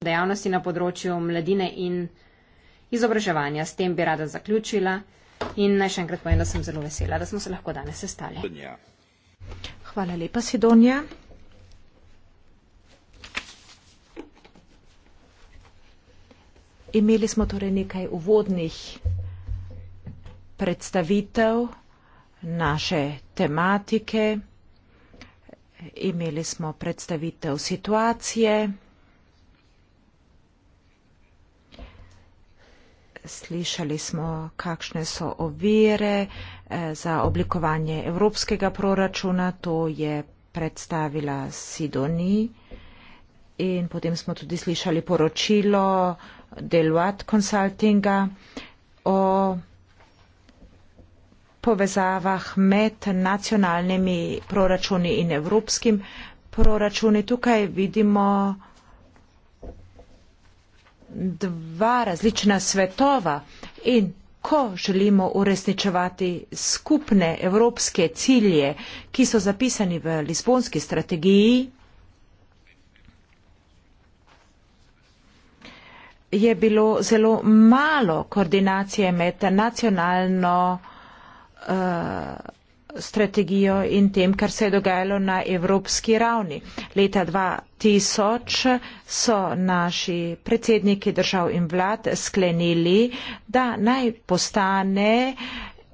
dejavnosti na področju mladine in izobraževanja. S tem bi rada zaključila in naj še enkrat povem, da sem zelo vesela, da smo se lahko danes sestali. Hvala lepa, Sidonija. Imeli smo torej nekaj uvodnih predstavitev naše tematike, imeli smo predstavitev situacije. slišali smo, kakšne so ovire eh, za oblikovanje evropskega proračuna, to je predstavila Sidoni in potem smo tudi slišali poročilo Deluat Consultinga o povezavah med nacionalnimi proračuni in evropskim proračuni. Tukaj vidimo dva različna svetova in ko želimo uresničevati skupne evropske cilje, ki so zapisani v Lisbonski strategiji, je bilo zelo malo koordinacije med nacionalno uh, strategijo in tem, kar se je dogajalo na evropski ravni. Leta 2000 so naši predsedniki držav in vlad sklenili, da naj postane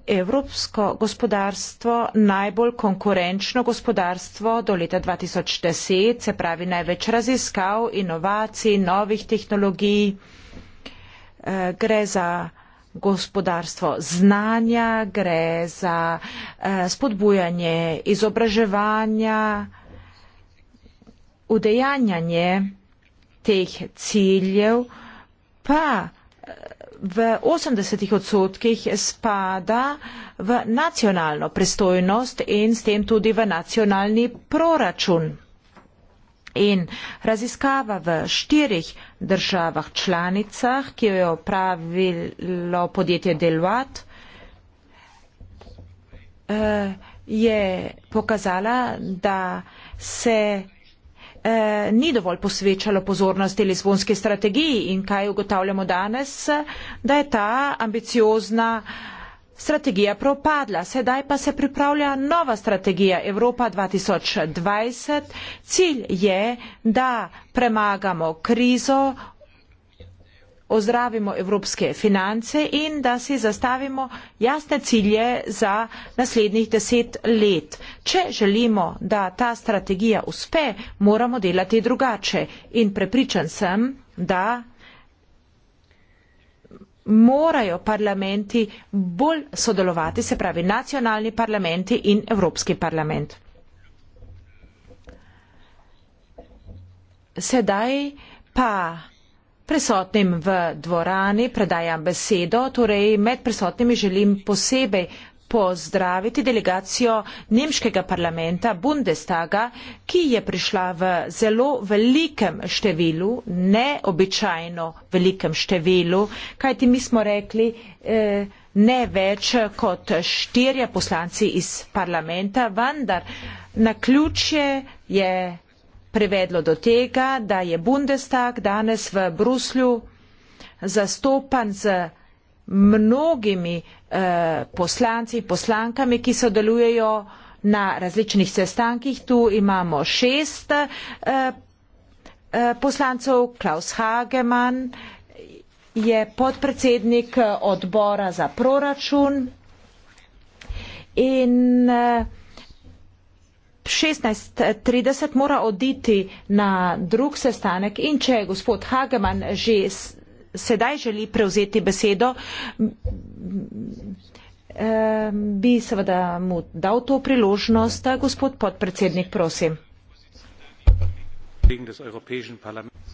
evropsko gospodarstvo najbolj konkurenčno gospodarstvo do leta 2010, se pravi največ raziskav, inovacij, novih tehnologij. Eh, gre za gospodarstvo znanja, gre za eh, spodbujanje izobraževanja, udejanjanje teh ciljev, pa eh, v 80 odsotkih spada v nacionalno pristojnost in s tem tudi v nacionalni proračun in raziskava v štirih državah članicah, ki jo je opravilo podjetje Deluat, eh, je pokazala, da se eh, ni dovolj posvečalo pozornosti Lizbonske strategiji in kaj ugotavljamo danes, da je ta ambiciozna strategija, Strategija propadla, sedaj pa se pripravlja nova strategija Evropa 2020. Cilj je, da premagamo krizo, ozdravimo evropske finance in da si zastavimo jasne cilje za naslednjih deset let. Če želimo, da ta strategija uspe, moramo delati drugače in prepričan sem, da morajo parlamenti bolj sodelovati, se pravi nacionalni parlamenti in Evropski parlament. Sedaj pa prisotnim v dvorani predajam besedo, torej med prisotnimi želim posebej pozdraviti delegacijo nemškega parlamenta Bundestaga, ki je prišla v zelo velikem številu, neobičajno velikem številu, kajti mi smo rekli eh, ne več kot štirje poslanci iz parlamenta, vendar na ključje je privedlo do tega, da je Bundestag danes v Bruslju zastopan z parlamentom, mnogimi eh, poslanci, poslankami, ki sodelujejo na različnih sestankih. Tu imamo šest eh, eh poslancev, Klaus Hageman je podpredsednik eh, odbora za proračun in eh, 16.30 mora oditi na drug sestanek in če gospod Hageman že sedaj želi prevzeti besedo, bi seveda mu dal to priložnost. Gospod podpredsednik, prosim.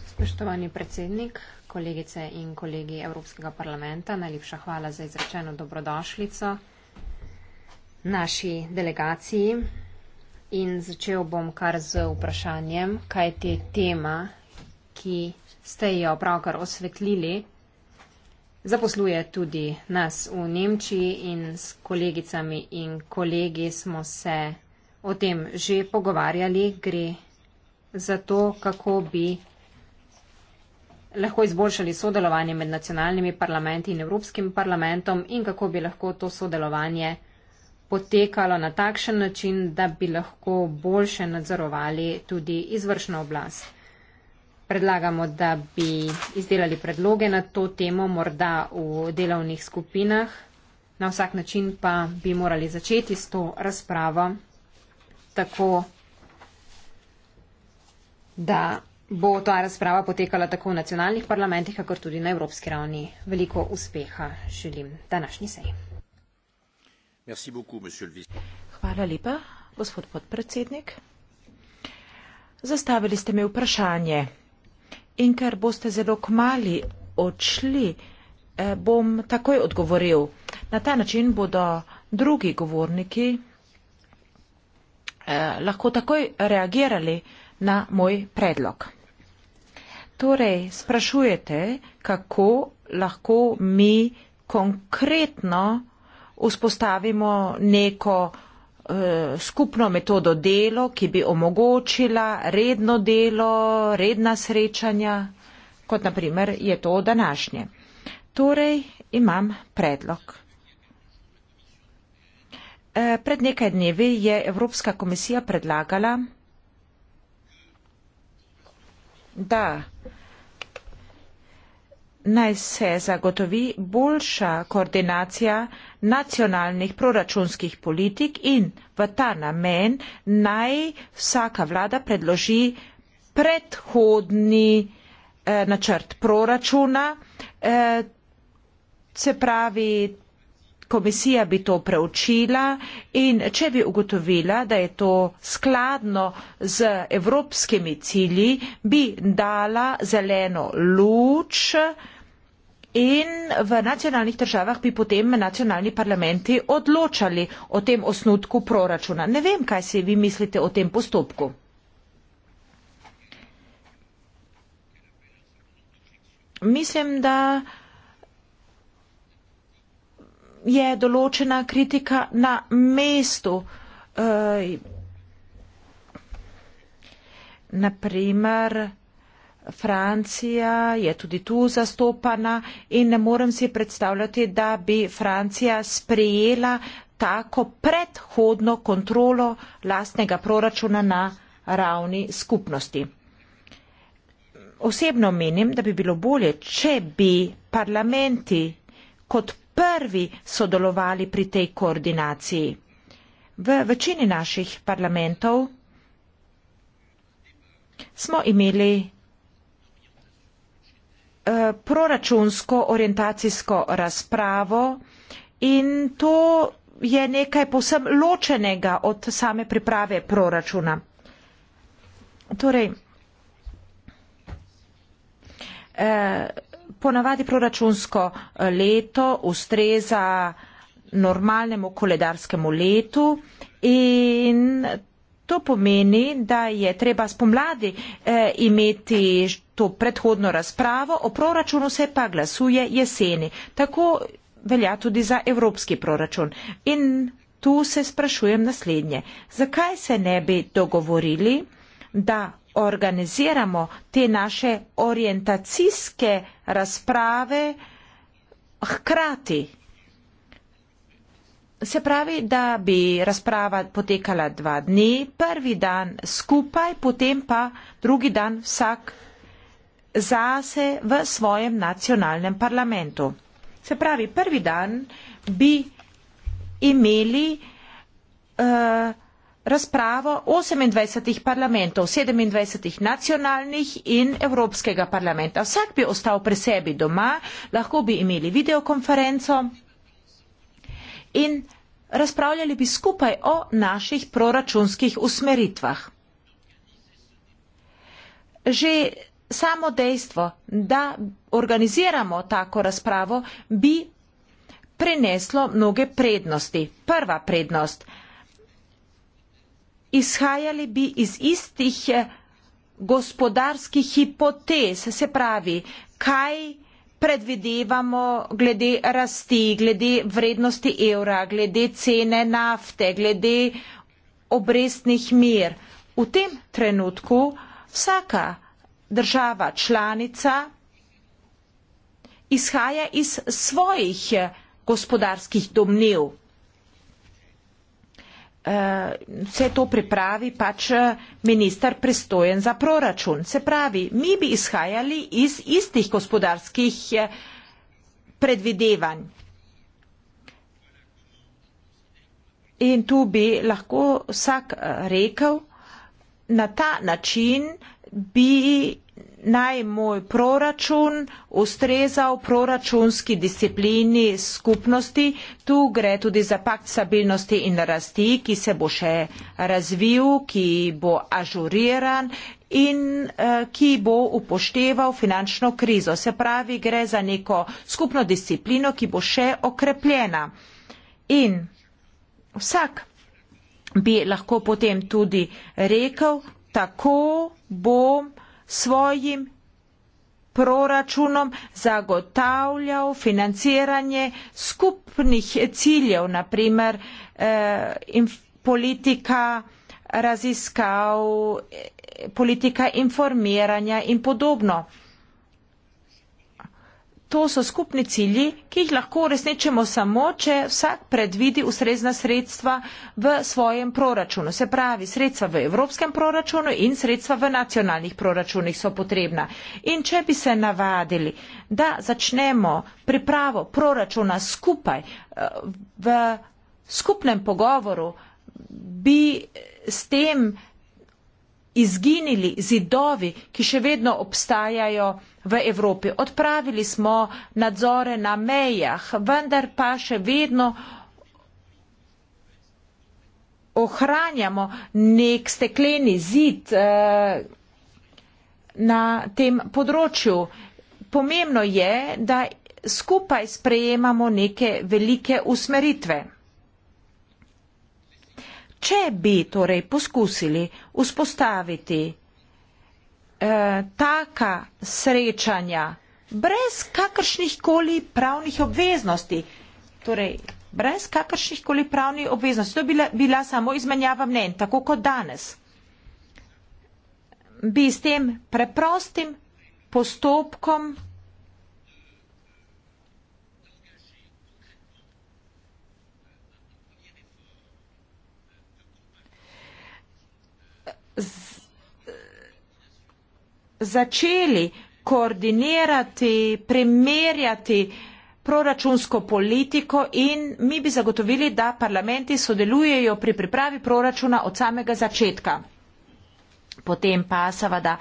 Spoštovani predsednik, kolegice in kolegi Evropskega parlamenta, najlepša hvala za izrečeno dobrodošlico naši delegaciji. In začel bom kar z vprašanjem, kaj ti tema, ki ste jo pravkar osvetlili. Zaposluje tudi nas v Nemčiji in s kolegicami in kolegi smo se o tem že pogovarjali. Gre za to, kako bi lahko izboljšali sodelovanje med nacionalnimi parlamenti in Evropskim parlamentom in kako bi lahko to sodelovanje potekalo na takšen način, da bi lahko boljše nadzorovali tudi izvršno oblast predlagamo, da bi izdelali predloge na to temo, morda v delovnih skupinah. Na vsak način pa bi morali začeti s to razpravo tako, da bo ta razprava potekala tako v nacionalnih parlamentih, kakor tudi na evropski ravni. Veliko uspeha želim današnji sej. Hvala lepa, gospod podpredsednik. Zastavili ste mi vprašanje in ker boste zelo kmali odšli, eh, bom takoj odgovoril. Na ta način bodo drugi govorniki eh, lahko takoj reagirali na moj predlog. Torej, sprašujete, kako lahko mi konkretno vzpostavimo neko Eh, skupno metodo delo, ki bi omogočila redno delo, redna srečanja, kot naprimer je to današnje. Torej imam predlog. Eh, pred nekaj dnevi je Evropska komisija predlagala, da naj se zagotovi boljša koordinacija nacionalnih proračunskih politik in v ta namen naj vsaka vlada predloži predhodni eh, načrt proračuna, eh, se pravi, komisija bi to preučila in če bi ugotovila, da je to skladno z evropskimi cilji, bi dala zeleno luč eh, in v nacionalnih državah bi potem nacionalni parlamenti odločali o tem osnutku proračuna. Ne vem, kaj si vi mislite o tem postopku. Mislim, da je določena kritika na mestu. Uh, naprimer, Francija je tudi tu zastopana in ne morem si predstavljati, da bi Francija sprejela tako predhodno kontrolo lastnega proračuna na ravni skupnosti. Osebno menim, da bi bilo bolje, če bi parlamenti kot prvi sodelovali pri tej koordinaciji. V večini naših parlamentov smo imeli Eh, proračunsko orientacijsko razpravo in to je nekaj povsem ločenega od same priprave proračuna. Torej, eh, ponavadi proračunsko eh, leto ustreza normalnemu koledarskemu letu in To pomeni, da je treba spomladi eh, imeti to predhodno razpravo, o proračunu se pa glasuje jeseni. Tako velja tudi za evropski proračun. In tu se sprašujem naslednje. Zakaj se ne bi dogovorili, da organiziramo te naše orientacijske razprave hkrati? Se pravi, da bi razprava potekala dva dni, prvi dan skupaj, potem pa drugi dan vsak zase v svojem nacionalnem parlamentu. Se pravi, prvi dan bi imeli uh, razpravo 28 parlamentov, 27 nacionalnih in Evropskega parlamenta. Vsak bi ostal pri sebi doma, lahko bi imeli videokonferenco in razpravljali bi skupaj o naših proračunskih usmeritvah. Že samo dejstvo, da organiziramo tako razpravo, bi prineslo mnoge prednosti. Prva prednost. Izhajali bi iz istih eh, gospodarskih hipotez, se pravi, kaj predvidevamo glede rasti, glede vrednosti evra, glede cene nafte, glede obrestnih mir. V tem trenutku vsaka država članica izhaja iz svojih gospodarskih domnev uh, vse to pripravi pač eh, ministar pristojen za proračun. Se pravi, mi bi izhajali iz istih gospodarskih eh, predvidevanj. In tu bi lahko vsak rekel, na ta način bi naj moj proračun ustrezal proračunski disciplini skupnosti. Tu gre tudi za pakt stabilnosti in rasti, ki se bo še razvil, ki bo ažuriran in eh, ki bo upošteval finančno krizo. Se pravi, gre za neko skupno disciplino, ki bo še okrepljena. In vsak bi lahko potem tudi rekel, tako bom svojim proračunom zagotavljal financiranje skupnih ciljev, na primer eh, politika raziskav, eh, politika informiranja in podobno to so skupni cilji, ki jih lahko uresničimo samo, če vsak predvidi ustrezna sredstva v svojem proračunu. Se pravi, sredstva v evropskem proračunu in sredstva v nacionalnih proračunih so potrebna. In če bi se navadili, da začnemo pripravo proračuna skupaj eh, v skupnem pogovoru, bi s tem izginili zidovi, ki še vedno obstajajo v Evropi. Odpravili smo nadzore na mejah, vendar pa še vedno ohranjamo nek stekleni zid eh, na tem področju. Pomembno je, da skupaj sprejemamo neke velike usmeritve. Če bi torej poskusili vzpostaviti eh, taka srečanja brez kakršnih koli pravnih obveznosti, torej brez kakršnih koli pravnih obveznosti, to bi bila, bila samo izmenjava mnen, tako kot danes, bi s tem preprostim postopkom začeli koordinirati, primerjati proračunsko politiko in mi bi zagotovili, da parlamenti sodelujejo pri pripravi proračuna od samega začetka. Potem pa seveda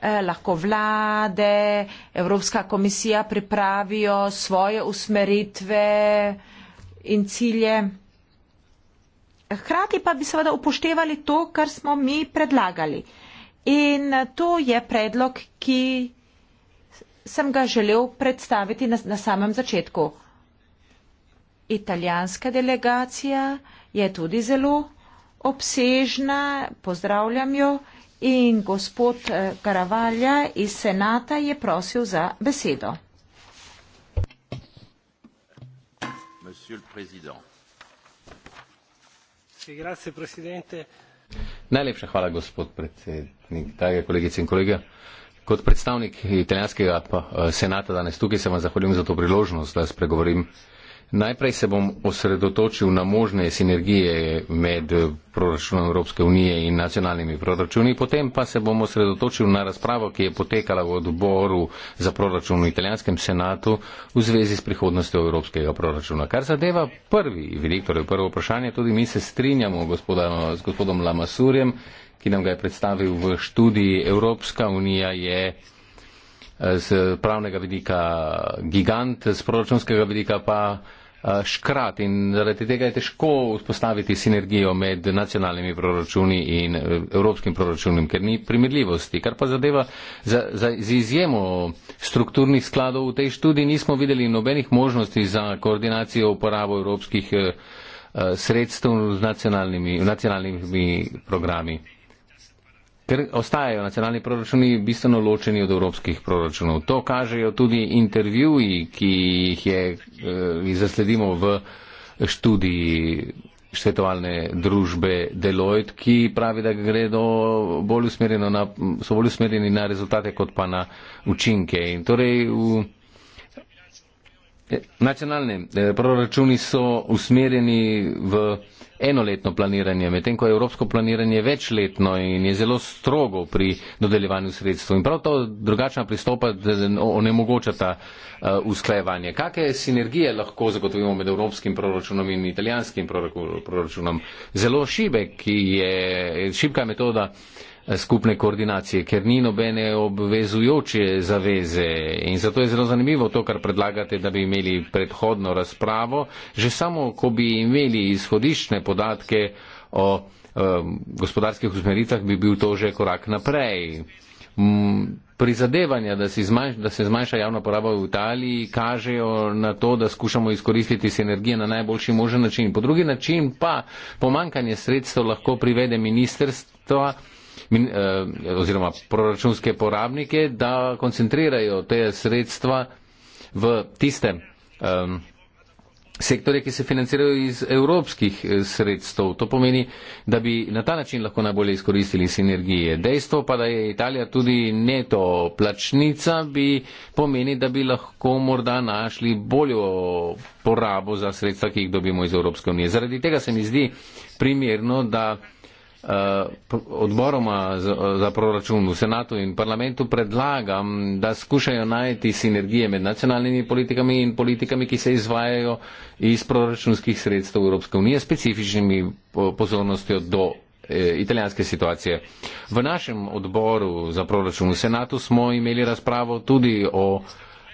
eh, lahko vlade, Evropska komisija pripravijo svoje usmeritve in cilje. Hkrati pa bi seveda upoštevali to, kar smo mi predlagali. In eh, to je predlog, ki sem ga želel predstaviti na, na samem začetku. Italijanska delegacija je tudi zelo obsežna, pozdravljam jo in gospod eh, Karavalja iz Senata je prosil za besedo. Gospod predsednik. Najlepša hvala, gospod predsednik. Dage kolegice in kolege, kot predstavnik italijanskega eh, senata danes tukaj se vam zahvaljujem za to priložnost, da spregovorim uh, Najprej se bom osredotočil na možne sinergije med proračunom Evropske unije in nacionalnimi proračuni, potem pa se bom osredotočil na razpravo, ki je potekala v odboru za proračun v italijanskem senatu v zvezi s prihodnostjo evropskega proračuna. Kar zadeva prvi vidik, torej prvo vprašanje, tudi mi se strinjamo gospoda, s gospodom Lamasurjem, ki nam ga je predstavil v študiji Evropska unija je z eh, pravnega vidika gigant, z proračunskega vidika pa eh, škrat in zaradi tega je težko vzpostaviti sinergijo med nacionalnimi proračuni in eh, evropskim proračunom, ker ni primerljivosti. Kar pa zadeva za, za, z izjemo strukturnih skladov v tej študiji nismo videli nobenih možnosti za koordinacijo uporabo evropskih sredstev z nacionalnimi, nacionalnimi programi ker ostajajo nacionalni proračuni bistveno ločeni od evropskih proračunov. To kažejo tudi intervjuji, ki jih je, eh, zasledimo v študiji svetovalne družbe Deloitte, ki pravi, da gredo bolj na, so bolj usmerjeni na rezultate kot pa na učinke. In torej v eh, nacionalni eh, proračuni so usmerjeni v enoletno planiranje, medtem ko je evropsko planiranje večletno in je zelo strogo pri dodeljevanju sredstv. In prav to drugačna pristopa onemogočata eh, usklajevanje. Kakšne sinergije lahko zagotovimo med evropskim proračunom in italijanskim proračunom? Zelo šibek je, šibka metoda Eh, skupne koordinacije, ker ni nobene obvezujoče zaveze. In zato je zelo zanimivo to, kar predlagate, da bi imeli predhodno razpravo, že samo, ko bi imeli izhodiščne podatke o um, gospodarskih usmeritvah, bi bil to že korak naprej. M mm, prizadevanja, da, zmanj, da se zmanjša javna poraba v Italiji, kažejo na to, da skušamo izkoristiti sinergije na najboljši možen način. Po drugi način pa pomankanje sredstev lahko privede ministerstva, min, eh, oziroma proračunske porabnike, da koncentrirajo te sredstva v tiste eh, sektore, ki se financirajo iz evropskih eh, sredstev. To pomeni, da bi na ta način lahko najbolje izkoristili sinergije. Dejstvo pa, da je Italija tudi neto plačnica, bi pomeni, da bi lahko morda našli boljo porabo za sredstva, ki jih dobimo iz Evropske unije. Zaradi tega se mi zdi primerno, da Eh, odboroma za proračun v senatu in parlamentu predlagam, da skušajo najti sinergije med nacionalnimi politikami in politikami, ki se izvajajo iz proračunskih sredstev Evropske unije, specifičnimi pozornostjo do eh, italijanske situacije. V našem odboru za proračun v senatu smo imeli razpravo tudi o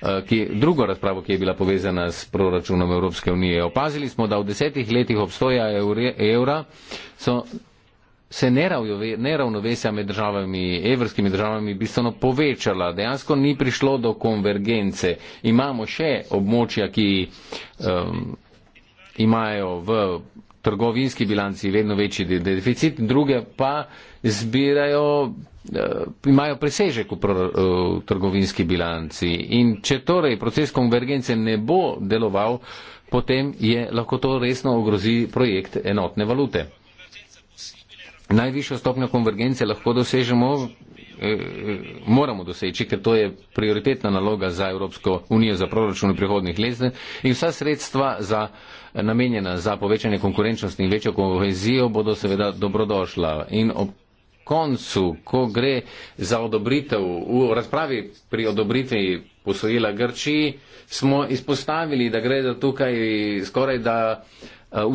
eh, Ki, drugo razpravo, ki je bila povezana s proračunom Evropske unije. Opazili smo, da v desetih letih obstoja evre, evra so se neravnovesja med državami, evropskimi državami bistveno povečala, dejansko ni prišlo do konvergence. Imamo še območja, ki um, imajo v trgovinski bilanci vedno večji deficit, druge pa zbirajo, uh, imajo presežek v, pro, uh, v trgovinski bilanci. In če torej proces konvergence ne bo deloval, potem je lahko to resno ogrozi projekt enotne valute. Najvišjo stopnjo konvergence lahko dosežemo, eh, eh, moramo doseči, ker to je prioritetna naloga za Evropsko unijo za proračun v prihodnih letih in vsa sredstva za, eh, namenjena za povečanje konkurenčnosti in večjo kohezijo bodo seveda dobrodošla. In ob koncu, ko gre za odobritev, v razpravi pri odobritvi posojila Grčiji, smo izpostavili, da gre za tukaj skoraj da. Uh, eh,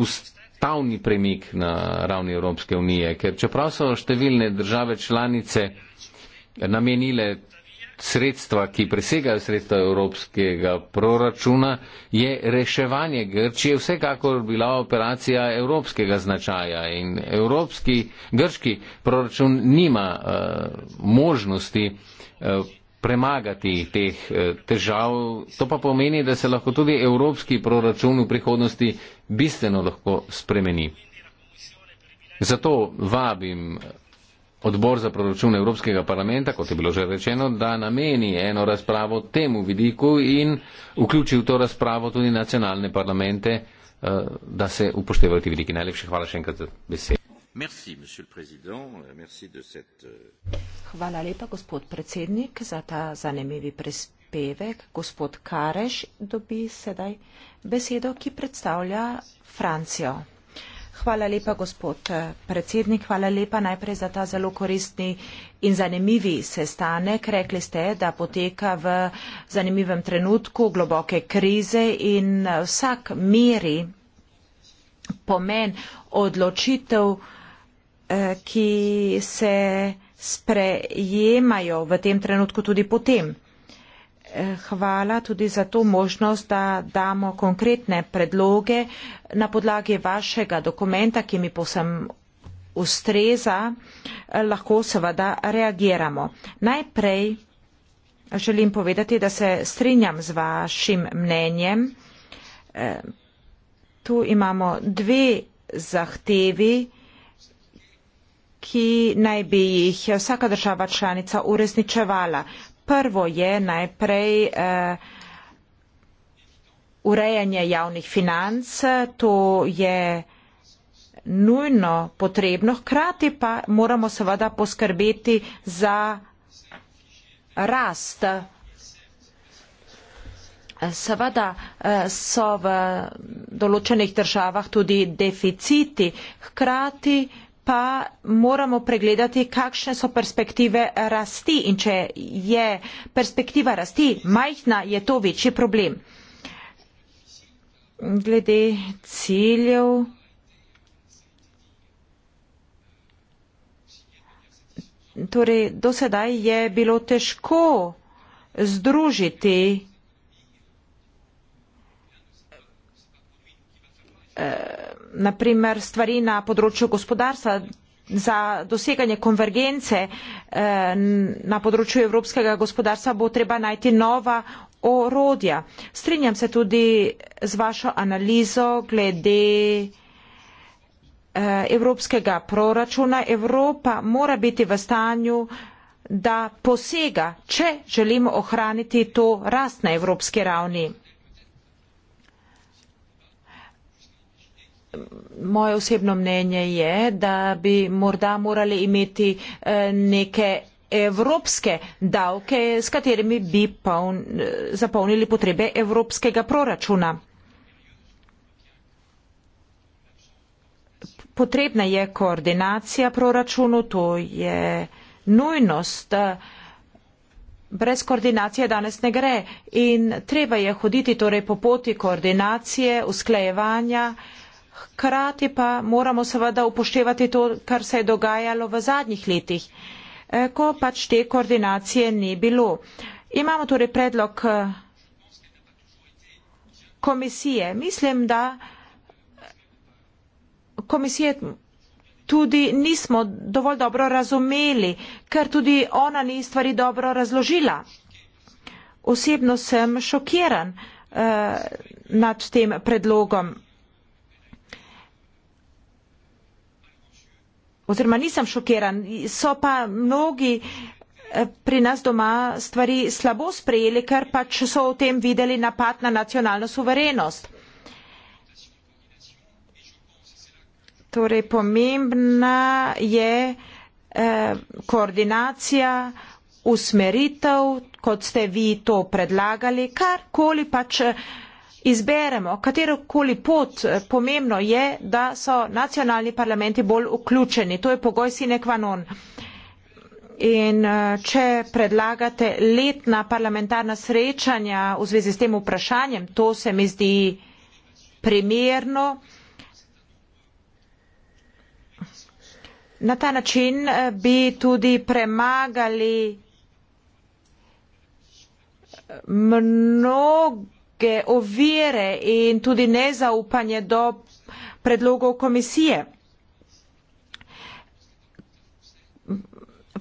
stavni premik na ravni Evropske unije, ker čeprav so številne države članice namenile sredstva, ki presegajo sredstva evropskega proračuna, je reševanje Grčije vsekakor bila operacija evropskega značaja in evropski, grški proračun nima uh, možnosti uh, premagati teh uh, težav. To pa pomeni, da se lahko tudi evropski proračun v prihodnosti bistveno lahko spremeni. Zato vabim odbor za proračun Evropskega parlamenta, kot je bilo že rečeno, da nameni eno razpravo temu vidiku in vključi v to razpravo tudi nacionalne parlamente, eh, da se upoštevajo ti vidiki. Najlepše hvala še enkrat za besedo. Euh, euh, hvala lepa, gospod predsednik, za ta zanimivi prispevek. Gospod Kareš dobi sedaj besedo, ki predstavlja Francijo. Hvala lepa, gospod eh, predsednik. Hvala lepa najprej za ta zelo koristni in zanimivi sestanek. Rekli ste, da poteka v zanimivem trenutku globoke krize in eh, vsak meri pomen odločitev, eh, ki se sprejemajo v tem trenutku tudi potem. Hvala tudi za to možnost, da damo konkretne predloge na podlagi vašega dokumenta, ki mi posem ustreza, lahko seveda reagiramo. Najprej želim povedati, da se strinjam z vašim mnenjem. E, tu imamo dve zahtevi, ki naj bi jih vsaka država članica uresničevala prvo je najprej eh, urejanje javnih financ, to je nujno potrebno, hkrati pa moramo seveda poskrbeti za rast. Seveda eh, so v določenih državah tudi deficiti, hkrati pa moramo pregledati, kakšne so perspektive rasti in če je perspektiva rasti majhna, je to večji problem. Glede ciljev. Torej, do sedaj je bilo težko združiti eh, naprimer stvari na področju gospodarstva, za doseganje konvergence eh, na področju evropskega gospodarstva bo treba najti nova orodja. Strinjam se tudi z vašo analizo glede eh, evropskega proračuna. Evropa mora biti v stanju, da posega, če želimo ohraniti to rast na evropski ravni. moje osebno mnenje je da bi morda morali imeti eh, neke evropske davke s katerimi bi poln, eh, zapolnili potrebe evropskega proračuna potrebna je koordinacija proračunu to je nujnost brez koordinacije danes ne gre in treba je hoditi torej po poti koordinacije usklajevanja hkrati pa moramo seveda upoštevati to, kar se je dogajalo v zadnjih letih, eh, ko pač te koordinacije ni bilo. Imamo torej predlog eh, komisije. Mislim, da eh, komisije tudi nismo dovolj dobro razumeli, ker tudi ona ni stvari dobro razložila. Osebno sem šokiran uh, nad tem predlogom. oziroma nisem šokiran, so pa mnogi eh, pri nas doma stvari slabo sprejeli, ker pač so v tem videli napad na nacionalno suverenost. Torej, pomembna je eh, koordinacija, usmeritev, kot ste vi to predlagali, karkoli pač. Eh, izberemo katero koli pot, eh, pomembno je, da so nacionalni parlamenti bolj vključeni. To je pogoj sine qua non. In eh, če predlagate letna parlamentarna srečanja v zvezi s tem vprašanjem, to se mi zdi primerno. Na ta način eh, bi tudi premagali mnogo velike ovire in tudi nezaupanje do predlogov komisije.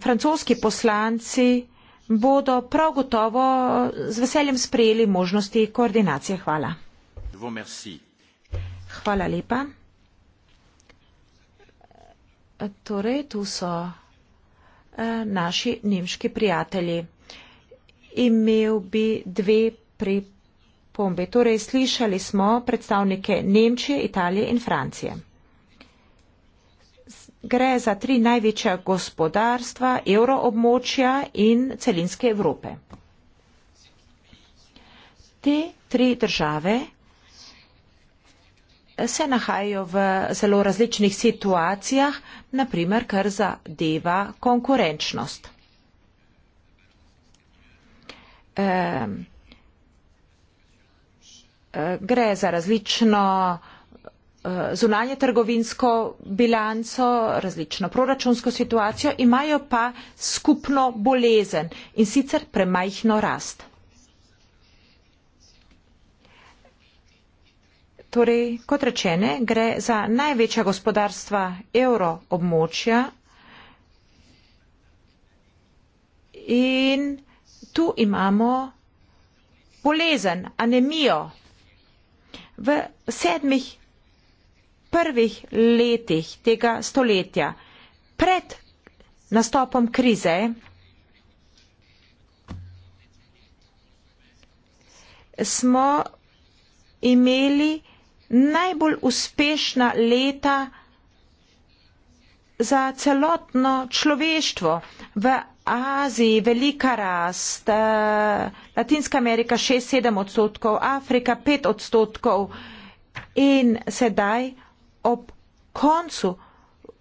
Francoski poslanci bodo prav gotovo z veseljem sprejeli možnosti koordinacije. Hvala. Hvala lepa. Torej, tu so eh, naši nemški prijatelji. Imel bi dve priporočila pripombe. Torej, slišali smo predstavnike Nemčije, Italije in Francije. Gre za tri največja gospodarstva evroobmočja in celinske Evrope. Te tri države se nahajajo v zelo različnih situacijah, naprimer, kar zadeva konkurenčnost. Um, Eh, gre za različno eh, zunanje trgovinsko bilanco, različno proračunsko situacijo, imajo pa skupno bolezen in sicer premajhno rast. Torej, kot rečene, gre za največja gospodarstva evroobmočja in tu imamo bolezen, anemijo v sedmih prvih letih tega stoletja, pred nastopom krize, smo imeli najbolj uspešna leta za celotno človeštvo. V Aziji velika rast, eh, Latinska Amerika 6-7 odstotkov, Afrika 5 odstotkov in sedaj ob koncu,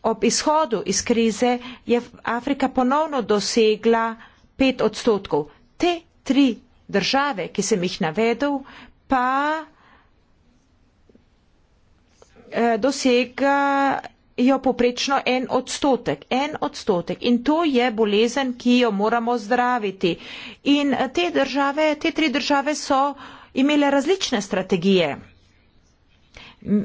ob izhodu iz krize je Afrika ponovno dosegla 5 odstotkov. Te tri države, ki sem jih navedel, pa eh, dosega jo poprečno en odstotek, en odstotek in to je bolezen, ki jo moramo zdraviti. In eh, te države, te tri države so imele različne strategije.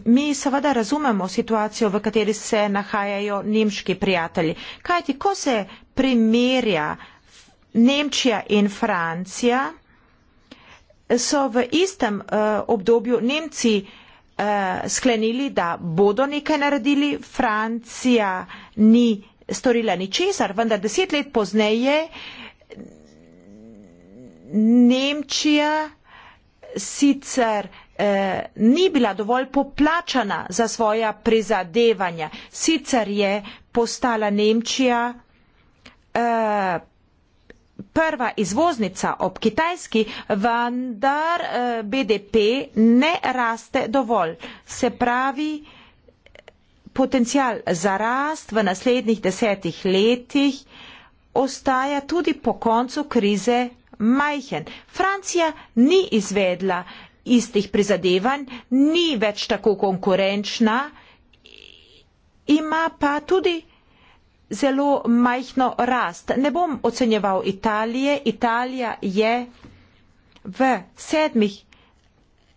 Mi seveda razumemo situacijo, v kateri se nahajajo nemški prijatelji. Kajti, ko se primerja Nemčija in Francija, so v istem uh, obdobju Nemci uh, eh, sklenili, da bodo nekaj naredili. Francija ni storila ničesar, vendar deset let pozneje Nemčija sicer eh, ni bila dovolj poplačana za svoja prizadevanja. Sicer je postala Nemčija eh, prva izvoznica ob Kitajski, vendar eh, BDP ne raste dovolj. Se pravi, potencial za rast v naslednjih desetih letih ostaja tudi po koncu krize majhen. Francija ni izvedla istih prizadevanj, ni več tako konkurenčna, ima pa tudi zelo majhno rast. Ne bom ocenjeval Italije. Italija je v sedmih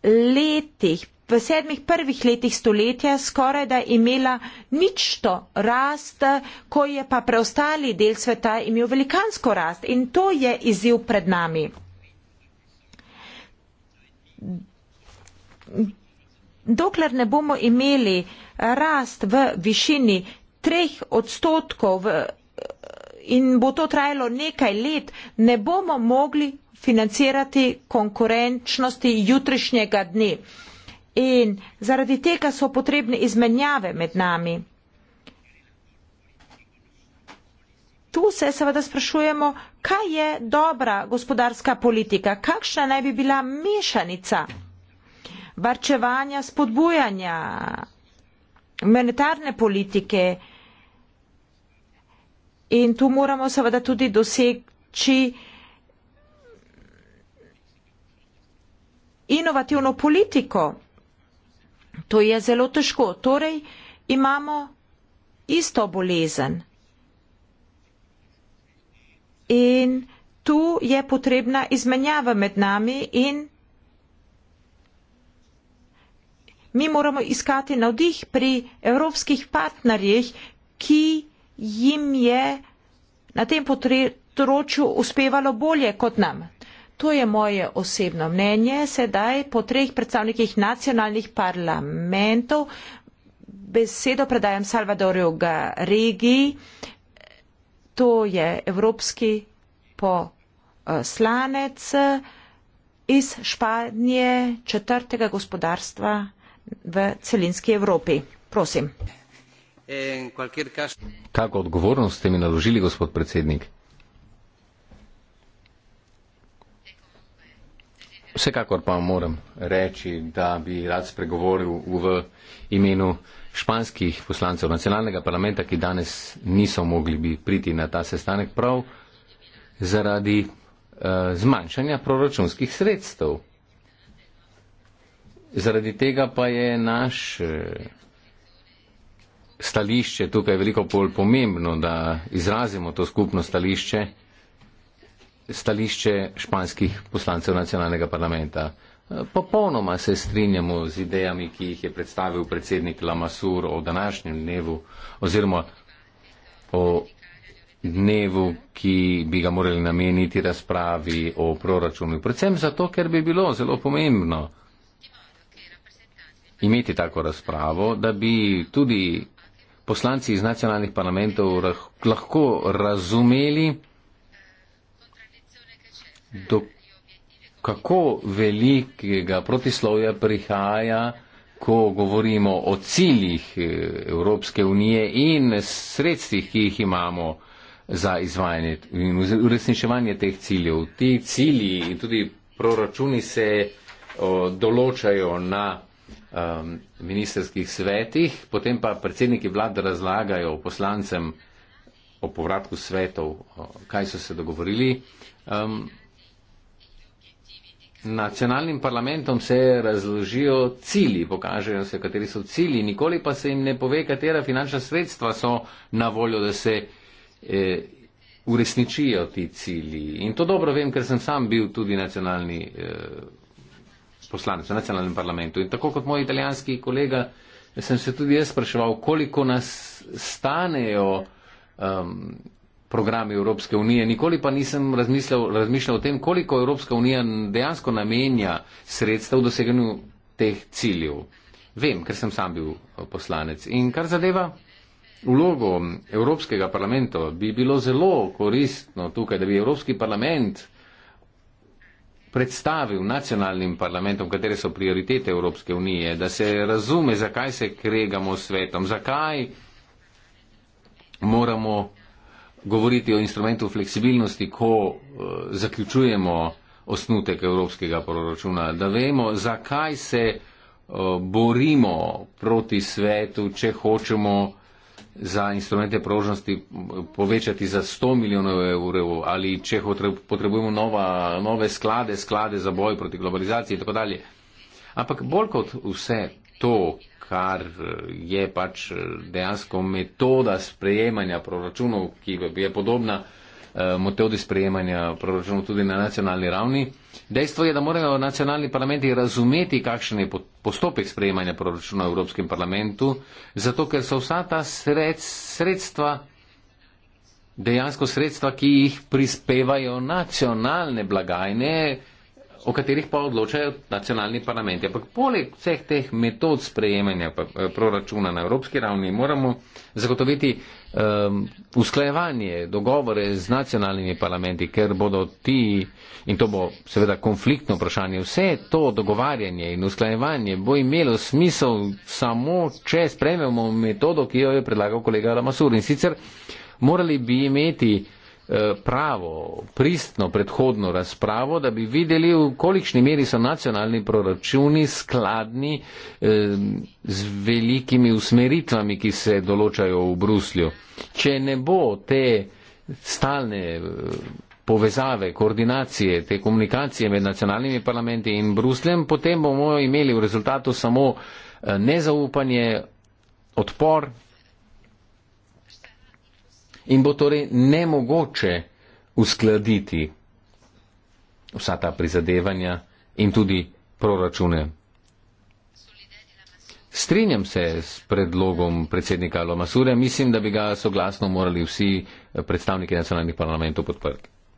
letih, v sedmih prvih letih stoletja skoraj da imela ničto rast, ko je pa preostali del sveta imel velikansko rast. In to je izziv pred nami. Dokler ne bomo imeli rast v višini treh odstotkov in bo to trajalo nekaj let, ne bomo mogli financirati konkurenčnosti jutrišnjega dne. In zaradi tega so potrebne izmenjave med nami. Tu se seveda sprašujemo, kaj je dobra gospodarska politika, kakšna naj bi bila mešanica varčevanja, spodbujanja, monetarne politike, In tu moramo seveda tudi doseči inovativno politiko. To je zelo težko. Torej imamo isto bolezen. In tu je potrebna izmenjava med nami in mi moramo iskati navdih pri evropskih partnerjih, ki jim je na tem področju uspevalo bolje kot nam. To je moje osebno mnenje. Sedaj po treh predstavnikih nacionalnih parlamentov besedo predajam Salvadorju Garigi. To je evropski poslanec iz Španije četrtega gospodarstva v celinski Evropi. Prosim. Kako odgovornost ste mi naložili, gospod predsednik? Vsekakor pa moram reči, da bi rad spregovoril v imenu španskih poslancev nacionalnega parlamenta, ki danes niso mogli bi priti na ta sestanek prav zaradi uh, zmanjšanja proračunskih sredstev. Zaradi tega pa je naš eh, stališče tukaj veliko bolj pomembno, da izrazimo to skupno stališče, stališče španskih poslancev nacionalnega parlamenta. Popolnoma se strinjamo z idejami, ki jih je predstavil predsednik Lamasur o današnjem dnevu oziroma o dnevu, ki bi ga morali nameniti razpravi o proračunu. Predvsem zato, ker bi bilo zelo pomembno imeti tako razpravo, da bi tudi poslanci iz nacionalnih parlamentov lahko razumeli, do kako velikega protislovja prihaja, ko govorimo o ciljih eh, Evropske unije in sredstvih, ki jih imamo za izvajanje in uresničevanje teh ciljev. Ti cilji in tudi proračuni se o, določajo na um, ministerskih svetih, potem pa predsedniki vlad razlagajo poslancem o povratku svetov, kaj so se dogovorili. Um, nacionalnim parlamentom se razložijo cilji, pokažejo se, kateri so cilji, nikoli pa se jim ne pove, katera finančna sredstva so na voljo, da se eh, uresničijo ti cilji. In to dobro vem, ker sem sam bil tudi nacionalni. Eh, poslanec v nacionalnem parlamentu. In tako kot moj italijanski kolega, sem se tudi jaz spraševal, koliko nas stanejo um, programi Evropske unije. Nikoli pa nisem razmišljal o tem, koliko Evropska unija dejansko namenja sredstev v doseganju teh ciljev. Vem, ker sem sam bil uh, poslanec. In kar zadeva vlogo Evropskega parlamenta, bi bilo zelo koristno tukaj, da bi Evropski parlament predstavil nacionalnim parlamentom, katere so prioritete Evropske unije, da se razume, zakaj se kregamo s svetom, zakaj moramo govoriti o instrumentu fleksibilnosti, ko eh, zaključujemo osnutek Evropskega proračuna, da vemo, zakaj se eh, borimo proti svetu, če hočemo za instrumente prožnosti povečati za 100 milijonov evrov ali če potrebujemo nova, nove sklade, sklade za boj proti globalizaciji itd. Ampak bolj kot vse to, kar je pač dejansko metoda sprejemanja proračunov, ki je podobna Eh, metodi sprejemanja proračunov tudi na nacionalni ravni. Dejstvo je, da morajo nacionalni parlamenti razumeti, kakšen je postopek sprejemanja proračuna v Evropskem parlamentu, zato ker so vsa ta sred, sredstva dejansko sredstva, ki jih prispevajo nacionalne blagajne, o katerih pa odločajo nacionalni parlamenti. Ampak poleg vseh teh metod sprejemanja eh, proračuna na evropski ravni moramo zagotoviti um, usklajevanje, dogovore z nacionalnimi parlamenti, ker bodo ti, in to bo seveda konfliktno vprašanje, vse to dogovarjanje in usklajevanje bo imelo smisel samo, če sprememo metodo, ki jo je predlagal kolega Lamasur. In sicer morali bi imeti Eh, pravo, pristno predhodno razpravo, da bi videli, v kolikšni meri so nacionalni proračuni skladni eh, z velikimi usmeritvami, ki se določajo v Bruslju. Če ne bo te stalne eh, povezave, koordinacije, te komunikacije med nacionalnimi parlamenti in Brusljem, potem bomo imeli v rezultatu samo nezaupanje, odpor in bo torej nemogoče uskladiti vsa ta prizadevanja in tudi proračune. Strinjam se s predlogom predsednika Lomasure, mislim, da bi ga soglasno morali vsi predstavniki nacionalnih parlamentov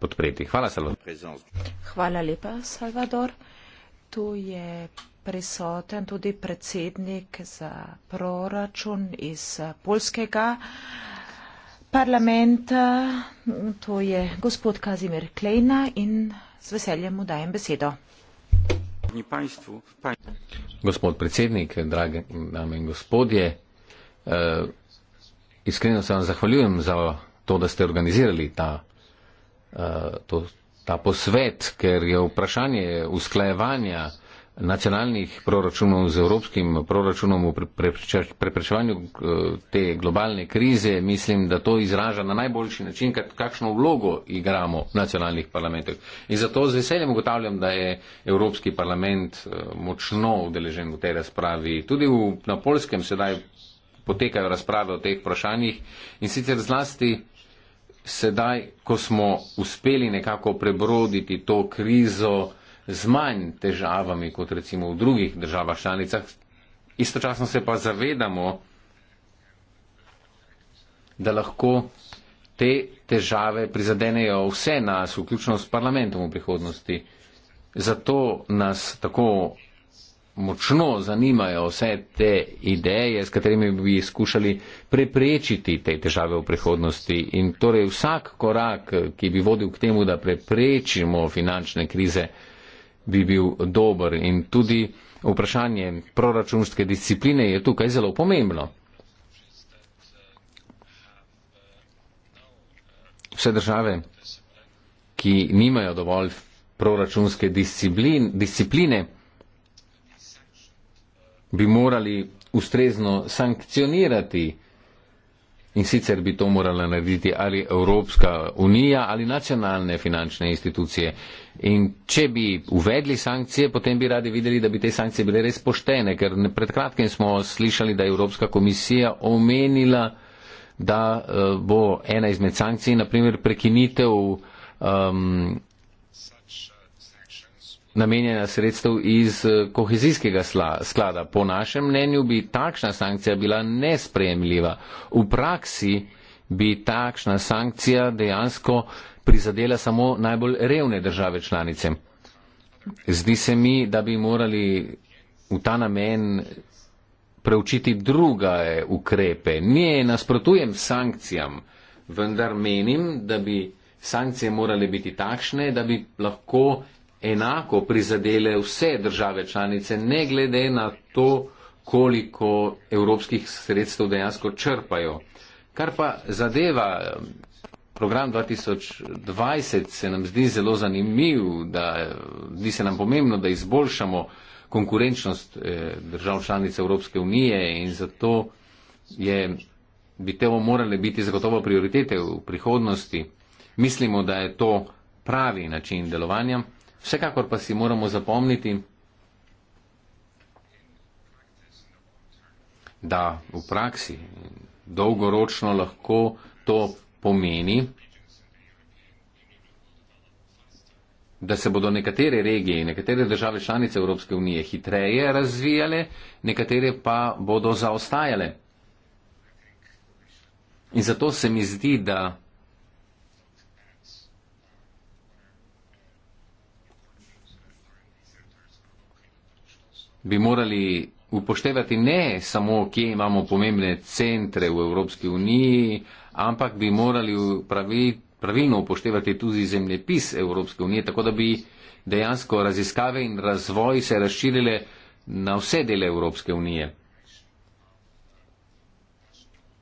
podpreti. Hvala, Salvador. Hvala lepa, Salvador. Tu je prisoten tudi predsednik za proračun iz Polskega parlament, eh, to je gospod Kazimir Klejna in z veseljem mu dajem besedo. Gospod predsednik, drage dame in gospodje, eh, iskreno se vam zahvaljujem za to, da ste organizirali ta, eh, to, ta posvet, ker je vprašanje usklajevanja eh, nacionalnih proračunov z evropskim proračunom v preprečevanju eh, te globalne krize, mislim, da to izraža na najboljši način, kakšno vlogo igramo v nacionalnih parlamentih. In zato z veseljem ugotavljam, da je Evropski parlament eh, močno udeležen v tej razpravi. Tudi v, na polskem sedaj potekajo razprave o teh vprašanjih in sicer zlasti sedaj, ko smo uspeli nekako prebroditi to krizo, z manj težavami kot recimo v drugih državah članicah. Istočasno se pa zavedamo, da lahko te težave prizadenejo vse nas, vključno s parlamentom v prihodnosti. Zato nas tako močno zanimajo vse te ideje, s katerimi bi skušali preprečiti te težave v prihodnosti. In torej vsak korak, ki bi vodil k temu, da preprečimo finančne krize, bi bil dober in tudi vprašanje proračunske discipline je tukaj zelo pomembno. Vse države, ki nimajo dovolj proračunske discipline, bi morali ustrezno sankcionirati In sicer bi to morala narediti ali Evropska unija ali nacionalne finančne institucije. In če bi uvedli sankcije, potem bi radi videli, da bi te sankcije bile res poštene, ker pred kratkim smo slišali, da je Evropska komisija omenila, da eh, bo ena izmed sankcij, naprimer prekinitev um, namenjena sredstev iz eh, kohezijskega sklada. Po našem mnenju bi takšna sankcija bila nesprejemljiva. V praksi bi takšna sankcija dejansko prizadela samo najbolj revne države članice. Zdi se mi, da bi morali v ta namen preučiti druga ukrepe. Nije nasprotujem sankcijam, vendar menim, da bi sankcije morale biti takšne, da bi lahko enako prizadele vse države članice, ne glede na to, koliko evropskih sredstev dejansko črpajo. Kar pa zadeva um, program 2020, se nam zdi zelo zanimiv, da zdi se nam pomembno, da izboljšamo konkurenčnost eh, držav članice Evropske unije in zato je, bi temu morale biti zagotovo prioritete v prihodnosti. Mislimo, da je to pravi način delovanja. Vsekakor pa si moramo zapomniti, da v praksi dolgoročno lahko to pomeni, da se bodo nekatere regije in nekatere države članice Evropske unije hitreje razvijale, nekatere pa bodo zaostajale. In zato se mi zdi, da bi morali upoštevati ne samo, kje imamo pomembne centre v Evropski uniji, ampak bi morali pravi, pravilno upoštevati tudi zemljepis Evropske unije, tako da bi dejansko raziskave in razvoj se razširile na vse dele Evropske unije.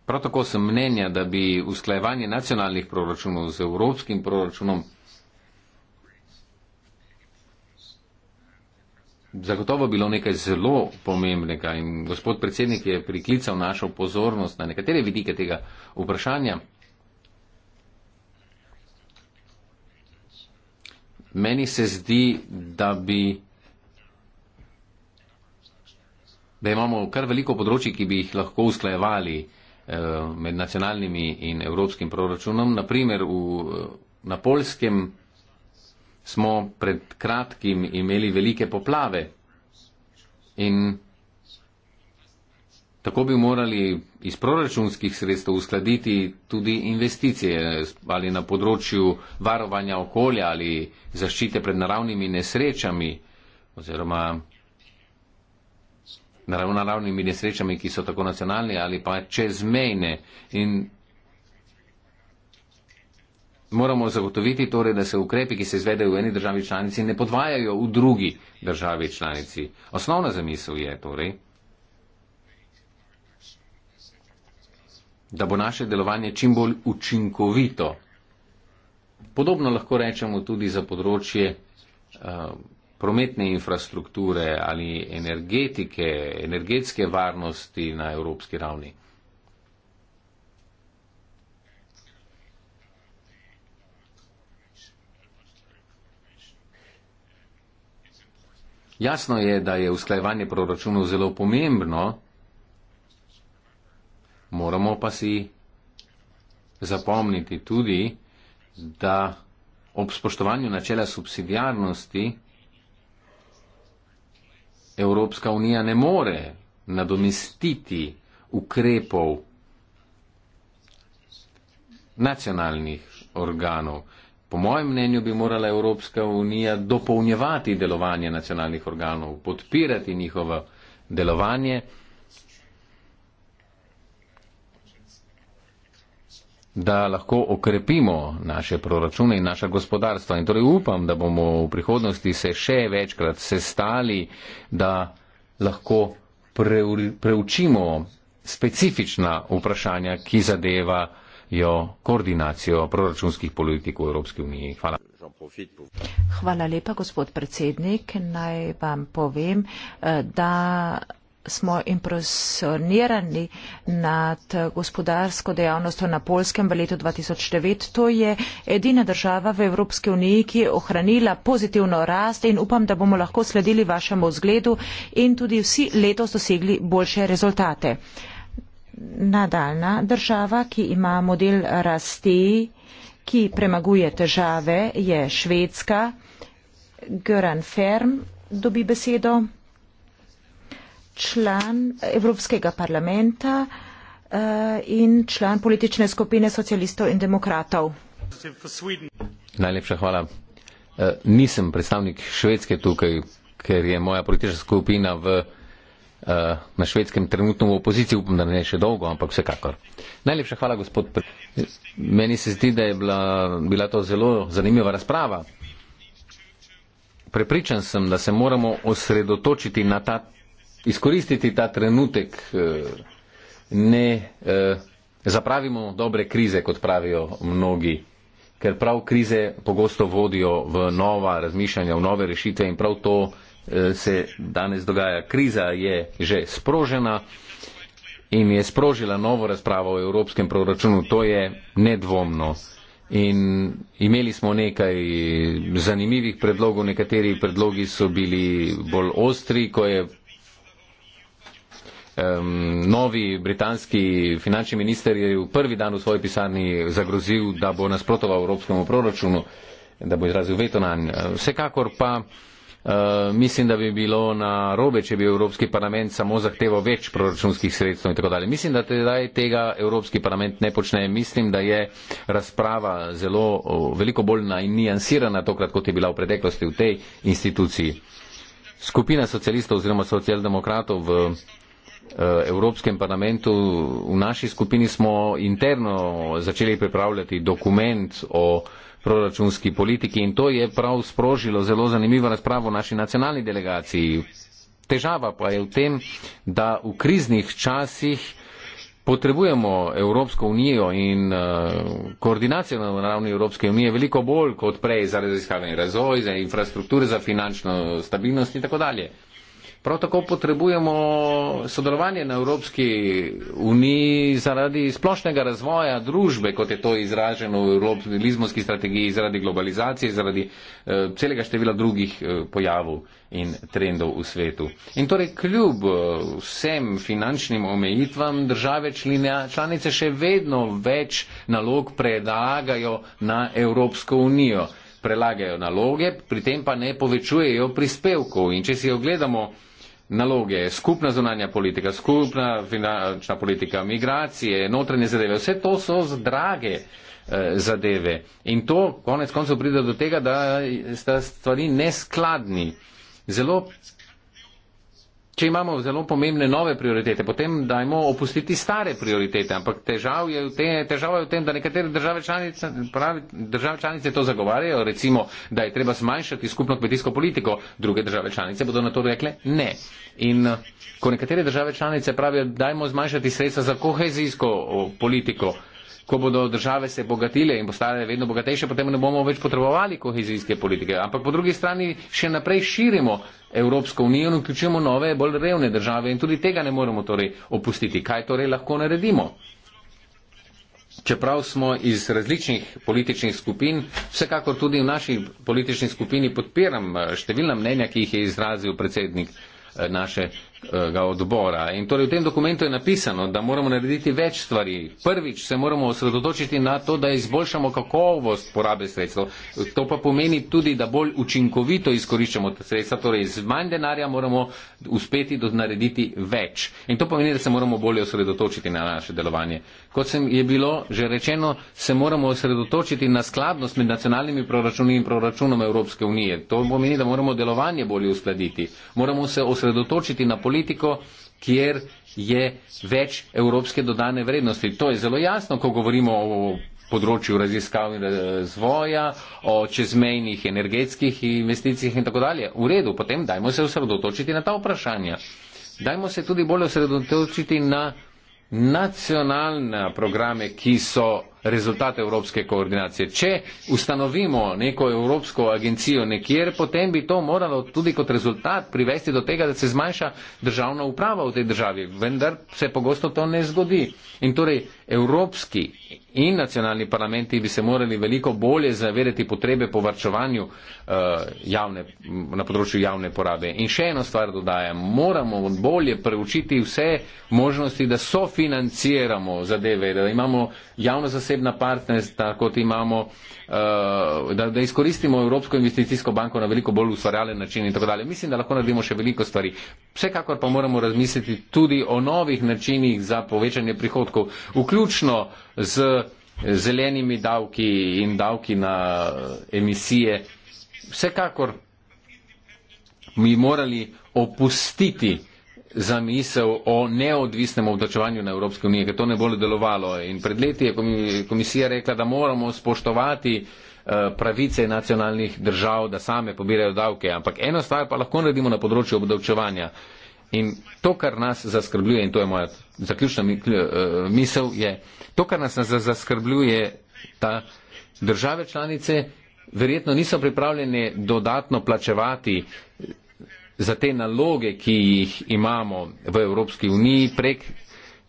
Prav tako sem mnenja, da bi usklajevanje nacionalnih proračunov z evropskim proračunom zagotovo bilo nekaj zelo pomembnega in gospod predsednik je priklical našo pozornost na nekatere vidike tega vprašanja. Meni se zdi, da bi. da imamo kar veliko področji, ki bi jih lahko usklajevali eh, med nacionalnimi in evropskim proračunom. Naprimer, v, eh, na polskem smo pred kratkim imeli velike poplave in tako bi morali iz proračunskih sredstev uskladiti tudi investicije ali na področju varovanja okolja ali zaščite pred naravnimi nesrečami oziroma naravnimi nesrečami, ki so tako nacionalne ali pa čezmejne in moramo zagotoviti torej, da se ukrepi, ki se izvedejo v eni državi članici, ne podvajajo v drugi državi članici. Osnovna zamisel je torej, da bo naše delovanje čim bolj učinkovito. Podobno lahko rečemo tudi za področje uh, prometne infrastrukture ali energetike, energetske varnosti na evropski ravni. Jasno je, da je usklajevanje proračunov zelo pomembno, moramo pa si zapomniti tudi, da ob spoštovanju načela subsidijarnosti Evropska unija ne more nadomestiti ukrepov nacionalnih organov. Po mojem mnenju bi morala Evropska unija dopolnjevati delovanje nacionalnih organov, podpirati njihovo delovanje, da lahko okrepimo naše proračune in naša gospodarstva. In torej upam, da bomo v prihodnosti se še večkrat sestali, da lahko preučimo specifična vprašanja, ki zadeva jo koordinacijo proračunskih politik v Evropski uniji. Hvala. Hvala lepa, gospod predsednik. Naj vam povem, eh, da smo impresionirani nad gospodarsko dejavnostjo na Polskem v letu 2009. To je edina država v Evropski uniji, ki je ohranila pozitivno rast in upam, da bomo lahko sledili vašemu zgledu in tudi vsi letos dosegli boljše rezultate nadaljna država, ki ima model rasti, ki premaguje težave, je Švedska. Göran Ferm dobi besedo, član Evropskega parlamenta eh, in član politične skupine socialistov in demokratov. Najlepša hvala. Eh, nisem predstavnik Švedske tukaj, ker je moja politična skupina v Eh, na švedskem trenutno v opoziciji, upam, da ne še dolgo, ampak vsekakor. Najlepša hvala, gospod. Meni se zdi, da je bila, bila to zelo zanimiva razprava. Prepričan sem, da se moramo osredotočiti na ta, izkoristiti ta trenutek, eh, ne eh, zapravimo dobre krize, kot pravijo mnogi, ker prav krize pogosto vodijo v nova razmišljanja, v nove rešitve in prav to, Eh, se danes dogaja. Kriza je že sprožena in je sprožila novo razpravo o evropskem proračunu. To je nedvomno. In imeli smo nekaj zanimivih predlogov, nekateri predlogi so bili bolj ostri, ko je um, novi britanski finančni minister je v prvi dan v svoji pisarni zagrozil, da bo nasprotoval evropskemu proračunu, da bo izrazil veto na njo. Vsekakor pa Eh, mislim, da bi bilo na robe, če bi Evropski parlament samo zahteval več proračunskih sredstev in tako dalje. Mislim, da tedaj tega Evropski parlament ne počne. Mislim, da je razprava zelo o, veliko bolj najnijansirana tokrat, kot je bila v preteklosti v tej instituciji. Skupina socialistov oziroma socialdemokratov v eh, Evropskem parlamentu v naši skupini smo interno začeli pripravljati dokument o uh, proračunski politiki in to je prav sprožilo zelo zanimivo razpravo v naši nacionalni delegaciji. Težava pa je v tem, da v kriznih časih potrebujemo Evropsko unijo in uh, koordinacijo na ravni Evropske unije veliko bolj kot prej za raziskave in razvoj, za infrastrukture, za finančno stabilnost in tako dalje. Prav tako potrebujemo sodelovanje na Evropski uniji zaradi splošnega razvoja družbe, kot je to izraženo v Lizbonski strategiji, zaradi globalizacije, zaradi eh, celega števila drugih eh, pojavov in trendov v svetu. In torej kljub eh, vsem finančnim omejitvam države člina, članice še vedno več nalog predlagajo na Evropsko unijo prelagajo naloge, pri tem pa ne povečujejo prispevkov. In če si ogledamo naloge, skupna zunanja politika, skupna finančna politika, migracije, notranje zadeve, vse to so drage eh, zadeve. In to konec koncev pride do tega, da sta stvari neskladni. Zelo Če imamo zelo pomembne nove prioritete, potem dajmo opustiti stare prioritete, ampak težava je, težav je v tem, da nekatere države članice, pravi, države članice to zagovarjajo, recimo, da je treba zmanjšati skupno kmetijsko politiko, druge države članice bodo na to rekle ne. In eh, ko nekatere države članice pravijo, dajmo zmanjšati sredstva za kohezijsko eh, politiko, ko bodo države se bogatile in postale vedno bogatejše, potem ne bomo več potrebovali kohezijske politike. Ampak po drugi strani še naprej širimo Evropsko unijo in vključujemo nove, bolj revne države in tudi tega ne moremo torej opustiti. Kaj torej lahko naredimo? Čeprav smo iz različnih političnih skupin, vsekakor tudi v naši politični skupini podpiram eh, številna mnenja, ki jih je izrazil predsednik eh, naše ga eh, odbora. In torej v tem dokumentu je napisano, da moramo narediti več stvari. Prvič se moramo osredotočiti na to, da izboljšamo kakovost porabe sredstev. To pa pomeni tudi, da bolj učinkovito izkoriščamo te sredstva, torej z manj denarja moramo uspeti do narediti več. In to pomeni, da se moramo bolje osredotočiti na naše delovanje. Kot sem je bilo že rečeno, se moramo osredotočiti na skladnost med nacionalnimi proračuni in proračunom Evropske unije. To pomeni, da moramo delovanje bolje uskladiti. Moramo se osredotočiti na politiko politiko, kjer je več evropske dodane vrednosti. To je zelo jasno, ko govorimo o področju raziskav in razvoja, o čezmejnih energetskih investicijah in tako dalje. V redu, potem dajmo se osredotočiti na ta vprašanja. Dajmo se tudi bolj osredotočiti na nacionalne programe, ki so rezultat evropske koordinacije. Če ustanovimo neko evropsko agencijo nekjer, potem bi to moralo tudi kot rezultat privesti do tega, da se zmanjša državna uprava v tej državi. Vendar se pogosto to ne zgodi. In torej Evropski in nacionalni parlamenti bi se morali veliko bolje zavedati potrebe po varčovanju uh, eh, javne, na področju javne porabe. In še eno stvar dodajam, moramo bolje preučiti vse možnosti, da sofinanciramo zadeve, da imamo javno-zasebna partnerstva, kot imamo, uh, da, da izkoristimo Evropsko investicijsko banko na veliko bolj ustvarjalen način in tako dalje. Mislim, da lahko naredimo še veliko stvari. Vsekakor pa moramo razmisliti tudi o novih načinih za povečanje prihodkov. Vključ vključno z zelenimi davki in davki na emisije, vsekakor mi morali opustiti za misel o neodvisnem obdačevanju na Evropske unije, ker to ne bo delovalo. In pred leti je komisija rekla, da moramo spoštovati eh, pravice nacionalnih držav, da same pobirajo davke. Ampak eno stvar pa lahko naredimo na področju obdavčevanja. In to, kar nas zaskrbljuje, in to je moja zaključna eh, misel, je to, kar nas zaskrbljuje, da države članice verjetno niso pripravljene dodatno plačevati eh, za te naloge, ki jih imamo v Evropski uniji prek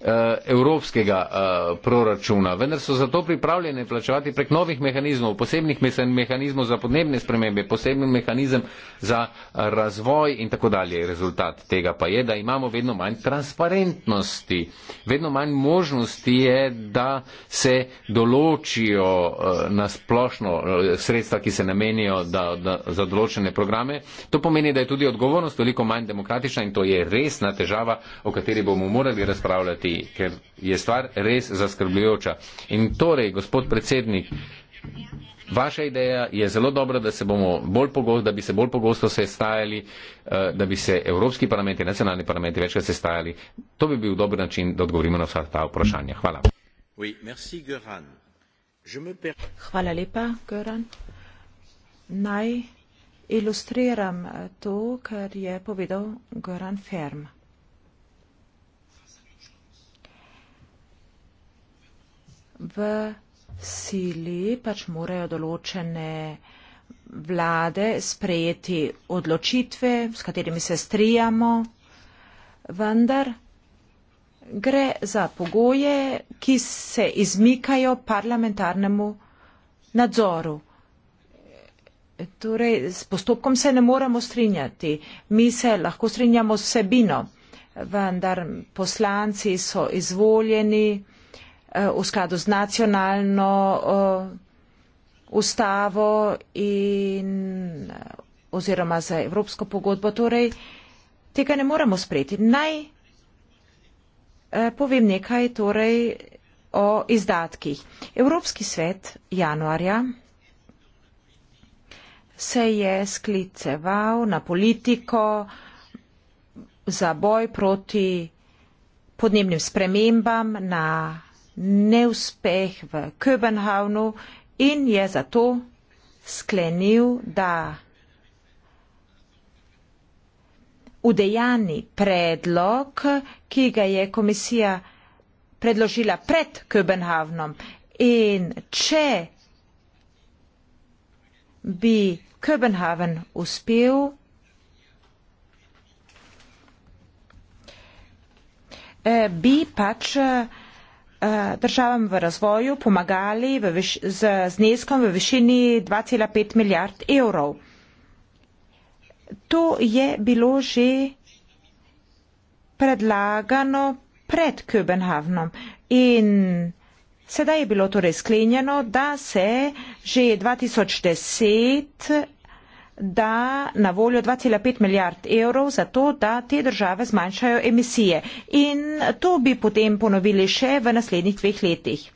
Eh, evropskega eh, proračuna, vendar so zato pripravljene plačevati prek novih mehanizmov, posebnih mehanizmov za podnebne spremembe, posebni mehanizem za eh, razvoj in tako dalje. Rezultat tega pa je, da imamo vedno manj transparentnosti, vedno manj možnosti je, da se določijo na splošno sredstva, ki se namenijo da, da, za določene programe. To pomeni, da je tudi odgovornost toliko manj demokratična in to je resna težava, o kateri bomo morali razpravljati ker je stvar res zaskrbljujoča. In torej, gospod predsednik, vaša ideja je zelo dobra, da, da bi se bolj pogosto sestajali, eh, da bi se Evropski parlament in nacionalni parlament večkrat sestajali. To bi bil dober način, da odgovorimo na vsa ta vprašanja. Hvala. Hvala lepa, Göran. Naj ilustriram eh, to, kar je povedal Göran Ferm. v sili pač morajo določene vlade sprejeti odločitve, s katerimi se strijamo, vendar gre za pogoje, ki se izmikajo parlamentarnemu nadzoru. Torej, s postopkom se ne moramo strinjati. Mi se lahko strinjamo s sebino, vendar poslanci so izvoljeni, u skladu z nacionalno eh, ustavo in oziroma za evropsko pogodbo, torej tega ne moremo sprejeti. Naj eh, povem nekaj torej o izdatkih. Evropski svet januarja se je skliceval na politiko za boj proti podnebnim spremembam na neuspeh v Köbenhavnu in je zato sklenil, da udejani predlog, ki ga je komisija predložila pred Köbenhavnom in če bi Köbenhaven uspel, eh, bi pač eh, Eh, državam v razvoju pomagali v viš, z zneskom v višini 2,5 milijard evrov. To je bilo že predlagano pred Köbenhavnom in sedaj je bilo torej sklenjeno, da se že 2010 da na voljo 2,5 milijard evrov za to, da te države zmanjšajo emisije. In to bi potem ponovili še v naslednjih dveh letih.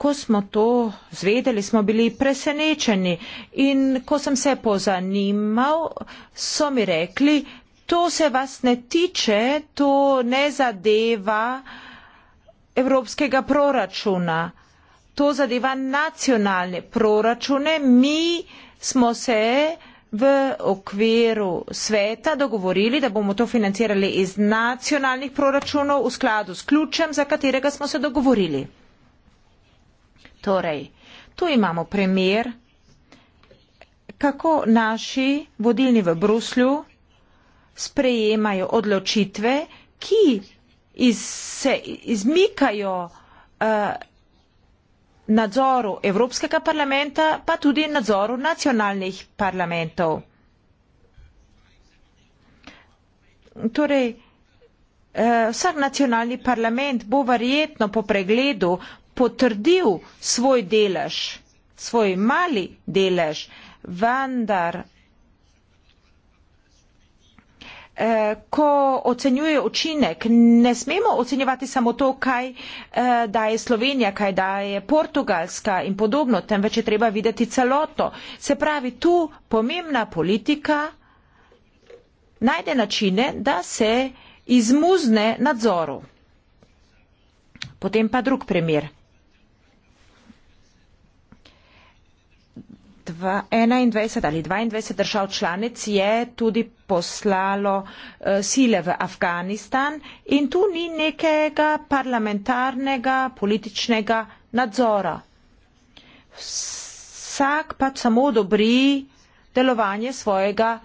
Ko smo to zvedeli, smo bili presenečeni in ko sem se pozanimal, so mi rekli, to se vas ne tiče, to ne zadeva evropskega proračuna. To zadeva nacionalne proračune, mi smo se v okviru sveta dogovorili, da bomo to financirali iz nacionalnih proračunov v skladu s ključem, za katerega smo se dogovorili. Torej, tu imamo primer, kako naši vodilni v Bruslju sprejemajo odločitve, ki iz, se izmikajo uh, nadzoru Evropskega parlamenta, pa tudi nadzoru nacionalnih parlamentov. Torej, eh, vsak nacionalni parlament bo verjetno po pregledu potrdil svoj delež, svoj mali delež, vendar Eh, ko ocenjuje učinek, ne smemo ocenjevati samo to, kaj eh, daje Slovenija, kaj daje Portugalska in podobno, temveč je treba videti celoto. Se pravi, tu pomembna politika najde načine, da se izmuzne nadzoru. Potem pa drug primer. 21 ali 22 držav članic je tudi poslalo eh, sile v Afganistan in tu ni nekega parlamentarnega političnega nadzora. Vsak pa samo odobri delovanje svojega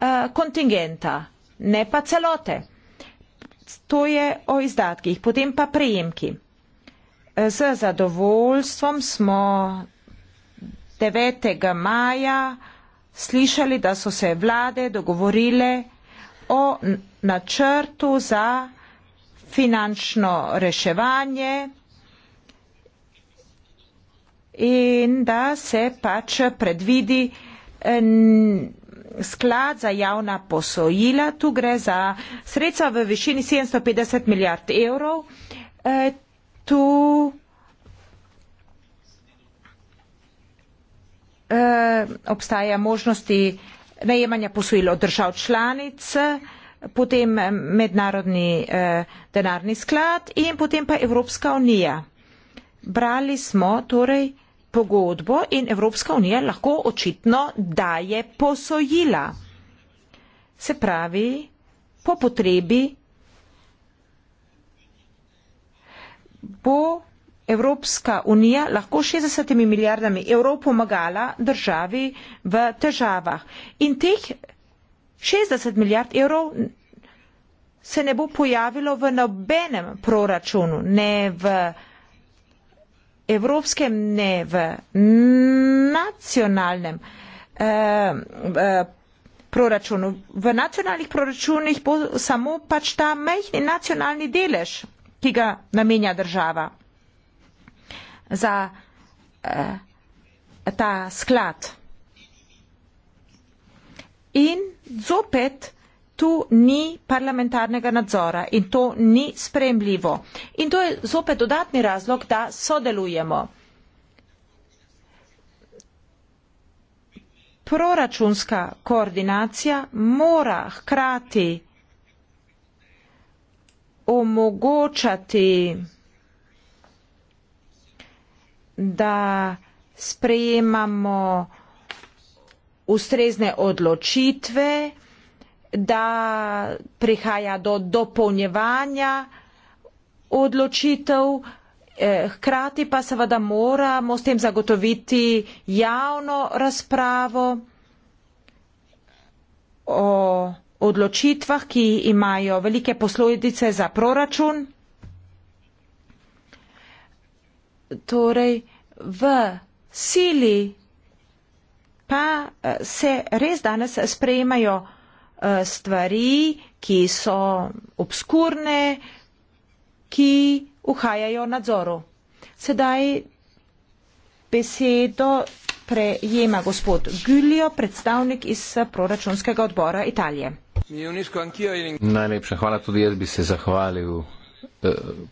eh, kontingenta, ne pa celote. To je o izdatkih, potem pa prejemki. Eh, z zadovoljstvom smo 9. maja slišali, da so se vlade dogovorile o načrtu za finančno reševanje in da se pač predvidi sklad za javna posojila. Tu gre za sredstva v višini 750 milijard evrov. E, tu Eh, obstaja možnosti najemanja posojil od držav članic, potem eh, mednarodni eh, denarni sklad in potem pa Evropska unija. Brali smo torej pogodbo in Evropska unija lahko očitno daje posojila. Se pravi, po potrebi bo Evropska unija lahko s 60 milijardami evrov pomagala državi v težavah. In teh 60 milijard evrov se ne bo pojavilo v nobenem proračunu, ne v evropskem, ne v nacionalnem eh, eh, proračunu. V nacionalnih proračunih bo samo pač ta majhni nacionalni delež, ki ga namenja država za eh, ta sklad. In zopet tu ni parlamentarnega nadzora in to ni spremljivo. In to je zopet dodatni razlog, da sodelujemo. Proračunska koordinacija mora hkrati omogočati da sprejemamo ustrezne odločitve, da prihaja do dopolnjevanja odločitev, eh, hkrati pa seveda moramo s tem zagotoviti javno razpravo o odločitvah, ki imajo velike posledice za proračun. torej v sili, pa eh, se res danes sprejemajo eh, stvari, ki so obskurne, ki uhajajo nadzoru. Sedaj besedo prejema gospod Giulio, predstavnik iz eh, proračunskega odbora Italije. Najlepša hvala, tudi jaz bi se zahvalil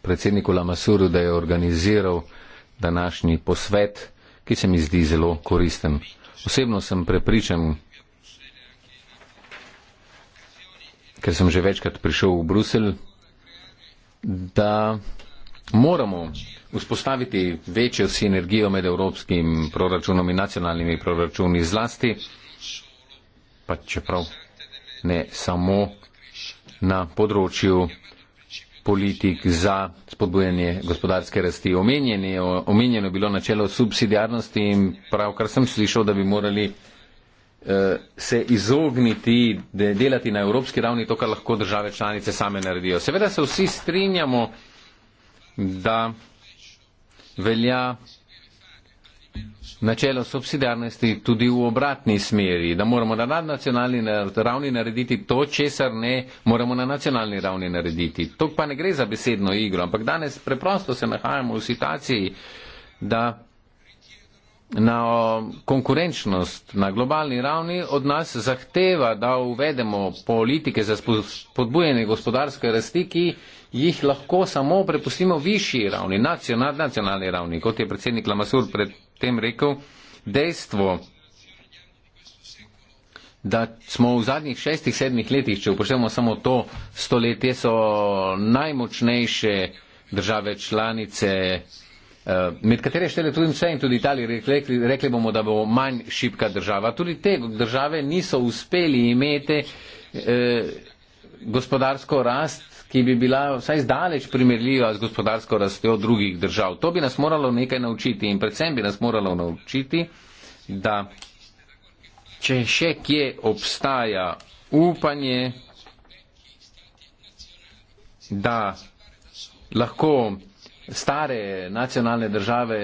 predsedniku Lamasuru, da je organiziral današnji posvet, ki se mi zdi zelo koristen. Osebno sem prepričan, ker sem že večkrat prišel v Bruselj, da moramo vzpostaviti večjo sinergijo med evropskim proračunom in nacionalnimi proračuni zlasti, pa čeprav ne samo na področju politik za spodbujanje gospodarske rasti. Omenjeno je bilo načelo subsidiarnosti in pravkar sem slišal, da bi morali uh, se izogniti, da de, delati na evropski ravni to, kar lahko države članice same naredijo. Seveda se vsi strinjamo, da velja načelo subsidijarnosti tudi v obratni smeri, da moramo na nadnacionalni ravni narediti to, česar ne moramo na nacionalni ravni narediti. To pa ne gre za besedno igro, ampak danes preprosto se nahajamo v situaciji, da na konkurenčnost na globalni ravni od nas zahteva, da uvedemo politike za spodbujanje gospodarske rasti, ki jih lahko samo prepustimo višji ravni, nacional, nadnacionalni ravni, kot je predsednik Lamasur pred tem rekel, dejstvo, da smo v zadnjih šestih, sedmih letih, če upoštevamo samo to stoletje, so najmočnejše države članice, eh, med katere štele tudi vse in tudi Italija, rekli, rekli bomo, da bo manj šipka država. Tudi te države niso uspeli imeti eh, gospodarsko rast ki bi bila vsaj zdaleč primerljiva z gospodarsko rastjo drugih držav. To bi nas moralo nekaj naučiti in predvsem bi nas moralo naučiti, da če še kje obstaja upanje, da lahko stare nacionalne države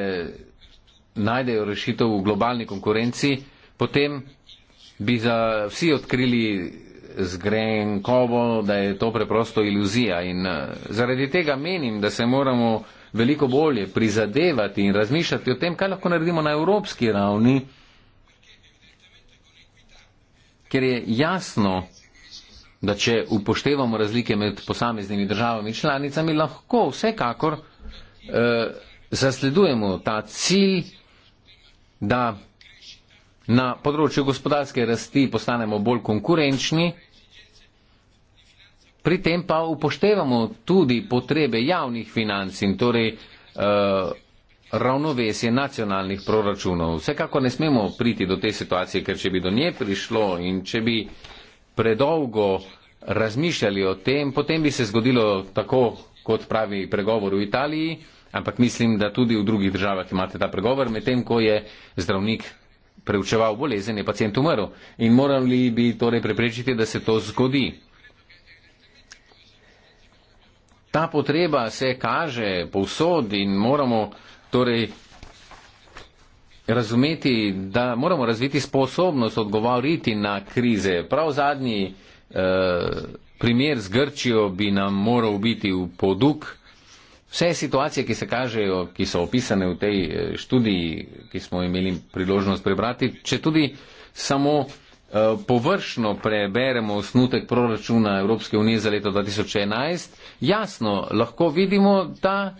najdejo rešitev v globalni konkurenci, potem bi za vsi odkrili zgrenkovo, da je to preprosto iluzija. In eh, zaradi tega menim, da se moramo veliko bolje prizadevati in razmišljati o tem, kaj lahko naredimo na evropski ravni, ker je jasno, da če upoštevamo razlike med posameznimi državami in članicami, lahko vsekakor eh, zasledujemo ta cilj, da na področju gospodarske rasti postanemo bolj konkurenčni pri tem pa upoštevamo tudi potrebe javnih financ in torej eh, ravnovesje nacionalnih proračunov. Vsekako ne smemo priti do te situacije, ker če bi do nje prišlo in če bi predolgo razmišljali o tem, potem bi se zgodilo tako, kot pravi pregovor v Italiji, ampak mislim, da tudi v drugih državah imate ta pregovor, medtem ko je zdravnik preučeval bolezen, je pacijent umrl in morali bi torej preprečiti, da se to zgodi. Ta potreba se kaže povsod in moramo torej razumeti, da moramo razviti sposobnost odgovoriti na krize. Prav zadnji eh, primer z Grčijo bi nam moral biti v poduk. Vse situacije, ki se kažejo, ki so opisane v tej eh, študiji, ki smo imeli priložnost prebrati, če tudi samo eh, Eh, površno preberemo osnutek proračuna Evropske unije za leto 2011, jasno lahko vidimo, da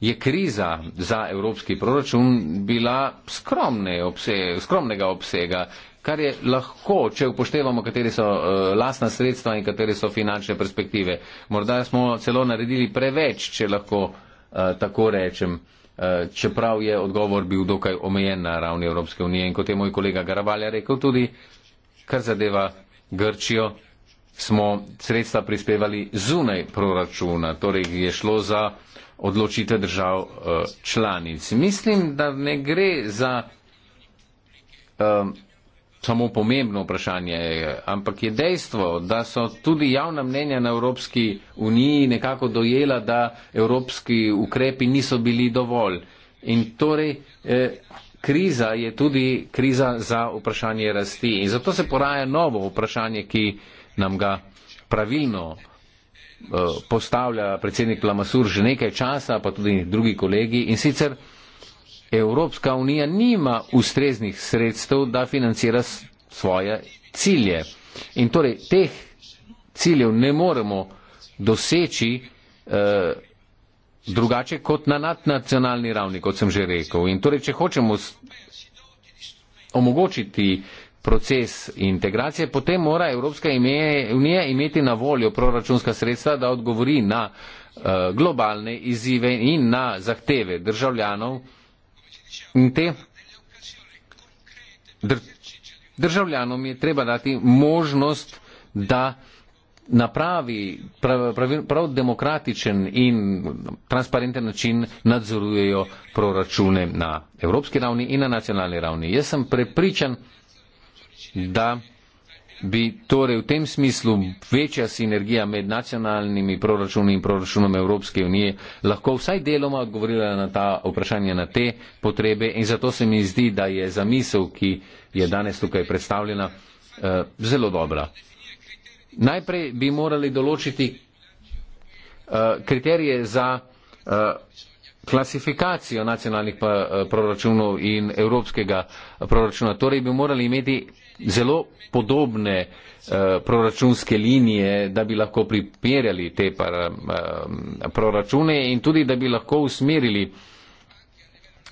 je kriza za evropski proračun bila skromne obsega, skromnega obsega, kar je lahko, če upoštevamo, kateri so uh, eh, lasna sredstva in kateri so finančne perspektive. Morda smo celo naredili preveč, če lahko uh, tako rečem. Uh, Eh, čeprav je odgovor bil dokaj omejen na ravni Evropske unije. In kot je moj kolega Garavalja rekel, tudi kar zadeva Grčijo, smo sredstva prispevali zunaj proračuna, torej je šlo za odločite držav eh, članic. Mislim, da ne gre za. Uh, samo pomembno vprašanje, ampak je dejstvo, da so tudi javna mnenja na Evropski uniji nekako dojela, da evropski ukrepi niso bili dovolj. In torej eh, kriza je tudi kriza za vprašanje rasti. In zato se poraja novo vprašanje, ki nam ga pravilno eh, postavlja predsednik Lamasur že nekaj časa, pa tudi drugi kolegi. In sicer Evropska unija nima ustreznih sredstev, da financira svoje cilje. In torej teh ciljev ne moremo doseči eh, drugače kot na nadnacionalni ravni, kot sem že rekel. In torej, če hočemo omogočiti proces integracije, potem mora Evropska unija imeti na voljo proračunska sredstva, da odgovori na eh, globalne izzive in na zahteve državljanov, In te dr državljanom je treba dati možnost, da napravi prav, prav, prav demokratičen in transparenten način nadzorujejo proračune na evropski ravni in na nacionalni ravni. Jaz sem prepričan, da bi torej v tem smislu večja sinergija med nacionalnimi proračuni in proračunom Evropske unije lahko vsaj deloma odgovorila na ta vprašanja, na te potrebe in zato se mi zdi, da je zamisel, ki je danes tukaj predstavljena, eh, zelo dobra. Najprej bi morali določiti eh, kriterije za eh, klasifikacijo nacionalnih proračunov in evropskega proračuna. Torej bi morali imeti zelo podobne eh, proračunske linije, da bi lahko primerjali te eh, proračune in tudi, da bi lahko usmerili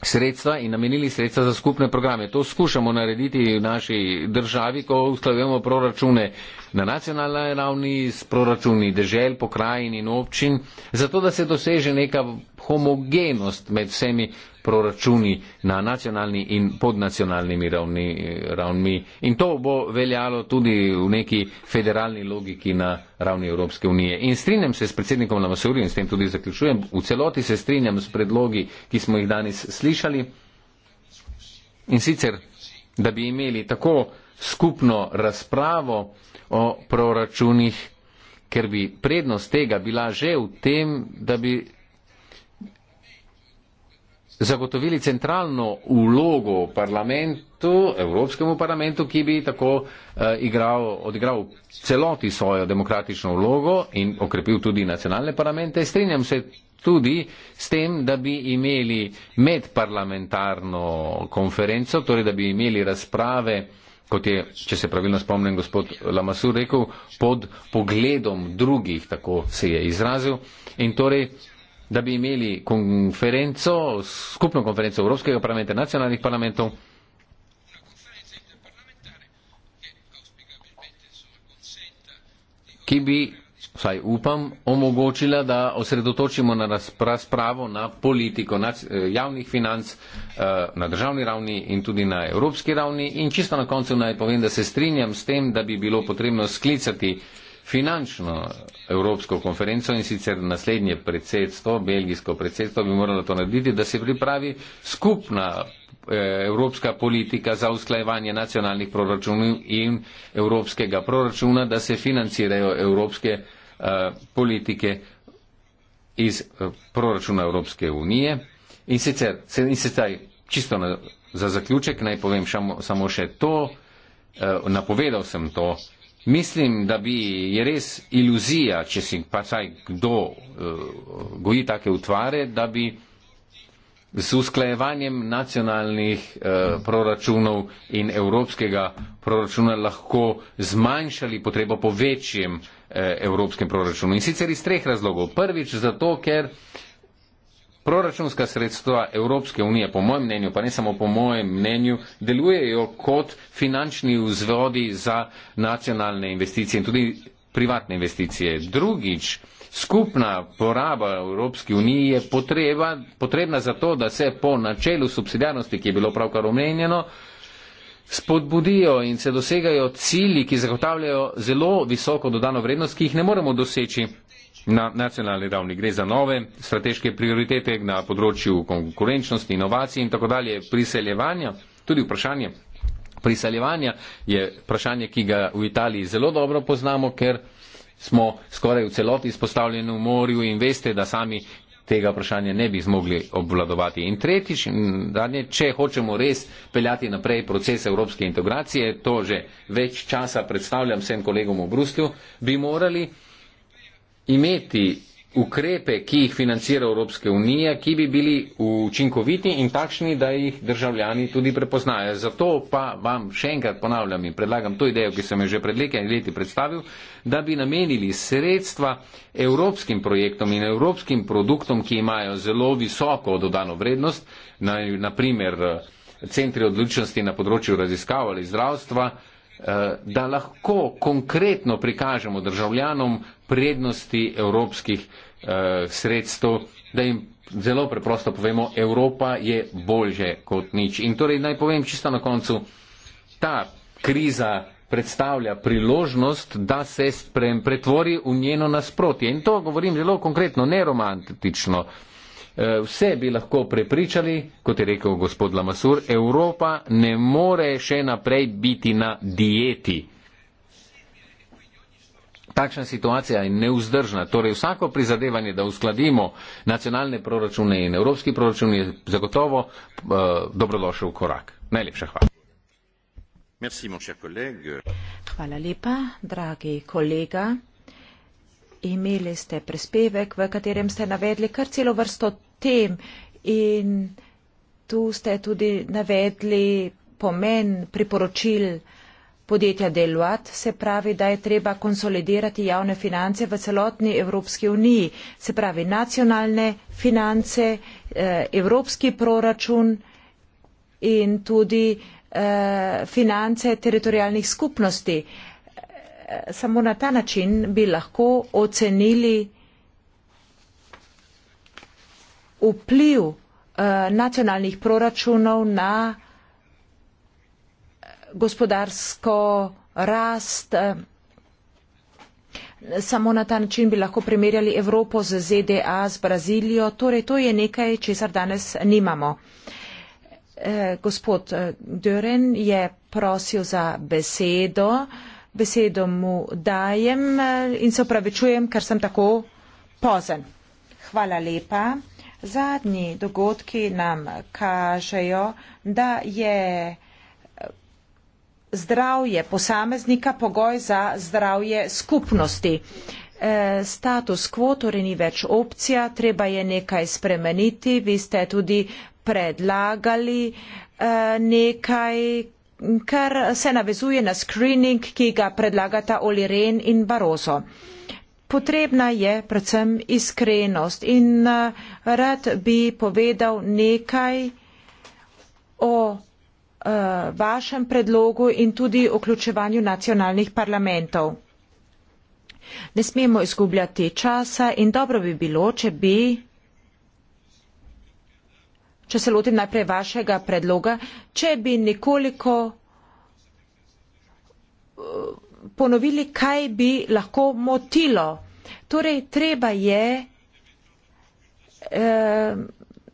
sredstva in namenili sredstva za skupne programe. To skušamo narediti v naši državi, ko usklajujemo proračune na nacionalni ravni, s proračuni dežel, pokrajin in občin, zato da se doseže neka homogenost med vsemi proračuni na nacionalni in podnacionalnimi ravni, ravni. In to bo veljalo tudi v neki federalni logiki na ravni Evropske unije. In strinjam se s predsednikom Lamasuri in s tem tudi zaključujem. V celoti se strinjam s predlogi, ki smo jih danes slišali. In sicer, da bi imeli tako skupno razpravo o proračunih, ker bi prednost tega bila že v tem, da bi zagotovili centralno vlogo parlamentu, Evropskemu parlamentu, ki bi tako uh, igral, odigral celoti svojo demokratično vlogo in okrepil tudi nacionalne parlamente. Strinjam se tudi s tem, da bi imeli medparlamentarno konferenco, torej da bi imeli razprave, kot je, če se pravilno spomnim, gospod Lamasur rekel, pod pogledom drugih, tako se je izrazil. In torej da bi imeli konferenco, skupno konferenco Evropskega parlamenta in nacionalnih parlamentov. ki bi, vsaj upam, omogočila, da osredotočimo na razpravo na politiko na eh, javnih financ eh, na državni ravni in tudi na evropski ravni. In čisto na koncu naj povem, da se strinjam s tem, da bi bilo potrebno sklicati uh, finančno evropsko konferenco in sicer naslednje predsedstvo, belgijsko predsedstvo bi moralo to narediti, da se pripravi skupna eh, evropska politika za usklajevanje nacionalnih proračunov in evropskega proračuna, da se financirajo evropske eh, politike iz eh, proračuna Evropske unije. In sicer, in sicer čisto na, za zaključek naj povem šamo, samo še to, napovedal sem to, Mislim, da bi je res iluzija, če si pa saj kdo uh, goji take utvare, da bi z usklajevanjem nacionalnih uh, proračunov in evropskega proračuna lahko zmanjšali potrebo po večjem uh, evropskem proračunu. In sicer iz treh razlogov. Prvič zato, ker uh, proračunska sredstva Evropske unije, po mojem mnenju, pa ne samo po mojem mnenju, delujejo kot finančni vzvodi za nacionalne investicije in tudi privatne investicije. Drugič, skupna poraba Evropske unije je potreba, potrebna za to, da se po načelu subsidijarnosti, ki je bilo pravkar omenjeno, spodbudijo in se dosegajo cilji, ki zagotavljajo zelo visoko dodano vrednost, ki jih ne moremo doseči Na nacionalni ravni gre za nove strateške prioritete na področju konkurenčnosti, inovacij in tako dalje, priseljevanja, tudi vprašanje priseljevanja je vprašanje, ki ga v Italiji zelo dobro poznamo, ker smo skoraj v celoti izpostavljeni v morju in veste, da sami tega vprašanja ne bi zmogli obvladovati. In tretjič, zadnje, če hočemo res peljati naprej proces evropske integracije, to že več časa predstavljam vsem kolegom v Bruslju, bi morali imeti ukrepe, ki jih financira Evropske unije, ki bi bili učinkoviti in takšni, da jih državljani tudi prepoznajo. Zato pa vam še enkrat ponavljam in predlagam to idejo, ki sem jo že pred nekaj leti predstavil, da bi namenili sredstva evropskim projektom in evropskim produktom, ki imajo zelo visoko dodano vrednost, naprimer centri odličnosti na področju raziskav ali zdravstva, eh, da lahko konkretno prikažemo državljanom, prednosti evropskih eh, sredstev, da jim zelo preprosto povemo, Evropa je bolje kot nič. In torej naj povem čisto na koncu, ta kriza predstavlja priložnost, da se sprem, pretvori v njeno nasprotje. In to govorim zelo konkretno, ne romantično. Eh, vse bi lahko prepričali, kot je rekel gospod Lamasur, Evropa ne more še naprej biti na dieti takšna situacija je neuzdržna. Torej vsako prizadevanje, da uskladimo nacionalne proračune in evropski proračun je zagotovo uh, dobrodošel korak. Najlepša hvala. Merci, hvala lepa, dragi kolega. Imeli ste prispevek, v katerem ste navedli kar celo vrsto tem in tu ste tudi navedli pomen priporočil podjetja Deloitte se pravi, da je treba konsolidirati javne finance v celotni Evropski uniji, se pravi nacionalne finance, eh, evropski proračun in tudi eh, finance teritorijalnih skupnosti. Eh, samo na ta način bi lahko ocenili vpliv nacionalnih proračunov na gospodarsko rast. Eh, samo na ta način bi lahko primerjali Evropo z ZDA, z Brazilijo. Torej, to je nekaj, česar danes nimamo. Eh, gospod eh, Dören je prosil za besedo. Besedo mu dajem in se opravičujem, ker sem tako pozen. Hvala lepa. Zadnji dogodki nam kažejo, da je zdravje posameznika pogoj za zdravje skupnosti. E, status quo torej ni več opcija, treba je nekaj spremeniti. Vi ste tudi predlagali e, nekaj, kar se navezuje na screening, ki ga predlagata Oli Ren in Barozo. Potrebna je predvsem iskrenost in e, rad bi povedal nekaj o uh, vašem predlogu in tudi vključevanju nacionalnih parlamentov. Ne smemo izgubljati časa in dobro bi bilo, če bi, če se lotim najprej vašega predloga, če bi nekoliko eh, ponovili, kaj bi lahko motilo. Torej, treba je. Eh,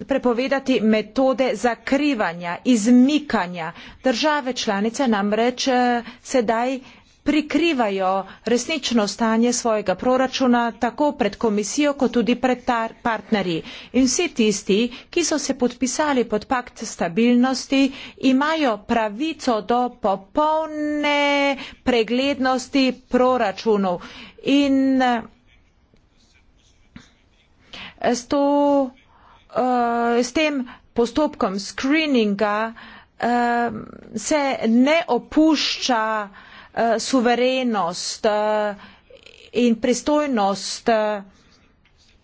prepovedati metode zakrivanja, izmikanja. Države članice namreč eh, sedaj prikrivajo resnično stanje svojega proračuna tako pred komisijo kot tudi pred partnerji. In vsi tisti, ki so se podpisali pod pakt stabilnosti, imajo pravico do popolne preglednosti proračunov. In eh, s to Eh, s tem postopkom screeninga uh, se ne opušča uh, suverenost uh, in pristojnost uh,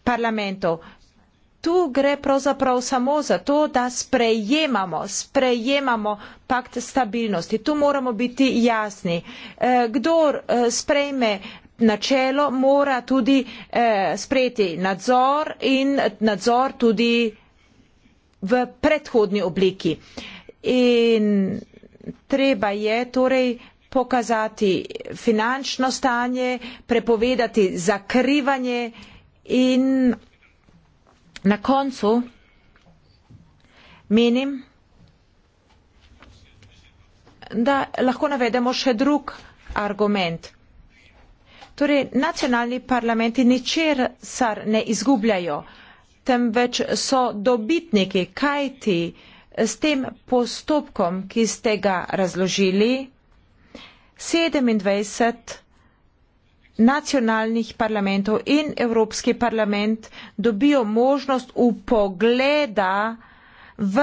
parlamentov. Tu gre pravzaprav samo za to, da sprejemamo, sprejemamo pakt stabilnosti. Tu moramo biti jasni. Kdor sprejme načelo mora tudi eh, sprejeti nadzor in nadzor tudi v predhodni obliki. In treba je torej pokazati finančno stanje, prepovedati zakrivanje in na koncu menim, da lahko navedemo še drug argument. Torej, nacionalni parlamenti ničer sar ne izgubljajo, temveč so dobitniki, kajti s tem postopkom, ki ste ga razložili, 27 nacionalnih parlamentov in Evropski parlament dobijo možnost upogleda v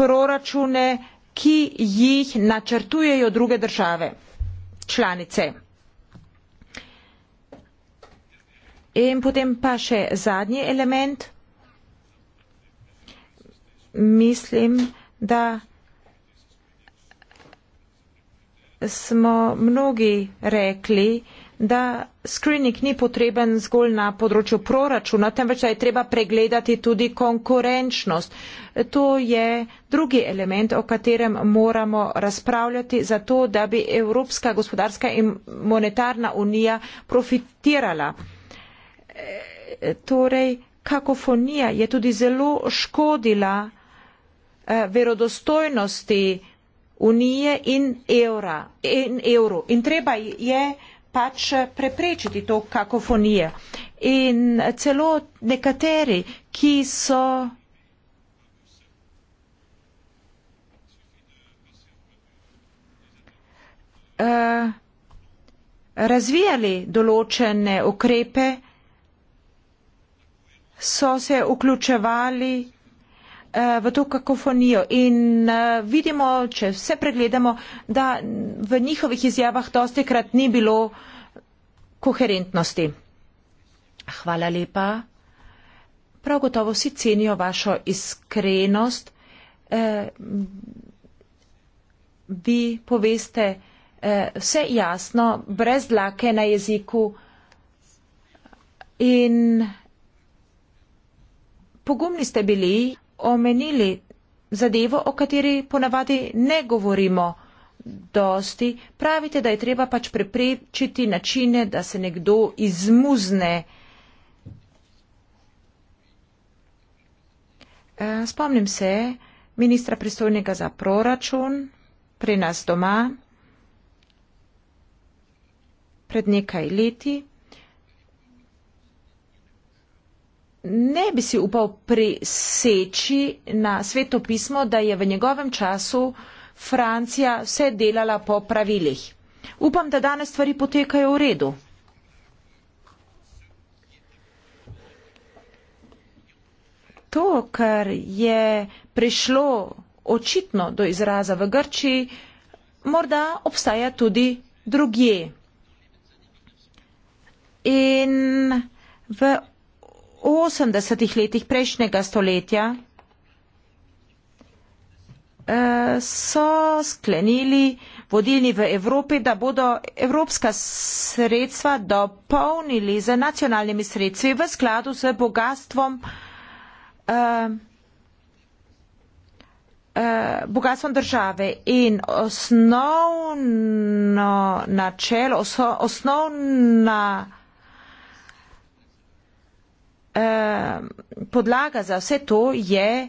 proračune, ki jih načrtujejo druge države članice. In potem pa še zadnji element. Mislim, da smo mnogi rekli, da screening ni potreben zgolj na področju proračuna, temveč da je treba pregledati tudi konkurenčnost. To je drugi element, o katerem moramo razpravljati, zato da bi Evropska gospodarska in monetarna unija profitirala torej kakofonija je tudi zelo škodila eh, verodostojnosti unije in evra in evru. In treba je pač preprečiti to kakofonijo. In celo nekateri, ki so uh, razvijali določene ukrepe, so se vključevali eh, v to kakofonijo in eh, vidimo, če vse pregledamo, da v njihovih izjavah dosti krat ni bilo koherentnosti. Hvala lepa. Prav gotovo vsi cenijo vašo iskrenost. Eh, vi poveste vse jasno, brez dlake na jeziku in pogumni ste bili omenili zadevo, o kateri ponavadi ne govorimo dosti. Pravite, da je treba pač preprečiti načine, da se nekdo izmuzne. E, spomnim se ministra pristojnega za proračun pri nas doma pred nekaj leti. ne bi si upal preseči na svetopismo, da je v njegovem času Francija vse delala po pravilih. Upam, da danes stvari potekajo v redu. To, kar je prišlo očitno do izraza v Grčiji, morda obstaja tudi drugje. In v v 80-ih letih prejšnjega stoletja eh, so sklenili vodilni v Evropi, da bodo evropska sredstva dopolnili z nacionalnimi sredstvi v skladu z bogatstvom, eh, eh, bogatstvom države. In osnovno načelo, osnovna Eh, podlaga za vse to je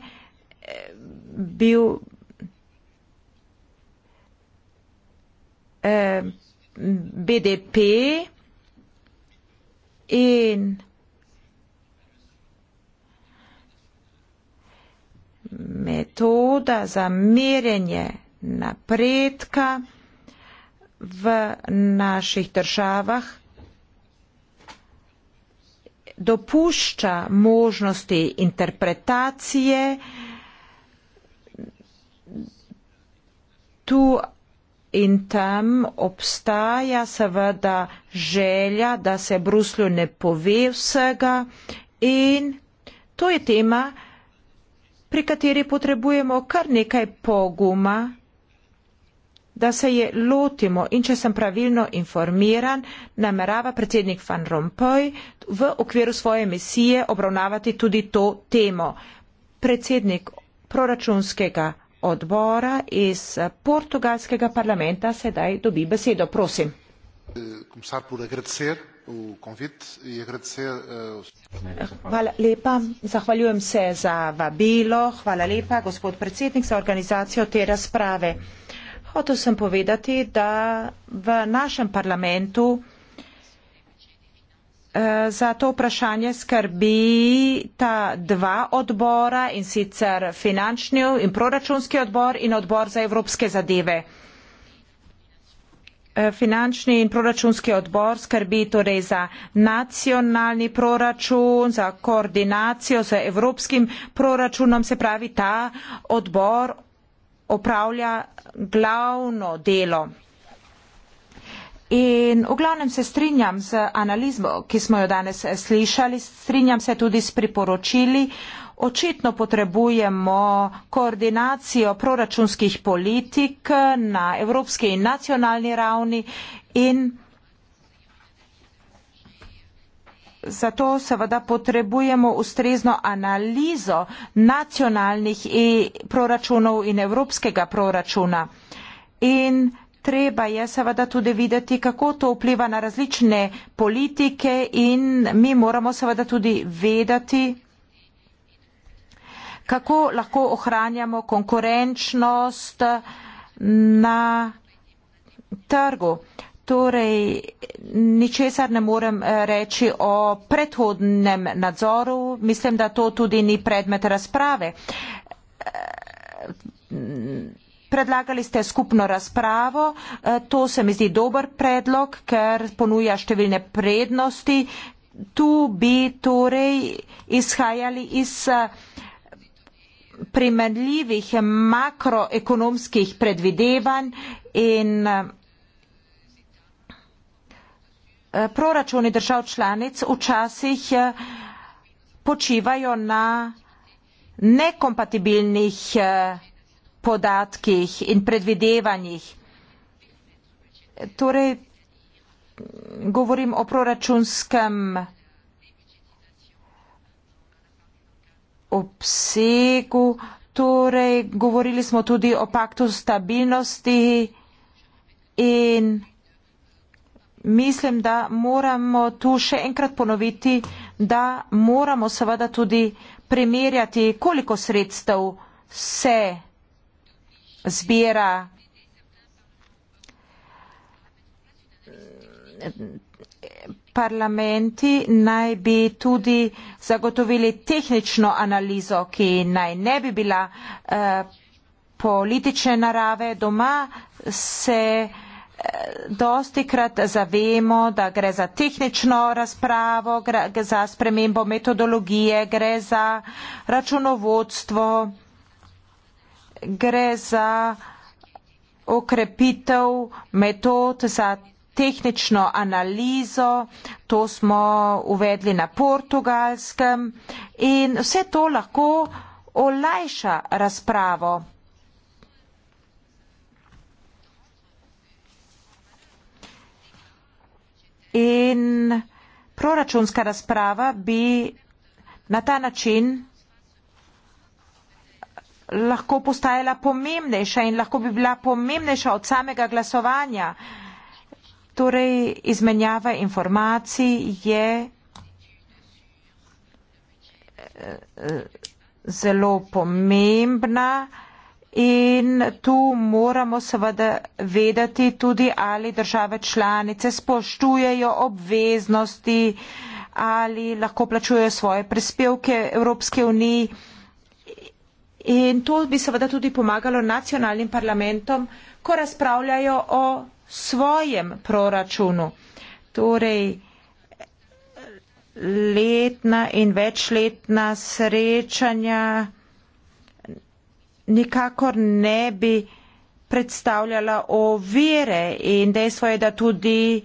eh, bil, eh, BDP in metoda za merjenje napredka v naših državah dopušča možnosti interpretacije, tu in tam obstaja seveda želja, da se Bruslju ne pove vsega in to je tema, pri kateri potrebujemo kar nekaj poguma da se je lotimo in če sem pravilno informiran, namerava predsednik Van Rompuy v okviru svoje misije obravnavati tudi to temo. Predsednik proračunskega odbora iz portugalskega parlamenta sedaj dobi besedo. Prosim. E eh, Hvala lepa. Zahvaljujem se za vabilo. Hvala lepa, gospod predsednik, za organizacijo te razprave. Hotel sem povedati, da v našem parlamentu eh, za to vprašanje skrbi ta dva odbora in sicer finančni in proračunski odbor in odbor za evropske zadeve. Eh, finančni in proračunski odbor skrbi torej za nacionalni proračun, za koordinacijo z evropskim proračunom, se pravi ta odbor opravlja glavno delo. In v glavnem se strinjam z analizmo, ki smo jo danes eh, slišali, strinjam se tudi s priporočili. Očitno potrebujemo koordinacijo proračunskih politik na evropski in nacionalni ravni in zato seveda potrebujemo ustrezno analizo nacionalnih e proračunov in evropskega proračuna. In treba je seveda tudi videti, kako to vpliva na različne politike in mi moramo seveda tudi vedeti, kako lahko ohranjamo konkurenčnost na trgu. Torej, ničesar ne morem eh, reči o predhodnem nadzoru, mislim, da to tudi ni predmet razprave. Eh, predlagali ste skupno razpravo, eh, to se mi zdi dober predlog, ker ponuja številne prednosti. Tu bi torej izhajali iz primerljivih makroekonomskih predvidevanj in Eh, proračuni držav članic včasih eh, počivajo na nekompatibilnih eh, podatkih in predvidevanjih. Torej, govorim o proračunskem obsegu, torej, govorili smo tudi o paktu stabilnosti in mislim, da moramo tu še enkrat ponoviti, da moramo seveda tudi primerjati, koliko sredstev se zbira parlamenti naj bi tudi zagotovili tehnično analizo, ki naj ne bi bila eh, politične narave doma, se eh, dosti krat zavemo, da gre za tehnično razpravo, gre za spremembo metodologije, gre za računovodstvo, gre za okrepitev metod za tehnično analizo, to smo uvedli na portugalskem in vse to lahko olajša razpravo. in proračunska razprava bi na ta način lahko postajala pomembnejša in lahko bi bila pomembnejša od samega glasovanja. Torej, izmenjava informacij je eh, eh, zelo pomembna. In tu moramo seveda vedeti tudi, ali države članice spoštujejo obveznosti, ali lahko plačujejo svoje prispevke Evropske unije. In to bi seveda tudi pomagalo nacionalnim parlamentom, ko razpravljajo o svojem proračunu. Torej, letna in večletna srečanja nikakor ne bi predstavljala ovire in dejstvo je, da tudi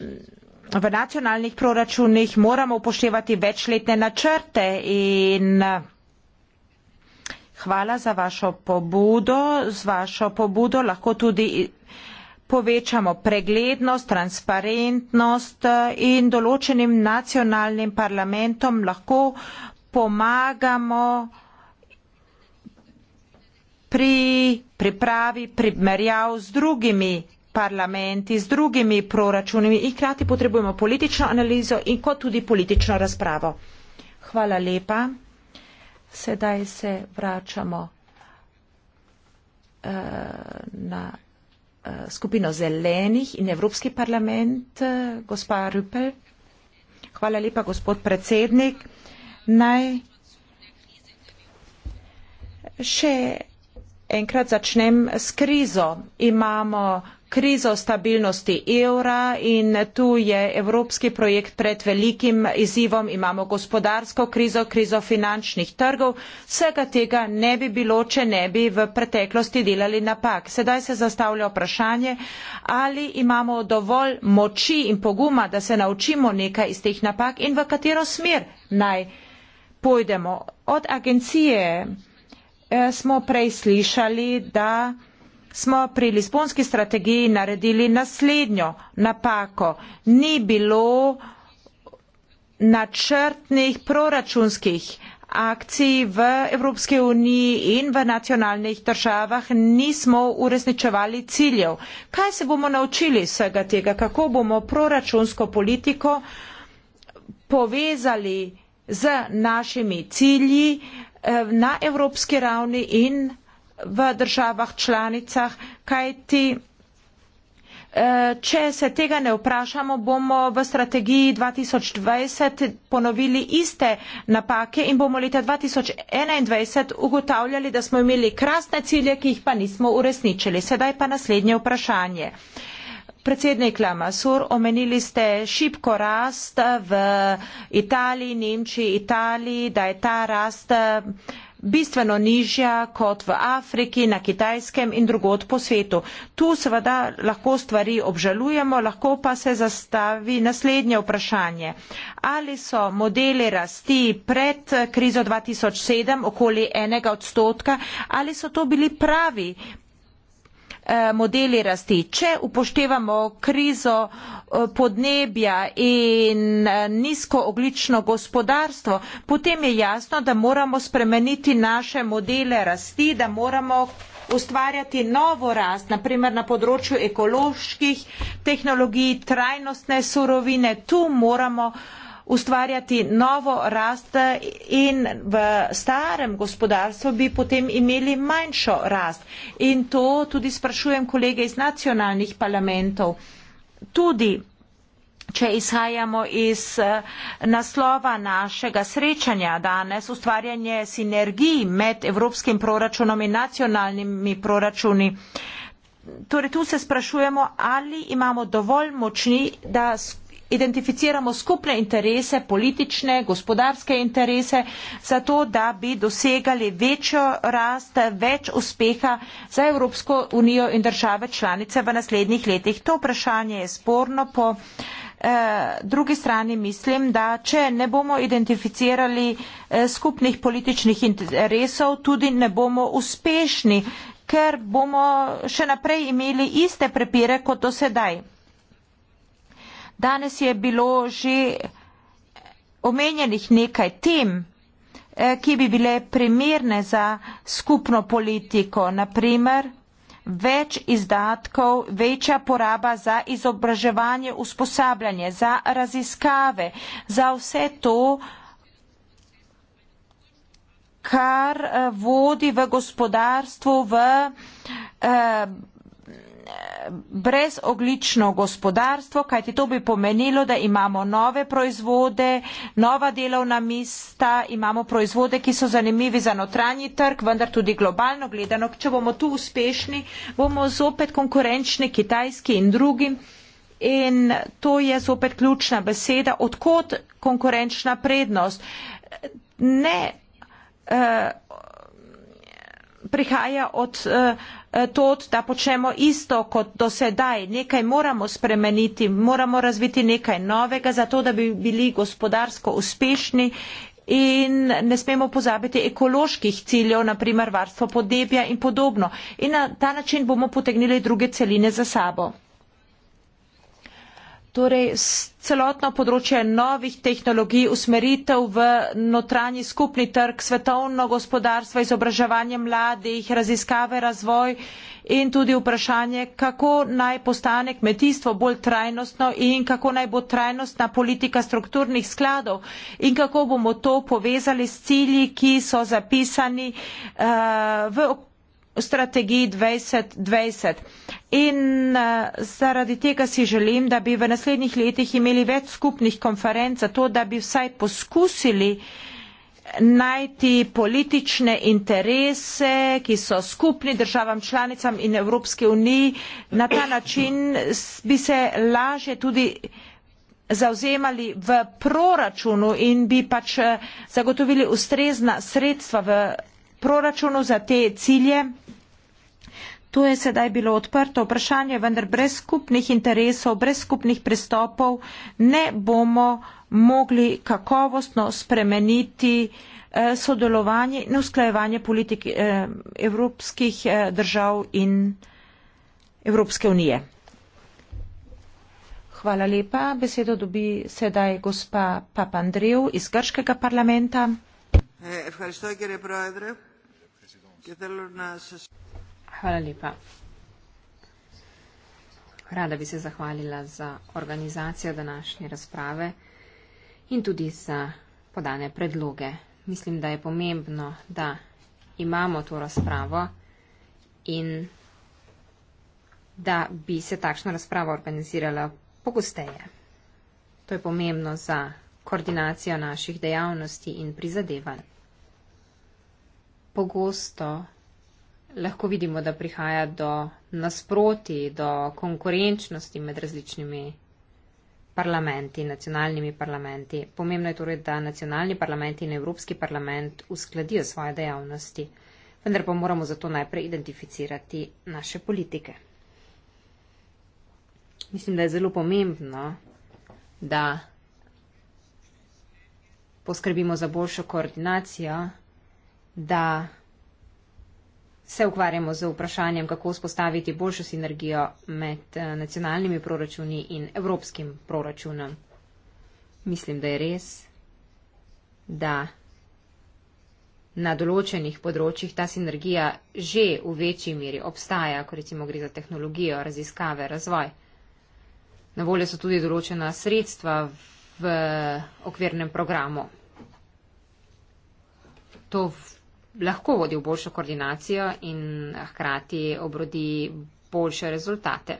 eh, v nacionalnih proračunih moramo upoštevati večletne načrte in eh, hvala za vašo pobudo. Z vašo pobudo lahko tudi povečamo preglednost, transparentnost eh, in določenim nacionalnim parlamentom lahko pomagamo pri pripravi primerjav z drugimi parlamenti, z drugimi proračunami in hkrati potrebujemo politično analizo in kot tudi politično razpravo. Hvala lepa. Sedaj se vračamo eh, na eh, skupino zelenih in Evropski parlament, eh, gospa Rüpel. Hvala lepa, gospod predsednik. Naj še enkrat začnem s krizo. Imamo krizo stabilnosti evra in tu je evropski projekt pred velikim izzivom, imamo gospodarsko krizo, krizo finančnih trgov, vsega tega ne bi bilo, če ne bi v preteklosti delali napak. Sedaj se zastavlja vprašanje, ali imamo dovolj moči in poguma, da se naučimo nekaj iz teh napak in v katero smer naj pojdemo. Od agencije Eh, smo prej slišali, da smo pri Lisbonski strategiji naredili naslednjo napako. Ni bilo načrtnih proračunskih akcij v Evropske uniji in v nacionalnih državah nismo uresničevali ciljev. Kaj se bomo naučili iz vsega tega? Kako bomo proračunsko politiko povezali z našimi cilji, uh, Eh, na evropski ravni in v državah članicah, kajti eh, če se tega ne vprašamo, bomo v strategiji 2020 ponovili iste napake in bomo leta 2021 ugotavljali, da smo imeli krasne cilje, ki jih pa nismo uresničili. Sedaj pa naslednje vprašanje. Predsednik Lamasur, omenili ste šibko rast v Italiji, Nemčiji, Italiji, da je ta rast eh, bistveno nižja kot v Afriki, na kitajskem in drugod po svetu. Tu seveda lahko stvari obžalujemo, lahko pa se zastavi naslednje vprašanje. Ali so modeli rasti pred krizo 2007 okoli enega odstotka, ali so to bili pravi Eh, modeli rasti. Če upoštevamo krizo eh, podnebja in eh, nizkooglično gospodarstvo, potem je jasno, da moramo spremeniti naše modele rasti, da moramo ustvarjati novo rast, naprimer na področju ekoloških tehnologij, trajnostne surovine. Tu moramo uh, ustvarjati novo rast in v starem gospodarstvu bi potem imeli manjšo rast. In to tudi sprašujem kolege iz nacionalnih parlamentov. Tudi Če izhajamo iz eh, naslova našega srečanja danes, ustvarjanje sinergij med evropskim proračunom in nacionalnimi proračuni, torej tu se sprašujemo, ali imamo dovolj močni, da identificiramo skupne interese, politične, gospodarske interese, zato da bi dosegali večjo rast, več uspeha za Evropsko unijo in države članice v naslednjih letih. To vprašanje je sporno po eh, drugi strani mislim, da če ne bomo identificirali eh, skupnih političnih interesov, tudi ne bomo uspešni, ker bomo še naprej imeli iste prepire kot do sedaj. Danes je bilo že omenjenih nekaj tem, eh, ki bi bile primerne za skupno politiko, naprimer več izdatkov, večja poraba za izobraževanje, usposabljanje, za raziskave, za vse to, kar eh, vodi v gospodarstvu, v eh, brezoglično gospodarstvo, kajti to bi pomenilo, da imamo nove proizvode, nova delovna mesta, imamo proizvode, ki so zanimivi za notranji trg, vendar tudi globalno gledano, če bomo tu uspešni, bomo zopet konkurenčni kitajski in drugim. In to je zopet ključna beseda, odkot konkurenčna prednost. Ne. Uh, prihaja od eh, eh, to, da počnemo isto kot do sedaj. Nekaj moramo spremeniti, moramo razviti nekaj novega, zato da bi bili gospodarsko uspešni in ne smemo pozabiti ekoloških ciljev, naprimer varstvo podnebja in podobno. In na ta način bomo potegnili druge celine za sabo torej celotno področje novih tehnologij, usmeritev v notranji skupni trg, svetovno gospodarstvo, izobraževanje mladih, raziskave, razvoj in tudi vprašanje, kako naj postane kmetijstvo bolj trajnostno in kako naj bo trajnostna politika strukturnih skladov in kako bomo to povezali s cilji, ki so zapisani uh, v strategiji 2020. In eh, zaradi tega si želim, da bi v naslednjih letih imeli več skupnih konferenc, zato da bi vsaj poskusili najti politične interese, ki so skupni državam članicam in Evropske unije. Na ta način bi se laže tudi zauzemali v proračunu in bi pač eh, zagotovili ustrezna sredstva v proračunu za te cilje. To je sedaj bilo odprto vprašanje, vendar brez skupnih interesov, brez skupnih pristopov ne bomo mogli kakovostno spremeniti eh, sodelovanje in usklajevanje politik eh, evropskih eh, držav in Evropske unije. Hvala lepa. Besedo dobi sedaj gospa Papandreu iz Grškega parlamenta. Eh, Hvala lepa. Rada bi se zahvalila za organizacijo današnje razprave in tudi za podane predloge. Mislim, da je pomembno, da imamo to razpravo in da bi se takšna razprava organizirala pogosteje. To je pomembno za koordinacijo naših dejavnosti in prizadevanj. Pogosto lahko vidimo, da prihaja do nasproti, do konkurenčnosti med različnimi parlamenti, nacionalnimi parlamenti. Pomembno je torej, da nacionalni parlamenti in Evropski parlament uskladijo svoje dejavnosti, vendar pa moramo zato najprej identificirati naše politike. Mislim, da je zelo pomembno, da poskrbimo za boljšo koordinacijo, da se ukvarjamo z vprašanjem, kako vzpostaviti boljšo sinergijo med eh, nacionalnimi proračuni in evropskim proračunom. Mislim, da je res, da na določenih področjih ta sinergija že v večji meri obstaja, ko recimo gre za tehnologijo, raziskave, razvoj. Na voljo so tudi določena sredstva v okvirnem programu. To lahko vodi v boljšo koordinacijo in hkrati obrodi boljše rezultate.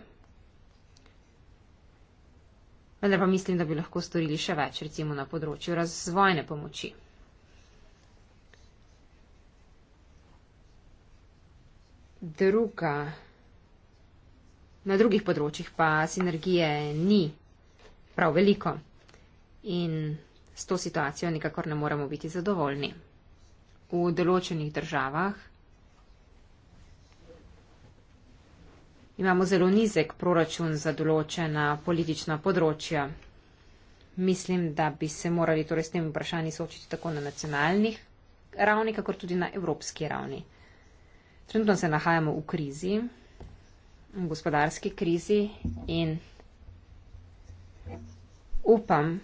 Vendar pa mislim, da bi lahko storili še več, recimo na področju razvojne pomoči. Druga, na drugih področjih pa sinergije ni prav veliko in s to situacijo nikakor ne moremo biti zadovoljni v določenih državah. Imamo zelo nizek proračun za določena politična področja. Mislim, da bi se morali torej s tem vprašanjem soočiti tako na nacionalnih ravni, kakor tudi na evropski ravni. Trenutno se nahajamo v krizi, v gospodarski krizi in upam,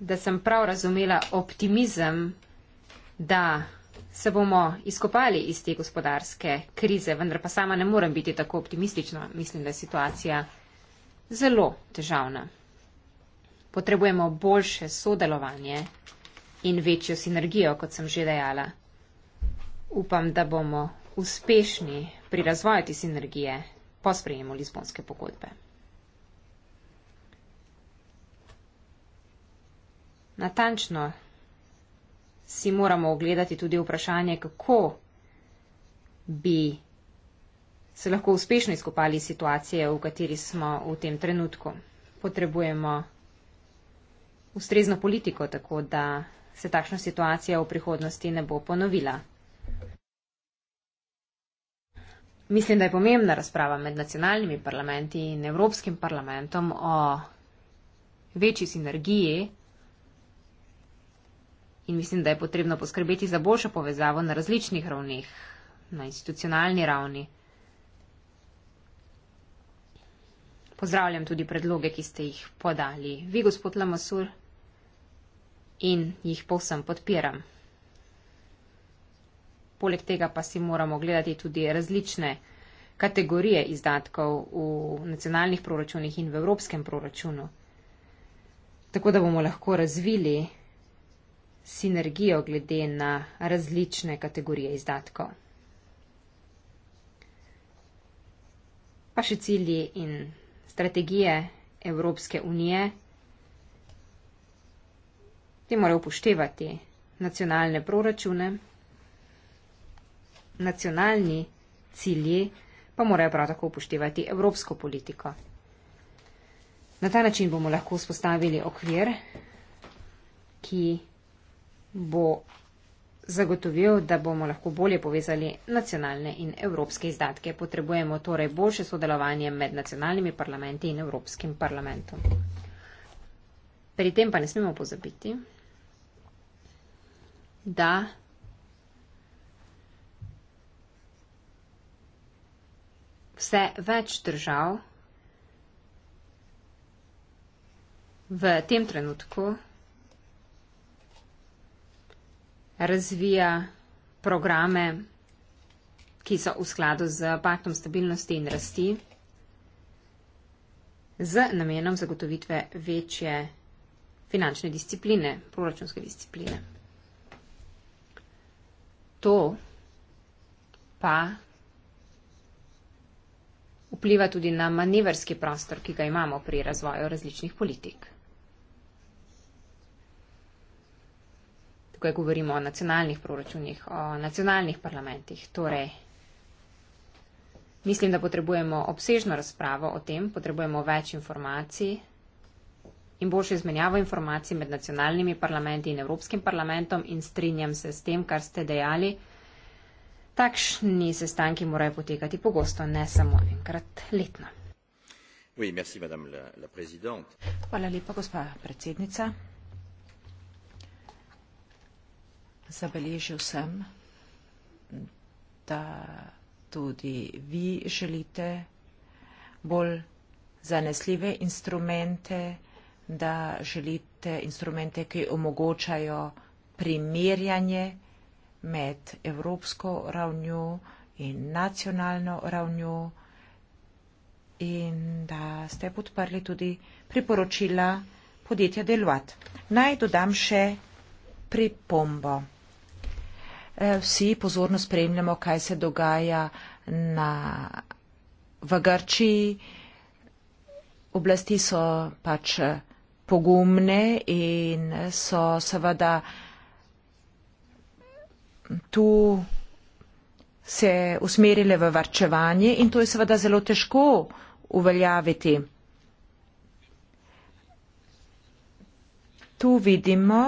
da sem prav razumela optimizem, da se bomo izkopali iz te gospodarske krize, vendar pa sama ne morem biti tako optimistična. Mislim, da je situacija zelo težavna. Potrebujemo boljše sodelovanje in večjo sinergijo, kot sem že dejala. Upam, da bomo uspešni pri razvoju te sinergije po sprejemu Lizbonske pogodbe. Natančno si moramo ogledati tudi vprašanje, kako bi se lahko uspešno izkopali situacije, v kateri smo v tem trenutku. Potrebujemo ustrezno politiko, tako da se takšna situacija v prihodnosti ne bo ponovila. Mislim, da je pomembna razprava med nacionalnimi parlamenti in Evropskim parlamentom o večji sinergiji in mislim, da je potrebno poskrbeti za boljšo povezavo na različnih ravneh, na institucionalni ravni. Pozdravljam tudi predloge, ki ste jih podali vi, gospod Lamasur, in jih povsem podpiram. Poleg tega pa si moramo gledati tudi različne kategorije izdatkov v nacionalnih proračunih in v evropskem proračunu, tako da bomo lahko razvili sinergijo glede na različne kategorije izdatkov. Pa še cilji in strategije Evropske unije. Ti morajo upoštevati nacionalne proračune, nacionalni cilji pa morajo prav tako upoštevati evropsko politiko. Na ta način bomo lahko spostavili okvir, ki bo zagotovil, da bomo lahko bolje povezali nacionalne in evropske izdatke. Potrebujemo torej boljše sodelovanje med nacionalnimi parlamenti in Evropskim parlamentom. Pri tem pa ne smemo pozabiti, da vse več držav v tem trenutku razvija programe, ki so v skladu z paktom stabilnosti in rasti, z namenom zagotovitve večje finančne discipline, proračunske discipline. To pa vpliva tudi na manevrski prostor, ki ga imamo pri razvoju različnih politik. tukaj govorimo o nacionalnih proračunih, o nacionalnih parlamentih. Torej, mislim, da potrebujemo obsežno razpravo o tem, potrebujemo več informacij in boljšo izmenjavo informacij med nacionalnimi parlamenti in Evropskim parlamentom in strinjam se s tem, kar ste dejali. Takšni sestanki morajo potekati pogosto, ne samo enkrat letno. Oui, merci, la, la Hvala lepa, gospa predsednica. Zabeležil sem, da tudi vi želite bolj zanesljive instrumente, da želite instrumente, ki omogočajo primerjanje med evropsko ravnjo in nacionalno ravnjo in da ste podprli tudi priporočila podjetja Deluat. Naj dodam še pripombo. Eh, vsi pozorno spremljamo, kaj se dogaja na, v Grčiji. Oblasti so pač eh, pogumne in so seveda tu se usmerile v varčevanje in to je seveda zelo težko uveljaviti. Tu vidimo,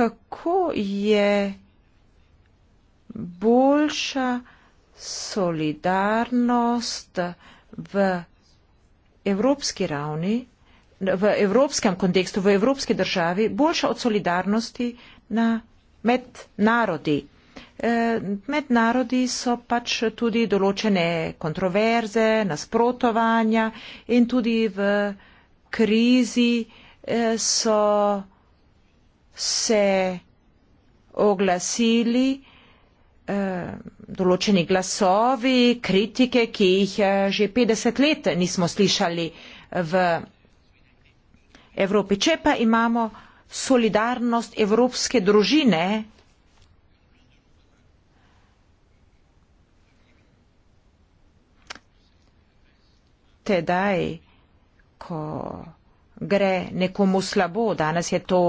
kako je boljša solidarnost v evropski ravni, v evropskem kontekstu, v evropski državi, boljša od solidarnosti na med narodi. Eh, med narodi so pač tudi določene kontroverze, nasprotovanja in tudi v krizi eh, so se oglasili Eh, določeni glasovi, kritike, ki jih eh, že 50 let nismo slišali eh, v Evropi. Če pa imamo solidarnost evropske družine, tedaj, ko gre nekomu slabo, danes je to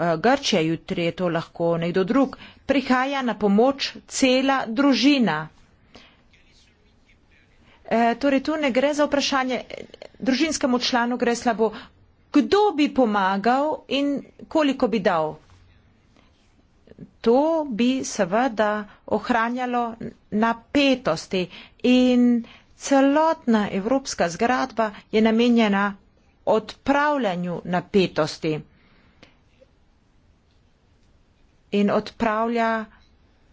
Eh, Grčija, jutri je to lahko nekdo drug, prihaja na pomoč cela družina. E, torej, tu ne gre za vprašanje, družinskemu članu gre slabo, kdo bi pomagal in koliko bi dal. To bi seveda ohranjalo napetosti in celotna evropska zgradba je namenjena odpravljanju napetosti in odpravlja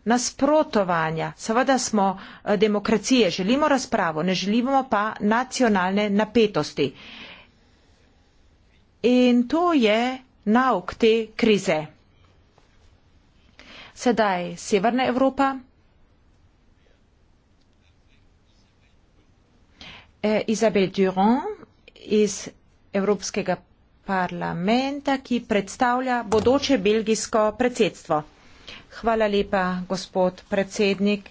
nasprotovanja. Seveda smo eh, demokracije, želimo razpravo, ne želimo pa nacionalne napetosti. In to je nauk te krize. Sedaj Severna Evropa. Eh, Izabel Durand iz Evropskega parlamenta parlamenta, ki predstavlja bodoče belgijsko predsedstvo. Hvala lepa, gospod predsednik.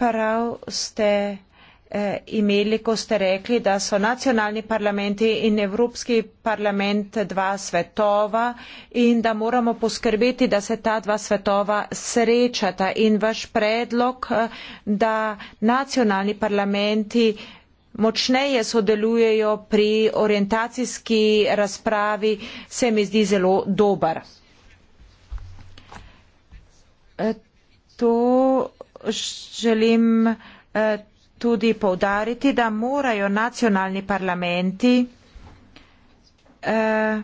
Prav ste eh, imeli, ko ste rekli, da so nacionalni parlamenti in Evropski parlament dva svetova in da moramo poskrbeti, da se ta dva svetova srečata. In vaš predlog, eh, da nacionalni parlamenti močneje sodelujejo pri orientacijski razpravi, se mi zdi zelo dober. E, to želim e, tudi povdariti, da morajo nacionalni parlamenti e,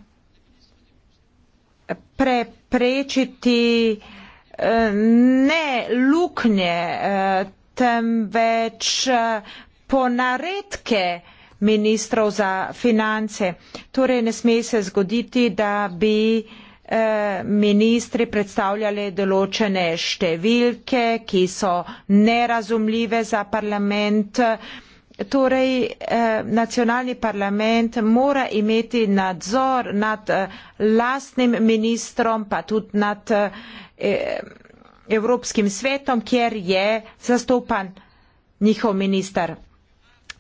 preprečiti ne luknje, temveč po naredke ministrov za finance. Torej ne sme se zgoditi, da bi eh, ministri predstavljali določene številke, ki so nerazumljive za parlament. Torej, eh, nacionalni parlament mora imeti nadzor nad eh, lastnim ministrom, pa tudi nad Evropskim svetom, kjer je zastopan njihov minister.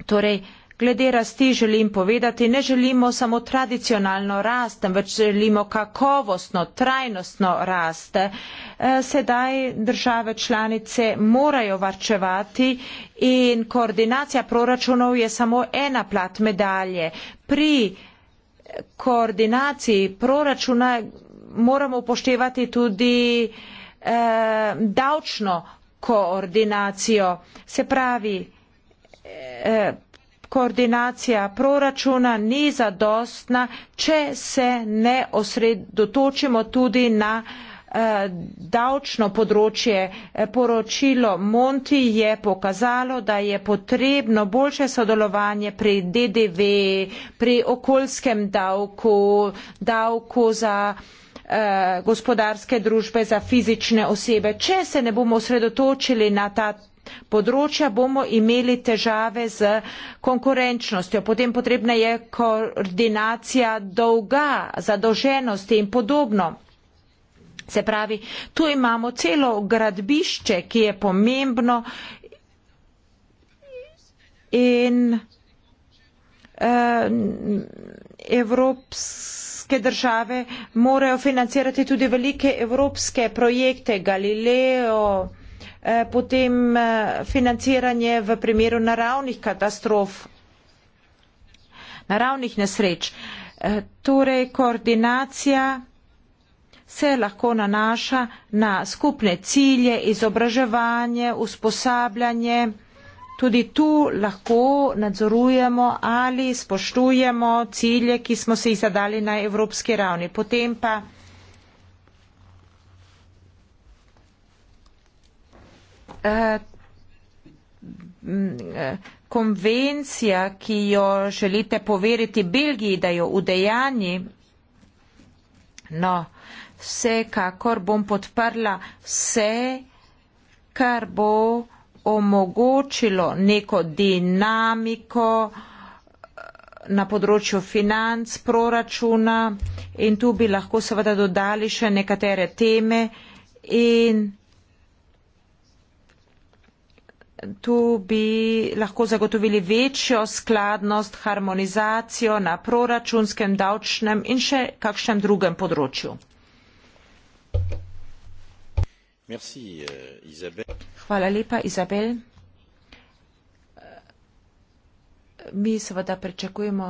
Torej, glede rasti želim povedati, ne želimo samo tradicionalno rast, temveč želimo kakovostno, trajnostno rast. E, sedaj države članice morajo varčevati in koordinacija proračunov je samo ena plat medalje. Pri koordinaciji proračuna moramo upoštevati tudi eh, davčno koordinacijo. Se pravi, Eh, koordinacija proračuna ni zadostna, če se ne osredotočimo tudi na eh, davčno področje. Eh, poročilo Monti je pokazalo, da je potrebno boljše sodelovanje pri DDV, pri okoljskem davku, davku za gospodarske družbe za fizične osebe. Če se ne bomo osredotočili na ta področja bomo imeli težave z konkurenčnostjo, potem potrebna je koordinacija dolga, zadolženosti in podobno. Se pravi, tu imamo celo gradbišče, ki je pomembno in eh, evropske države morajo financirati tudi velike evropske projekte Galileo, Eh, potem eh, financiranje v primeru naravnih katastrof, naravnih nesreč. Eh, torej, koordinacija se lahko nanaša na skupne cilje, izobraževanje, usposabljanje. Tudi tu lahko nadzorujemo ali spoštujemo cilje, ki smo se jih zadali na evropski ravni. Potem pa Eh, mm, eh, konvencija, ki jo želite poveriti Belgiji, da jo udejani, no, vsekakor bom podprla vse, kar bo omogočilo neko dinamiko eh, na področju financ, proračuna in tu bi lahko seveda dodali še nekatere teme in tu bi lahko zagotovili večjo skladnost, harmonizacijo na proračunskem, davčnem in še kakšnem drugem področju. Merci, eh, Hvala lepa, Izabel. Mi seveda pričakujemo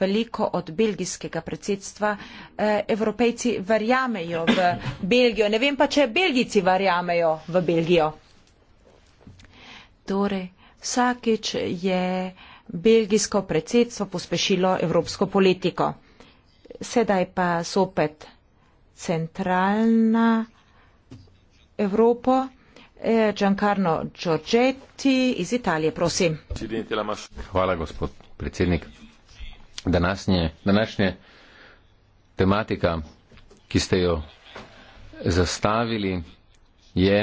veliko od belgijskega predsedstva. Eh, Evropejci verjamejo v Belgijo. Ne vem pa, če Belgijci verjamejo v Belgijo. Torej, vsakič je belgijsko predsedstvo pospešilo evropsko politiko. Sedaj pa sopet centralna Evropo. E, Giancarlo Giorgetti iz Italije, prosim. Hvala, gospod predsednik. Današnje, današnje tematika, ki ste jo zastavili, je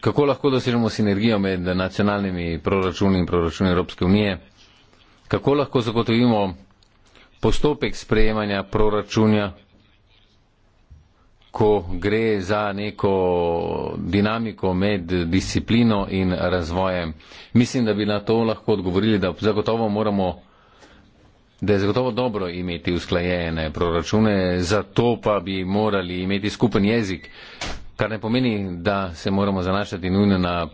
kako lahko dosežemo sinergijo med nacionalnimi proračuni in proračuni Evropske unije, kako lahko zagotovimo postopek sprejemanja proračunja, ko gre za neko dinamiko med disciplino in razvojem. Mislim, da bi na to lahko odgovorili, da zagotovo moramo da je zagotovo dobro imeti usklajene proračune, zato pa bi morali imeti skupen jezik, kar ne pomeni, da se moramo zanašati nujno na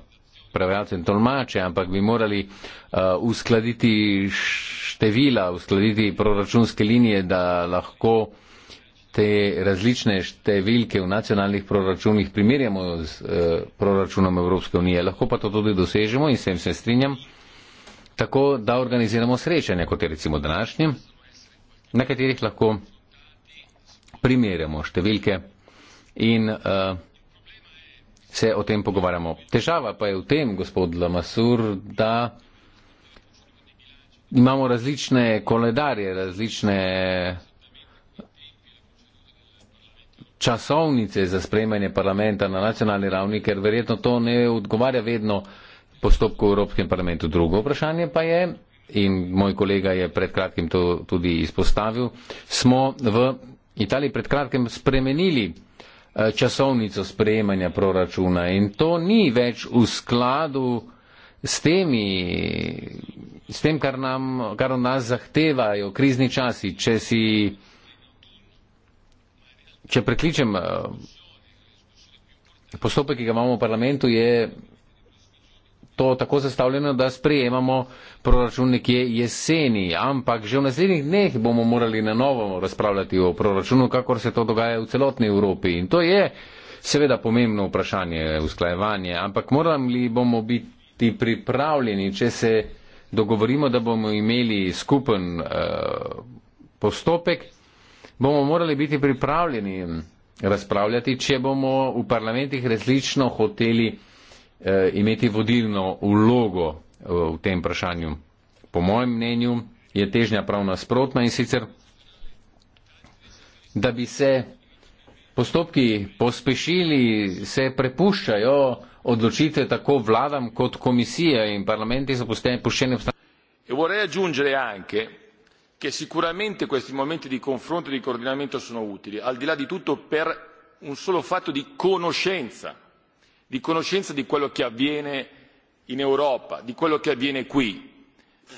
prevajalce in tolmače, ampak bi morali uh, uskladiti števila, uskladiti proračunske linije, da lahko te različne številke v nacionalnih proračunih primerjamo z uh, proračunom Evropske unije. Lahko pa to tudi dosežemo in sem se strinjam, tako da organiziramo srečanja, kot je recimo današnje, na katerih lahko primerjamo številke in uh, se o tem pogovarjamo. Težava pa je v tem, gospod Lamasur, da imamo različne koledarje, različne časovnice za sprejmanje parlamenta na nacionalni ravni, ker verjetno to ne odgovarja vedno postopku v Evropskem parlamentu. Drugo vprašanje pa je, in moj kolega je pred kratkim to tudi izpostavil, smo v Italiji pred kratkim spremenili uh, Eh, časovnico sprejemanja proračuna in to ni več v skladu s, temi, s tem, kar, nam, kar od nas zahtevajo krizni časi. Če, si, če prekličem, eh, postopek, ki ga imamo v parlamentu, je to tako zastavljeno, da sprejemamo proračun nekje jeseni, ampak že v naslednjih dneh bomo morali na novo razpravljati o proračunu, kakor se to dogaja v celotni Evropi. In to je seveda pomembno vprašanje, usklajevanje, ampak moram li bomo biti pripravljeni, če se dogovorimo, da bomo imeli skupen uh, postopek, bomo morali biti pripravljeni razpravljati, če bomo v parlamentih različno hoteli Eh, imeti vodilno vlogo eh, v tem vprašanju. Po mojem mnenju je težnja prav nasprotna in sicer, da bi se postopki pospešili, se prepuščajo odločitve tako vladam kot komisija in parlamenti so pošteni v stanju. E vorrei aggiungere anche che sicuramente questi momenti di confronto e di coordinamento sono utili, al di là di tutto per un solo fatto di conoscenza di conoscenza di quello che avviene in europa di quello che avviene qui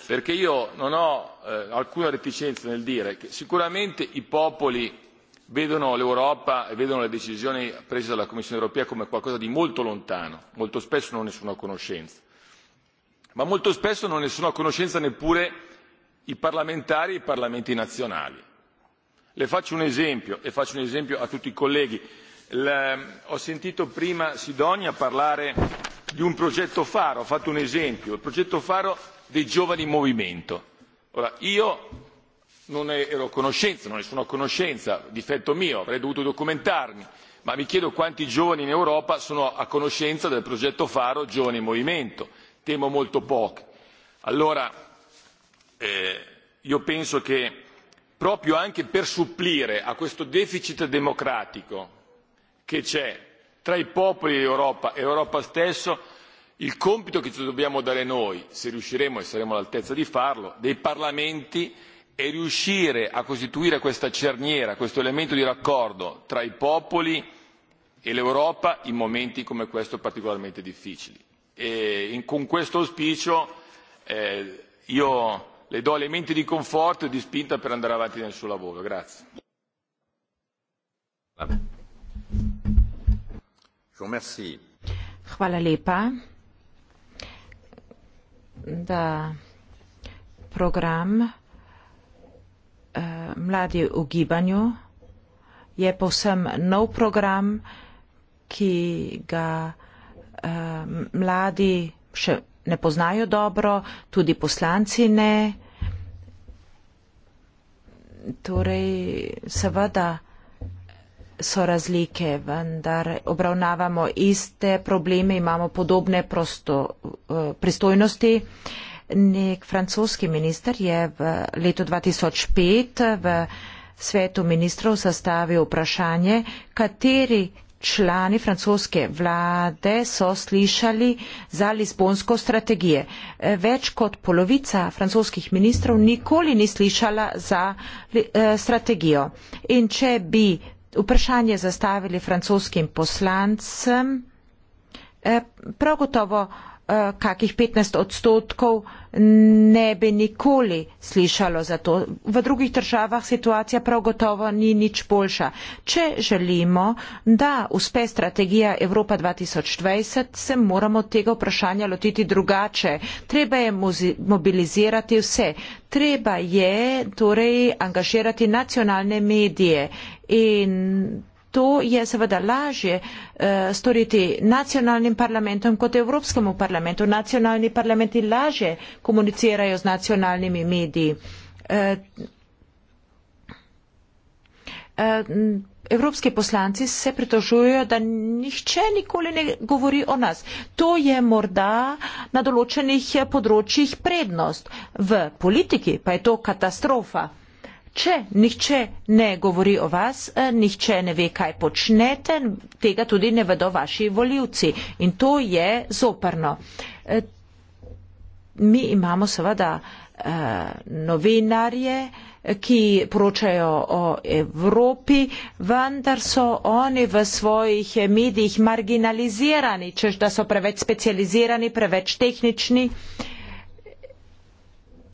perché io non ho eh, alcuna reticenza nel dire che sicuramente i popoli vedono l'europa e vedono le decisioni prese dalla commissione europea come qualcosa di molto lontano molto spesso non ne sono a conoscenza ma molto spesso non ne sono a conoscenza neppure i parlamentari e i parlamenti nazionali. le faccio un esempio e faccio un esempio a tutti i colleghi ho sentito prima Sidonia parlare di un progetto faro, ho fatto un esempio, il progetto faro dei giovani in movimento. Ora, io non e-, ero a conoscenza, non ne sono a conoscenza, difetto mio, avrei dovuto documentarmi, ma mi chiedo quanti giovani in Europa sono a conoscenza del progetto faro giovani in movimento. Temo molto pochi. Allora, eh, io penso che proprio anche per supplire a questo deficit democratico che c'è tra i popoli d'Europa e Europa e stesso, il compito che ci dobbiamo dare noi, se riusciremo e saremo all'altezza di farlo, dei parlamenti è riuscire a costituire questa cerniera, questo elemento di raccordo tra i popoli e l'Europa in momenti come questo particolarmente difficili. E in, con questo auspicio eh, io le do elementi di conforto e di spinta per andare avanti nel suo lavoro. Grazie. Vabbè. Hvala lepa, da program eh, Mladi v gibanju je povsem nov program, ki ga eh, mladi še ne poznajo dobro, tudi poslanci ne. Torej seveda so razlike, vendar obravnavamo iste probleme, imamo podobne prosto, eh, pristojnosti. Nek francoski minister je v letu 2005 v svetu ministrov zastavil vprašanje, kateri člani francoske vlade so slišali za lisbonsko strategije. Eh, več kot polovica francoskih ministrov nikoli ni slišala za eh, strategijo. In če bi vprašanje zastavili francoskim poslancem. E, prav gotovo e, kakih 15 odstotkov ne bi nikoli slišalo za to. V drugih državah situacija prav gotovo ni nič boljša. Če želimo, da uspe strategija Evropa 2020, se moramo tega vprašanja lotiti drugače. Treba je mobilizirati vse. Treba je torej angažirati nacionalne medije in to je seveda lažje uh, storiti nacionalnim parlamentom kot Evropskemu parlamentu. Nacionalni parlamenti lažje komunicirajo z nacionalnimi mediji. Uh, uh, Evropski poslanci se pritožujejo, da nihče nikoli ne govori o nas. To je morda na določenih področjih prednost. V politiki pa je to katastrofa. Če nihče ne govori o vas, eh, nihče ne ve, kaj počnete, tega tudi ne vedo vaši voljivci in to je zoprno. Eh, mi imamo seveda eh, novinarje, ki poročajo o Evropi, vendar so oni v svojih medijih marginalizirani, čež da so preveč specializirani, preveč tehnični. Uh,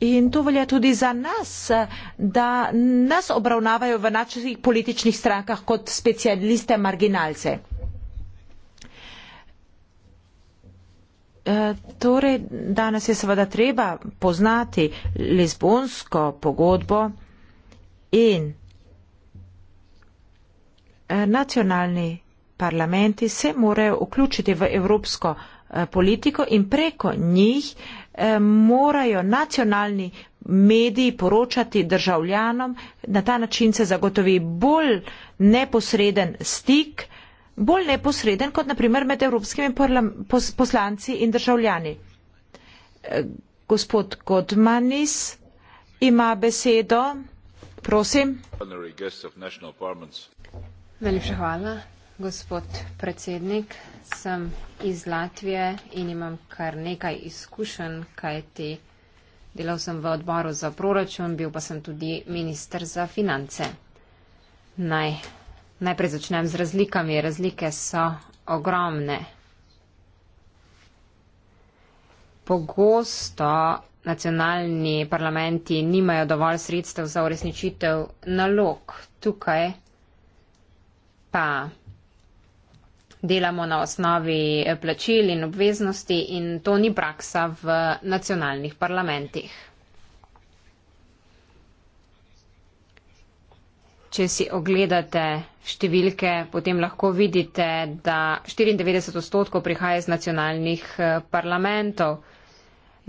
In to velja tudi za nas, da nas obravnavajo v naših političnih strankah kot specialiste marginalce. Eh, torej, danes je seveda treba poznati Lizbonsko pogodbo in eh, nacionalni parlamenti se morajo vključiti v evropsko politiko. Eh, politiko in preko njih eh, morajo nacionalni mediji poročati državljanom, na ta način se zagotovi bolj neposreden stik, bolj neposreden kot naprimer med evropskimi poslanci in državljani. Eh, gospod Godmanis ima besedo, prosim. Najlepša hvala, Gospod predsednik, sem iz Latvije in imam kar nekaj izkušenj, kajti delal sem v odboru za proračun, bil pa sem tudi minister za finance. Naj, najprej začnem z razlikami. Razlike so ogromne. Pogosto nacionalni parlamenti nimajo dovolj sredstev za uresničitev nalog. Tukaj pa delamo na osnovi eh, plačil in obveznosti in to ni praksa v nacionalnih parlamentih. Če si ogledate številke, potem lahko vidite, da 94 odstotkov prihaja iz nacionalnih eh, parlamentov.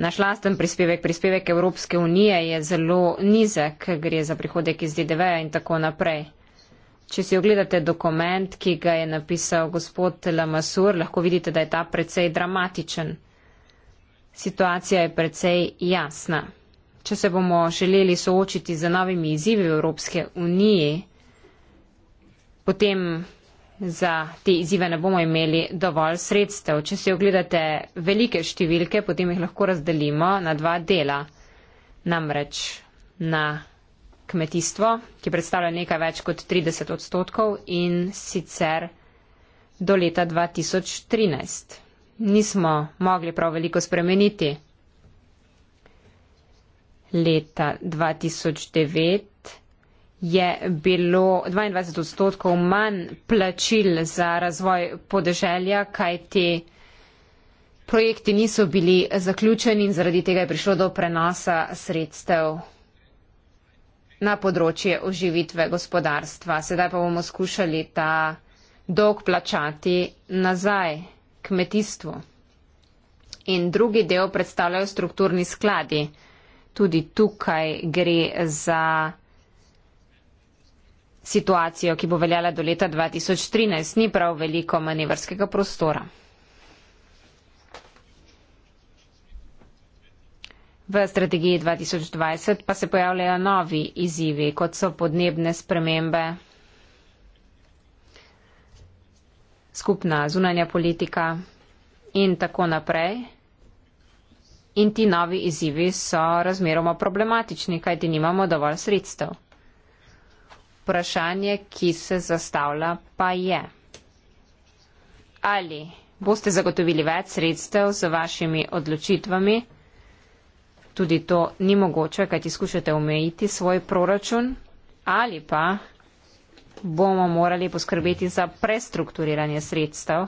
Naš lasten prispevek, prispevek Evropske unije je zelo nizek, gre za prihodek iz DDV-ja in tako naprej. Če si ogledate dokument, ki ga je napisal gospod Lamasur, lahko vidite, da je ta precej dramatičen. Situacija je precej jasna. Če se bomo želeli soočiti z novimi izzivi Evropske unije, potem za te izzive ne bomo imeli dovolj sredstev. Če si ogledate velike številke, potem jih lahko razdelimo na dva dela. Namreč na kmetijstvo, ki predstavlja nekaj več kot 30 odstotkov in sicer do leta 2013. Nismo mogli prav veliko spremeniti. Leta 2009 je bilo 22 odstotkov manj plačil za razvoj podeželja, kaj ti projekti niso bili zaključeni in zaradi tega je prišlo do prenosa sredstev na področje oživitve gospodarstva. Sedaj pa bomo skušali ta dolg plačati nazaj kmetijstvu. In drugi del predstavljajo strukturni skladi. Tudi tukaj gre za situacijo, ki bo veljala do leta 2013. Ni prav veliko manevrskega prostora. V strategiji 2020 pa se pojavljajo novi izzivi, kot so podnebne spremembe, skupna zunanja politika in tako naprej. In ti novi izzivi so razmeroma problematični, kajti nimamo dovolj sredstev. Vprašanje, ki se zastavlja, pa je, ali boste zagotovili več sredstev z vašimi odločitvami, tudi to ni mogoče, kaj ti skušate omejiti svoj proračun ali pa bomo morali poskrbeti za prestrukturiranje sredstev,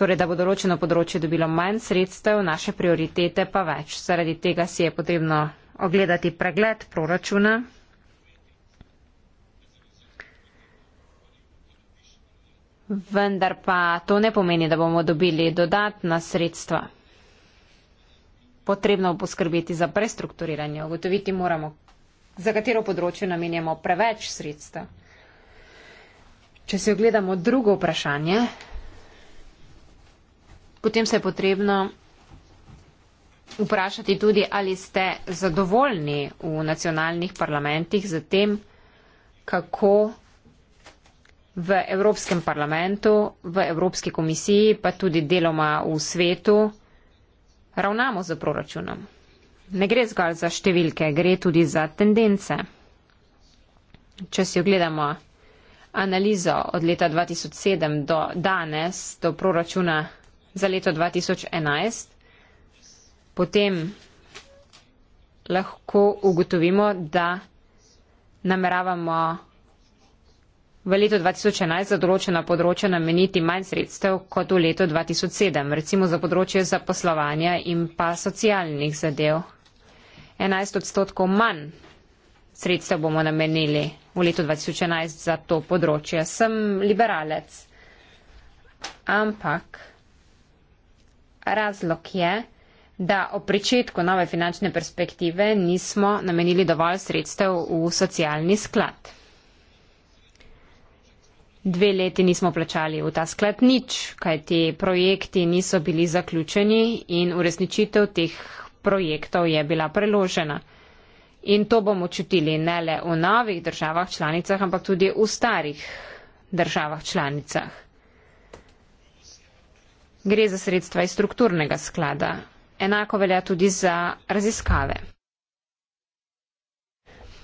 torej da bo določeno področje dobilo manj sredstev, naše prioritete pa več. Zaradi tega si je potrebno ogledati pregled proračuna. Vendar pa to ne pomeni, da bomo dobili dodatna sredstva potrebno poskrbeti za prestrukturiranje, ugotoviti moramo, za katero področje namenjamo preveč sredstev. Če se ogledamo drugo vprašanje, potem se je potrebno vprašati tudi, ali ste zadovoljni v nacionalnih parlamentih z tem, kako v Evropskem parlamentu, v Evropski komisiji, pa tudi deloma v svetu, ravnamo z proračunom. Ne gre zgolj za številke, gre tudi za tendence. Če si ogledamo analizo od leta 2007 do danes, do proračuna za leto 2011, potem lahko ugotovimo, da nameravamo v letu 2011 za določena področja nameniti manj sredstev kot v letu 2007, recimo za področje zaposlovanja in pa socialnih zadev. 11 odstotkov manj sredstev bomo namenili v letu 2011 za to področje. Sem liberalec, ampak razlog je, da o pričetku nove finančne perspektive nismo namenili dovolj sredstev v socialni sklad dve leti nismo plačali v ta sklad nič, kaj ti projekti niso bili zaključeni in uresničitev teh projektov je bila preložena. In to bomo čutili ne le v novih državah članicah, ampak tudi v starih državah članicah. Gre za sredstva iz strukturnega sklada. Enako velja tudi za raziskave.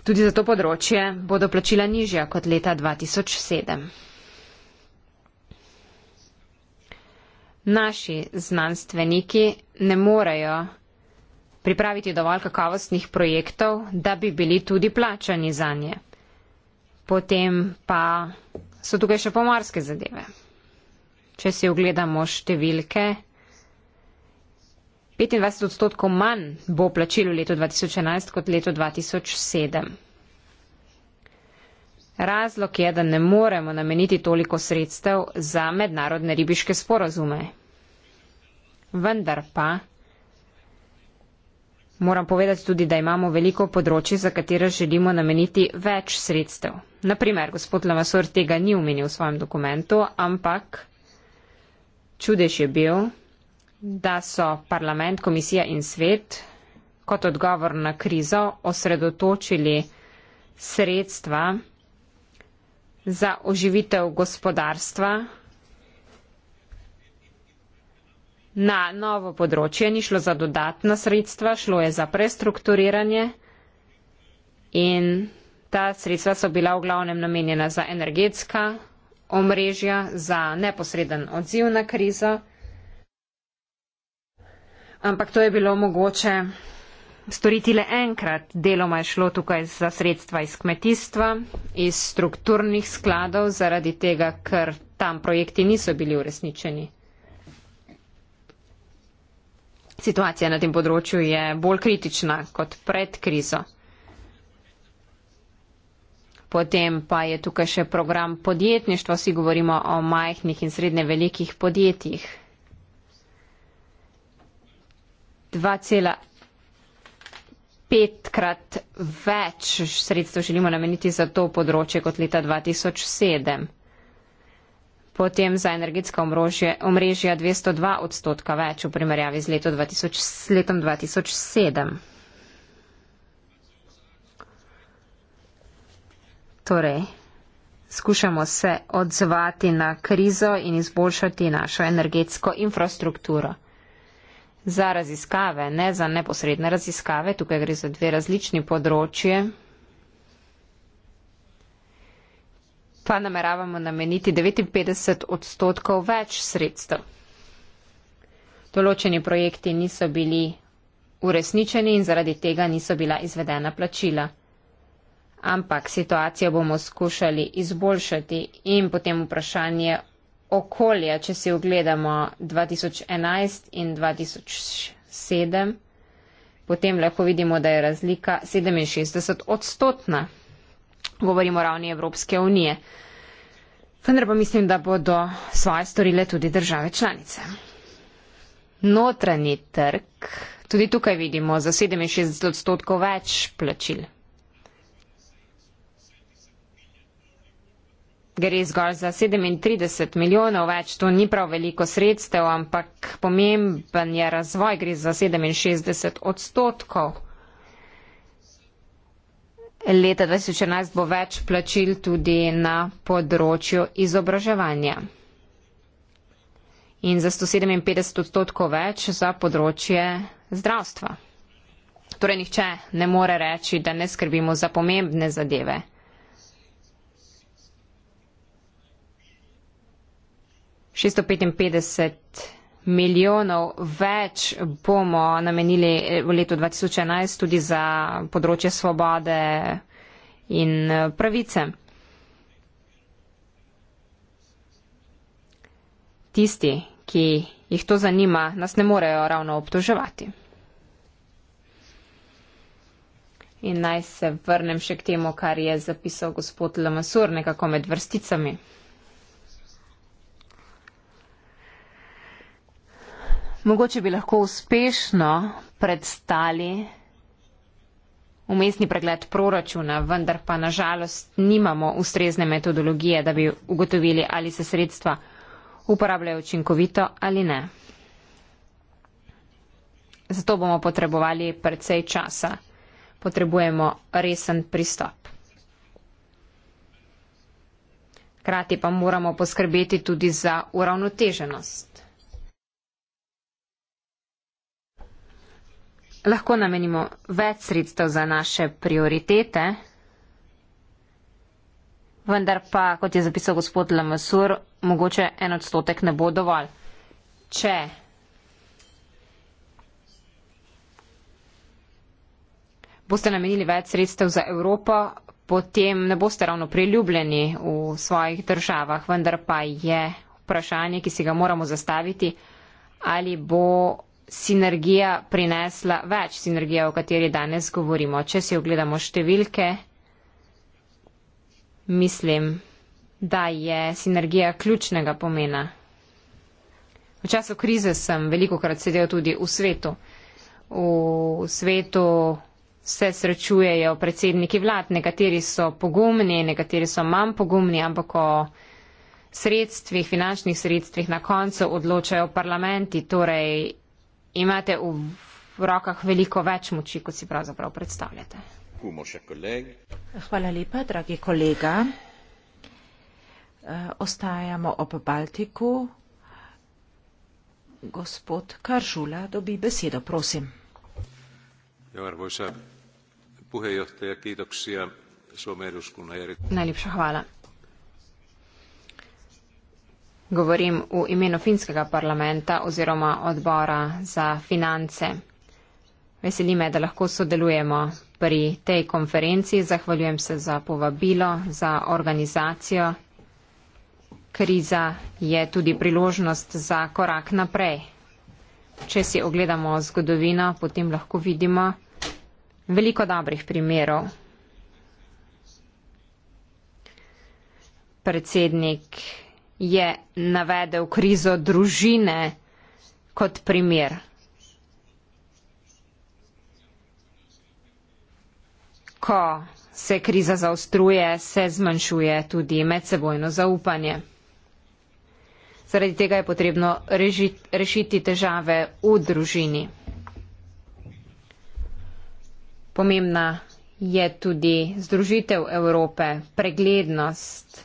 Tudi za to področje bodo plačila nižja kot leta 2007. naši znanstveniki ne morejo pripraviti dovolj kakovostnih projektov, da bi bili tudi plačani za nje. Potem pa so tukaj še pomorske zadeve. Če si ogledamo številke, 25 odstotkov manj bo plačilo leto 2011 kot leto 2007. Razlog je, da ne moremo nameniti toliko sredstev za mednarodne ribiške sporazume. Vendar pa moram povedati tudi, da imamo veliko področji, za katere želimo nameniti več sredstev. Naprimer, gospod Lamasor tega ni omenil v svojem dokumentu, ampak čudež je bil, da so parlament, komisija in svet kot odgovor na krizo osredotočili sredstva, za oživitev gospodarstva na novo področje, ni šlo za dodatna sredstva, šlo je za prestrukturiranje in ta sredstva so bila v glavnem namenjena za energetska omrežja, za neposreden odziv na krizo. Ampak to je bilo mogoče storitile enkrat. Deloma je šlo tukaj za sredstva iz kmetijstva, iz strukturnih skladov, zaradi tega, ker tam projekti niso bili uresničeni. Situacija na tem področju je bolj kritična kot pred krizo. Potem pa je tukaj še program podjetništva, vsi govorimo o majhnih in srednje velikih podjetjih petkrat več sredstev želimo nameniti za to področje kot leta 2007. Potem za energetska omrežja 202 odstotka več v primerjavi z, leto 2000, z letom 2007. Torej, skušamo se odzvati na krizo in izboljšati našo energetsko infrastrukturo za raziskave, ne za neposredne raziskave, tukaj gre za dve različni področje, pa nameravamo nameniti 59 odstotkov več sredstev. Določeni projekti niso bili uresničeni in zaradi tega niso bila izvedena plačila. Ampak situacijo bomo skušali izboljšati in potem vprašanje okolje, če si ogledamo 2011 in 2007, potem lahko vidimo, da je razlika 67 odstotna. Govorimo o ravni Evropske unije. Vendar pa mislim, da bodo svoje storile tudi države članice. Notranji trg, tudi tukaj vidimo za 67 odstotkov več plačil. gre zgolj za 37 milijonov, več to ni prav veliko sredstev, ampak pomemben je razvoj, gre za 67 odstotkov. Leta 2014 bo več plačil tudi na področju izobraževanja. In za 157 odstotkov več za področje zdravstva. Torej, nihče ne more reči, da ne skrbimo za pomembne zadeve. 655 milijonov več bomo namenili eh, v letu 2011 tudi za področje svobode in eh, pravice. Tisti, ki jih to zanima, nas ne morejo ravno obtoževati. In naj se vrnem še k temu, kar je zapisal gospod Lamasur nekako med vrsticami. mogoče bi lahko uspešno predstali umestni pregled proračuna, vendar pa nažalost nimamo ustrezne metodologije, da bi ugotovili, ali se sredstva uporabljajo učinkovito ali ne. Zato bomo potrebovali precej časa. Potrebujemo resen pristop. Krati pa moramo poskrbeti tudi za uravnoteženost. lahko namenimo več sredstev za naše prioritete, vendar pa, kot je zapisal gospod Lamasur, mogoče en odstotek ne bo dovolj. Če boste namenili več sredstev za Evropo, potem ne boste ravno priljubljeni v svojih državah, vendar pa je vprašanje, ki si ga moramo zastaviti, ali bo sinergija prinesla več, sinergija, o kateri danes govorimo. Če si ogledamo številke, mislim, da je sinergija ključnega pomena. V času krize sem veliko krat sedel tudi v svetu. V svetu se srečujejo predsedniki vlad, nekateri so pogumni, nekateri so manj pogumni, ampak o sredstvih, finančnih sredstvih na koncu odločajo parlamenti, torej imate v rokah veliko več moči, kot si pravzaprav predstavljate. Hvala lepa, dragi kolega. Eh, ostajamo ob Baltiku. Gospod Karžula dobi besedo, prosim. Najlepša hvala. Govorim v imenu finskega parlamenta oziroma odbora za finance. Veseli me, da lahko sodelujemo pri tej konferenci. Zahvaljujem se za povabilo, za organizacijo. Kriza je tudi priložnost za korak naprej. Če si ogledamo zgodovino, potem lahko vidimo veliko dobrih primerov. Predsednik je navedel krizo družine kot primer. Ko se kriza zaostruje, se zmanjšuje tudi medsebojno zaupanje. Zaradi tega je potrebno rešiti težave v družini. Pomembna je tudi združitev Evrope, preglednost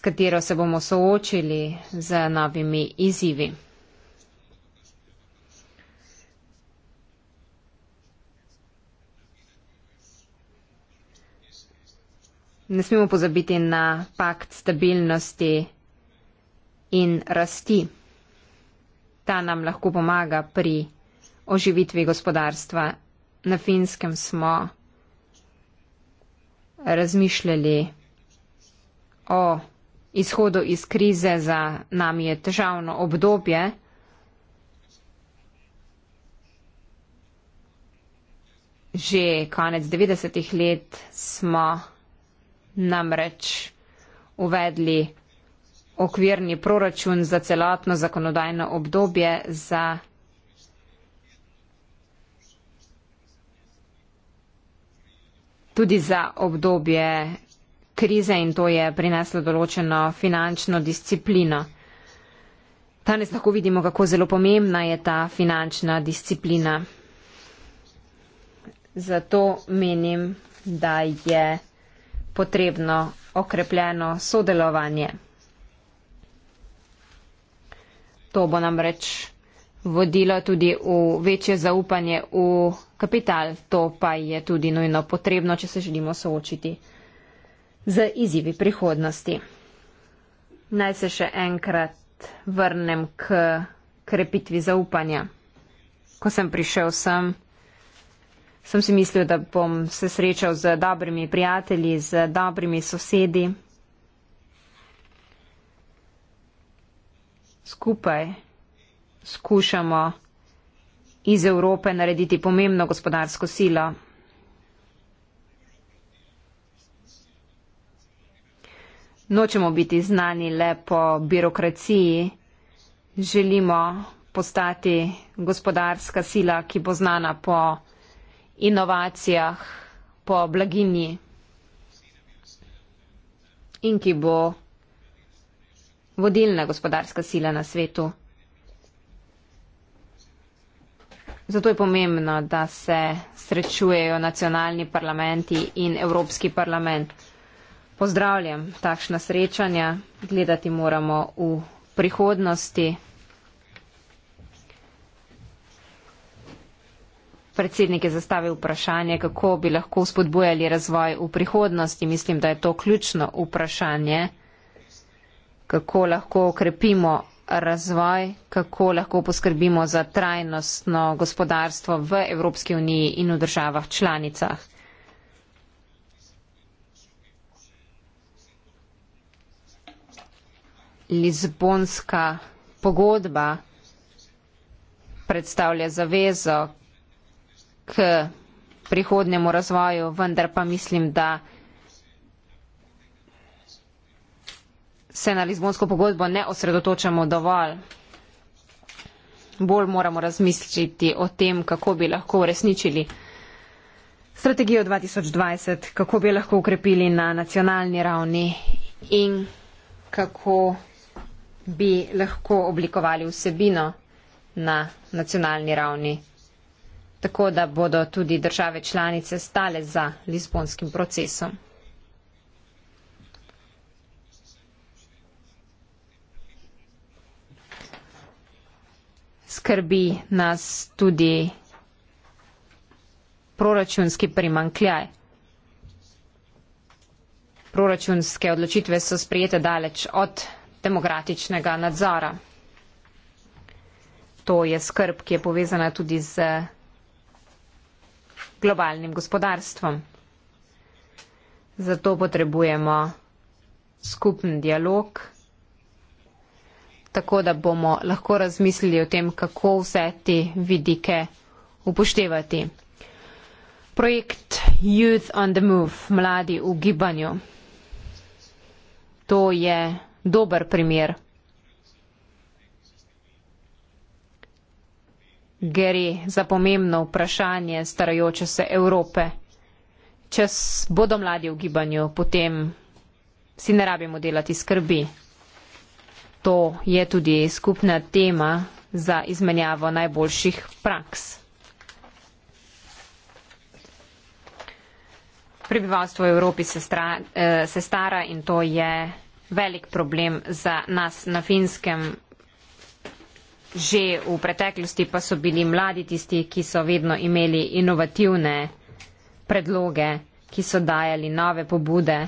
katero se bomo soočili z novimi izzivi. Ne smemo pozabiti na pakt stabilnosti in rasti. Ta nam lahko pomaga pri oživitvi gospodarstva. Na finskem smo razmišljali o izhodu iz krize za nami je težavno obdobje, že konec 90-ih let smo namreč uvedli okvirni proračun za celotno zakonodajno obdobje za tudi za obdobje krize in to je prineslo določeno finančno disciplino. Danes lahko vidimo, kako zelo pomembna je ta finančna disciplina. Zato menim, da je potrebno okrepljeno sodelovanje. To bo namreč vodilo tudi v večje zaupanje v kapital. To pa je tudi nujno potrebno, če se želimo soočiti z izzivi prihodnosti. Naj se še enkrat vrnem k krepitvi zaupanja. Ko sem prišel sem, sem si mislil, da bom se srečal z dobrimi prijatelji, z dobrimi sosedi. Skupaj skušamo iz Evrope narediti pomembno gospodarsko silo. nočemo biti znani le po birokraciji, želimo postati gospodarska sila, ki bo znana po inovacijah, po blaginji in ki bo vodilna gospodarska sila na svetu. Zato je pomembno, da se srečujejo nacionalni parlamenti in Evropski parlament. Pozdravljam takšna srečanja, gledati moramo v prihodnosti. Predsednik je zastavil vprašanje, kako bi lahko spodbujali razvoj v prihodnosti. Mislim, da je to ključno vprašanje, kako lahko okrepimo razvoj, kako lahko poskrbimo za trajnostno gospodarstvo v Evropski uniji in v državah članicah. Lizbonska pogodba predstavlja zavezo k prihodnemu razvoju, vendar pa mislim, da se na Lizbonsko pogodbo ne osredotočamo dovolj. Bolj moramo razmisliti o tem, kako bi lahko uresničili strategijo 2020, kako bi lahko ukrepili na nacionalni ravni in kako bi lahko oblikovali vsebino na nacionalni ravni, tako da bodo tudi države članice stale za lizbonskim procesom. Skrbi nas tudi proračunski primankljaj. Proračunske odločitve so sprijete daleč od demokratičnega nadzora. To je skrb, ki je povezana tudi z globalnim gospodarstvom. Zato potrebujemo skupen dialog, tako da bomo lahko razmislili o tem, kako vse te vidike upoštevati. Projekt Youth on the Move, mladi v gibanju. To je dober primer. Gre za pomembno vprašanje starajoče se Evrope. Če bodo mladi v gibanju, potem si ne rabimo delati skrbi. To je tudi skupna tema za izmenjavo najboljših praks. Prebivalstvo v Evropi se, stra, eh, se stara in to je velik problem za nas na finskem. Že v preteklosti pa so bili mladi tisti, ki so vedno imeli inovativne predloge, ki so dajali nove pobude.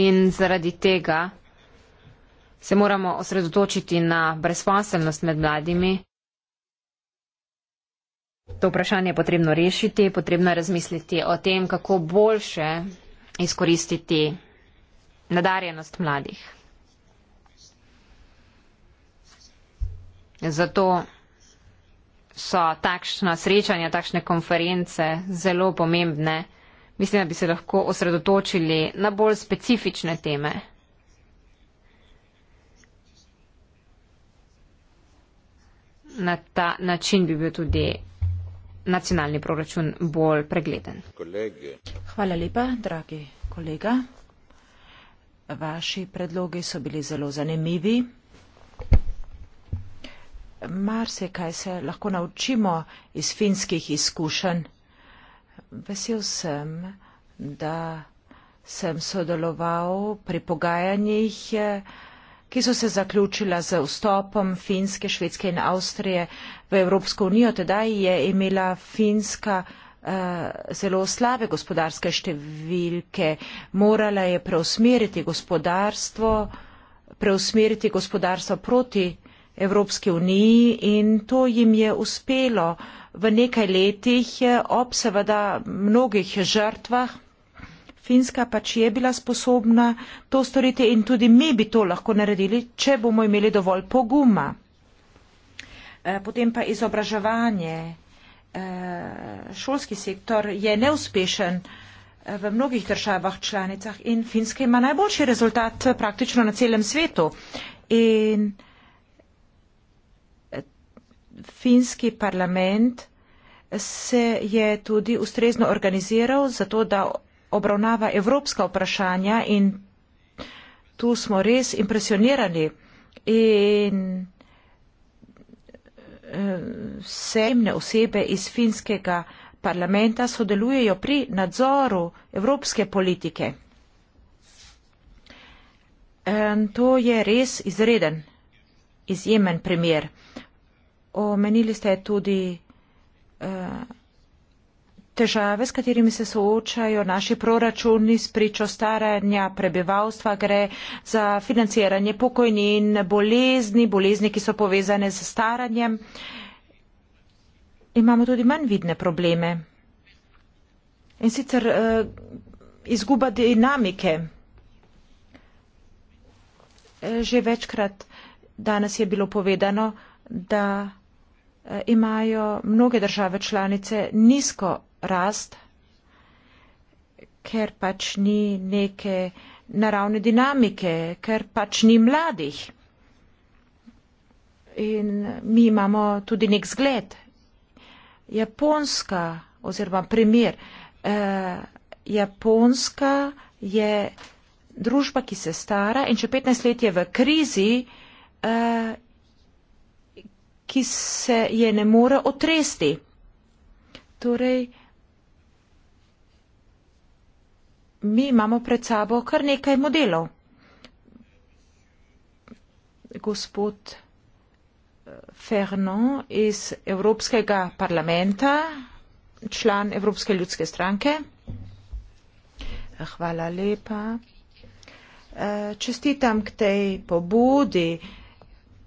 In zaradi tega se moramo osredotočiti na brezposelnost med mladimi. To vprašanje je potrebno rešiti, potrebno je razmisliti o tem, kako boljše izkoristiti nadarjenost mladih. Zato so takšna srečanja, takšne konference zelo pomembne. Mislim, da bi se lahko osredotočili na bolj specifične teme. Na ta način bi bil tudi nacionalni proračun bolj pregleden. Hvala lepa, dragi kolega. Vaši predlogi so bili zelo zanimivi. Marse, kaj se lahko naučimo iz finskih izkušenj. Vesel sem, da sem sodeloval pri pogajanjih ki so se zaključila z vstopom Finske, Švedske in Avstrije v Evropsko unijo. Tedaj je imela Finska eh, zelo slabe gospodarske številke. Morala je preusmeriti gospodarstvo, preusmeriti gospodarstvo proti Evropski uniji in to jim je uspelo v nekaj letih ob seveda mnogih žrtvah, Finska pač je bila sposobna to storiti in tudi mi bi to lahko naredili, če bomo imeli dovolj poguma. Eh, potem pa izobraževanje. Eh, šolski sektor je neuspešen eh, v mnogih državah članicah in Finska ima najboljši rezultat praktično na celem svetu. In finski parlament se je tudi ustrezno organiziral za to, da obravnava evropska vprašanja in tu smo res impresionirani in vsemne eh, osebe iz finskega parlamenta sodelujejo pri nadzoru evropske politike. In eh, to je res izreden, izjemen primer. Omenili ste tudi uh, Težave, s katerimi se soočajo naši proračuni s pričo staranja prebivalstva, gre za financiranje pokojnin, bolezni, bolezni, ki so povezane z staranjem. Imamo tudi manj vidne probleme. In sicer eh, izguba dinamike. Eh, že večkrat danes je bilo povedano, da eh, imajo mnoge države članice nizko rast, ker pač ni neke naravne dinamike, ker pač ni mladih. In mi imamo tudi nek zgled. Japonska oziroma primer. Eh, Japonska je družba, ki se stara in če 15 let je v krizi, eh, ki se je ne more otresti. Torej, mi imamo pred sabo kar nekaj modelov. Gospod eh, Fernand iz Evropskega parlamenta, član Evropske ljudske stranke. Hvala lepa. Eh, čestitam k tej pobudi,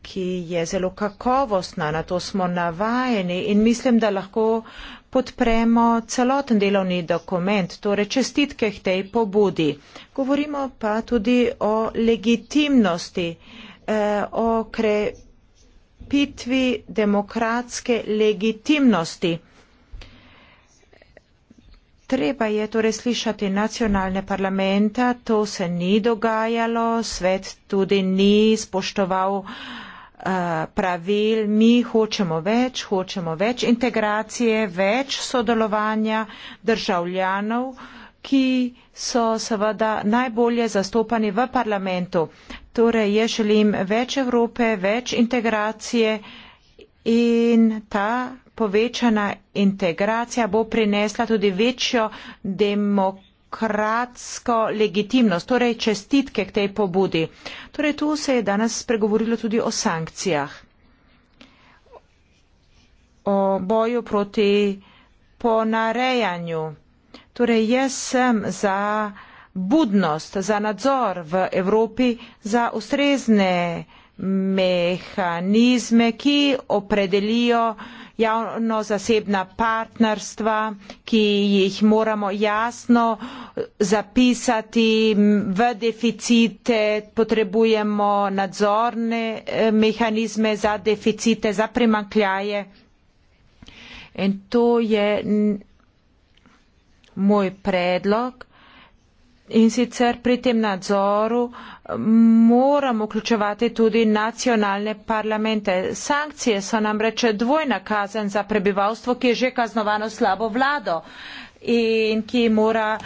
ki je zelo kakovostna, na to smo navajeni in mislim, da lahko podpremo celoten delovni dokument, torej čestitke k tej pobudi. Govorimo pa tudi o legitimnosti, eh, o krepitvi demokratske legitimnosti. Treba je torej slišati nacionalne parlamenta, to se ni dogajalo, svet tudi ni spoštoval eh, Eh, pravil, mi hočemo več, hočemo več integracije, več sodelovanja državljanov, ki so seveda najbolje zastopani v parlamentu. Torej, jaz želim več Evrope, več integracije in ta povečana integracija bo prinesla tudi večjo demokracijo demokratsko legitimnost, torej čestitke k tej pobudi. Torej tu se je danes spregovorilo tudi o sankcijah, o boju proti ponarejanju. Torej jaz sem za budnost, za nadzor v Evropi, za ustrezne mehanizme, ki opredelijo uh, javno-zasebna partnerstva, ki jih moramo jasno zapisati v deficite, potrebujemo nadzorne eh, mehanizme za deficite, za primankljaje. In to je moj predlog. In sicer pri tem nadzoru eh, moramo vključevati tudi nacionalne parlamente. Sankcije so namreč dvojna kazen za prebivalstvo, ki je že kaznovano slabo vlado in ki mora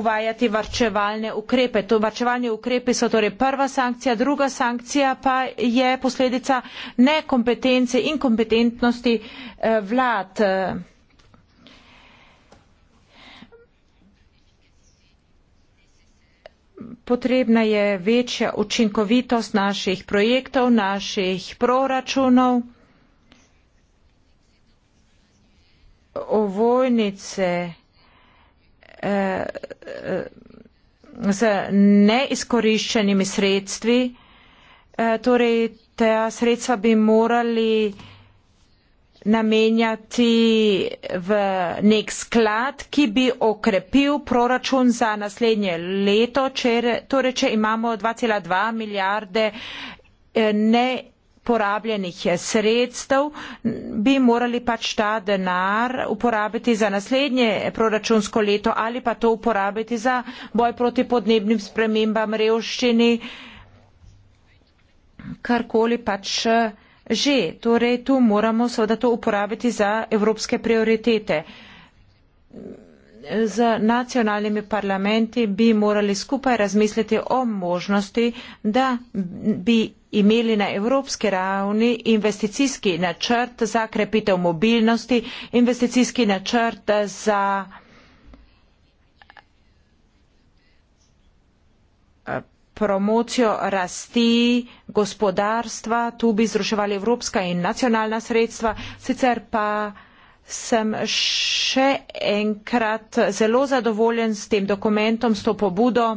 uvajati varčevalne ukrepe. To varčevalni ukrepi so torej prva sankcija, druga sankcija pa je posledica nekompetence in kompetentnosti eh, vlad. potrebna je večja učinkovitost naših projektov, naših proračunov. Ovojnice eh, eh, z neizkoriščenimi sredstvi, eh, torej ta sredstva bi morali namenjati v nek sklad, ki bi okrepil proračun za naslednje leto, če, torej, če imamo 2,2 milijarde eh, neporabljenih sredstev, bi morali pač ta denar uporabiti za naslednje proračunsko leto ali pa to uporabiti za boj proti podnebnim spremembam, revščini, karkoli pač. Eh, že, torej tu moramo seveda to uporabiti za evropske prioritete. Z nacionalnimi parlamenti bi morali skupaj razmisliti o možnosti, da bi imeli na evropski ravni investicijski načrt za krepitev mobilnosti, investicijski načrt za promocijo rasti gospodarstva, tu bi zruševali evropska in nacionalna sredstva, sicer pa sem še enkrat zelo zadovoljen s tem dokumentom, s to pobudo.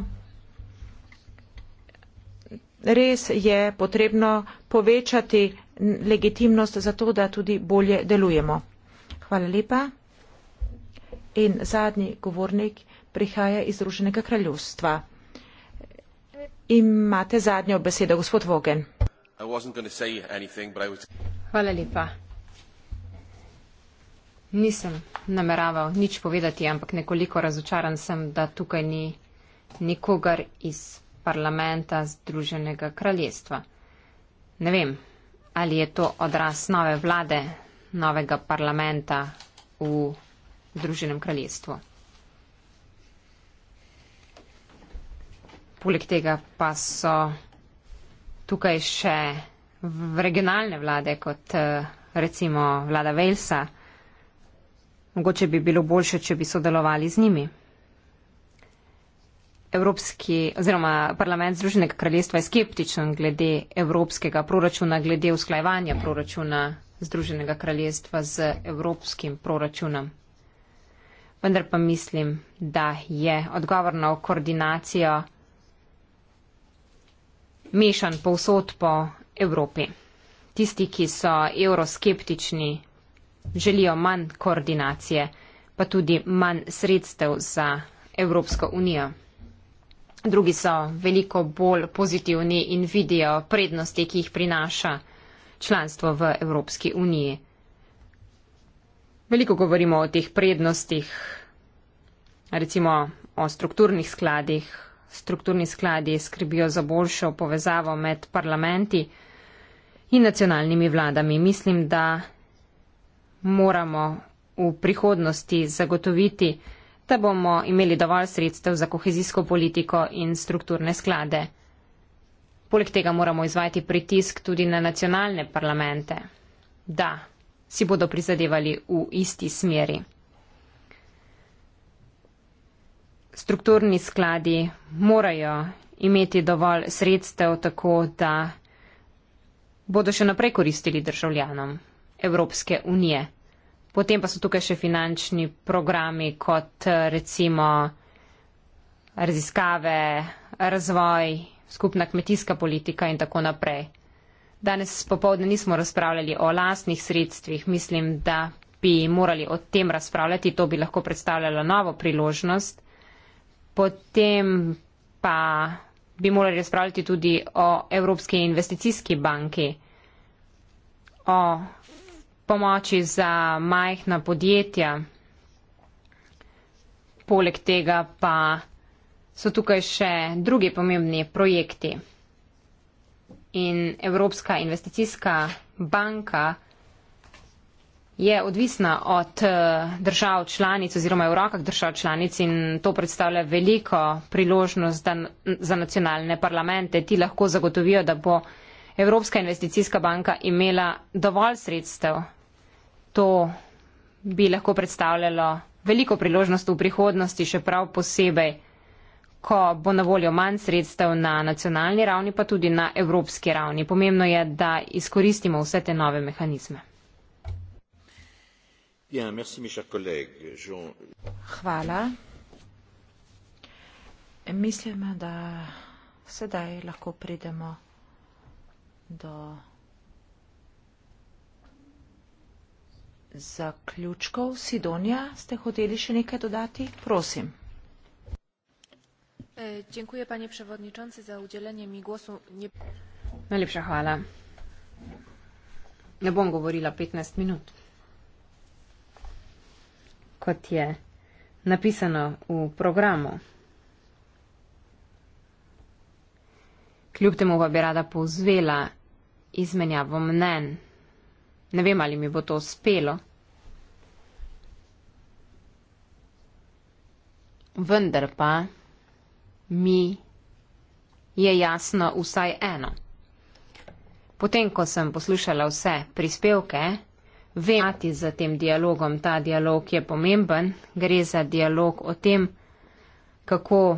Res je potrebno povečati legitimnost za to, da tudi bolje delujemo. Hvala lepa. In zadnji govornik prihaja iz Združenega kraljevstva. Imate zadnjo besedo, gospod Vogen. Anything, was... Hvala lepa. Nisem nameraval nič povedati, ampak nekoliko razočaran sem, da tukaj ni nikogar iz parlamenta Združenega kraljestva. Ne vem, ali je to odraz nove vlade, novega parlamenta v Združenem kraljestvu. Poleg tega pa so tukaj še v regionalne vlade, kot eh, recimo vlada Velsa. Mogoče bi bilo boljše, če bi sodelovali z njimi. Evropski oziroma parlament Združenega kraljestva je skeptičen glede evropskega proračuna, glede usklajevanja proračuna Združenega kraljestva z evropskim proračunom. Vendar pa mislim, da je odgovor na koordinacijo mešan povsod po Evropi. Tisti, ki so euroskeptični, želijo manj koordinacije, pa tudi manj sredstev za Evropsko unijo. Drugi so veliko bolj pozitivni in vidijo prednosti, ki jih prinaša članstvo v Evropski uniji. Veliko govorimo o teh prednostih, recimo o strukturnih skladih, strukturni skladi skrbijo za boljšo povezavo med parlamenti in nacionalnimi vladami. Mislim, da moramo v prihodnosti zagotoviti, da bomo imeli dovolj sredstev za kohezijsko politiko in strukturne sklade. Poleg tega moramo izvajati pritisk tudi na nacionalne parlamente, da si bodo prizadevali v isti smeri. strukturni skladi morajo imeti dovolj sredstev, tako da bodo še naprej koristili državljanom Evropske unije. Potem pa so tukaj še finančni programi, kot recimo raziskave, razvoj, skupna kmetijska politika in tako naprej. Danes popovdne nismo razpravljali o lastnih sredstvih, mislim, da bi morali o tem razpravljati, to bi lahko predstavljalo novo priložnost, Potem pa bi morali razpravljati tudi o Evropski investicijski banki, o pomoči za majhna podjetja. Poleg tega pa so tukaj še drugi pomembni projekti. In Evropska investicijska banka je odvisna od eh, držav članic oziroma je v rokah držav članic in to predstavlja veliko priložnost za nacionalne parlamente. Ti lahko zagotovijo, da bo Evropska investicijska banka imela dovolj sredstev. To bi lahko predstavljalo veliko priložnost v prihodnosti, še prav posebej, ko bo na voljo manj sredstev na nacionalni ravni, pa tudi na evropski ravni. Pomembno je, da izkoristimo vse te nove mehanizme. Hvala. Mislim, da sedaj lahko pridemo do zaključkov. Sidonja, ste hoteli še nekaj dodati? Prosim. E, dziękuję panie przewodniczący za udzielenie mi głosu. Nie... Najlepsza hwala. Nie będę mówiła 15 minut kot je napisano v programu. Kljub temu pa bi rada povzvela izmenjavo mnen. Ne vem, ali mi bo to uspelo. Vendar pa mi je jasno vsaj eno. Potem, ko sem poslušala vse prispevke, vejati za tem dialogom. Ta dialog je pomemben, gre za dialog o tem, kako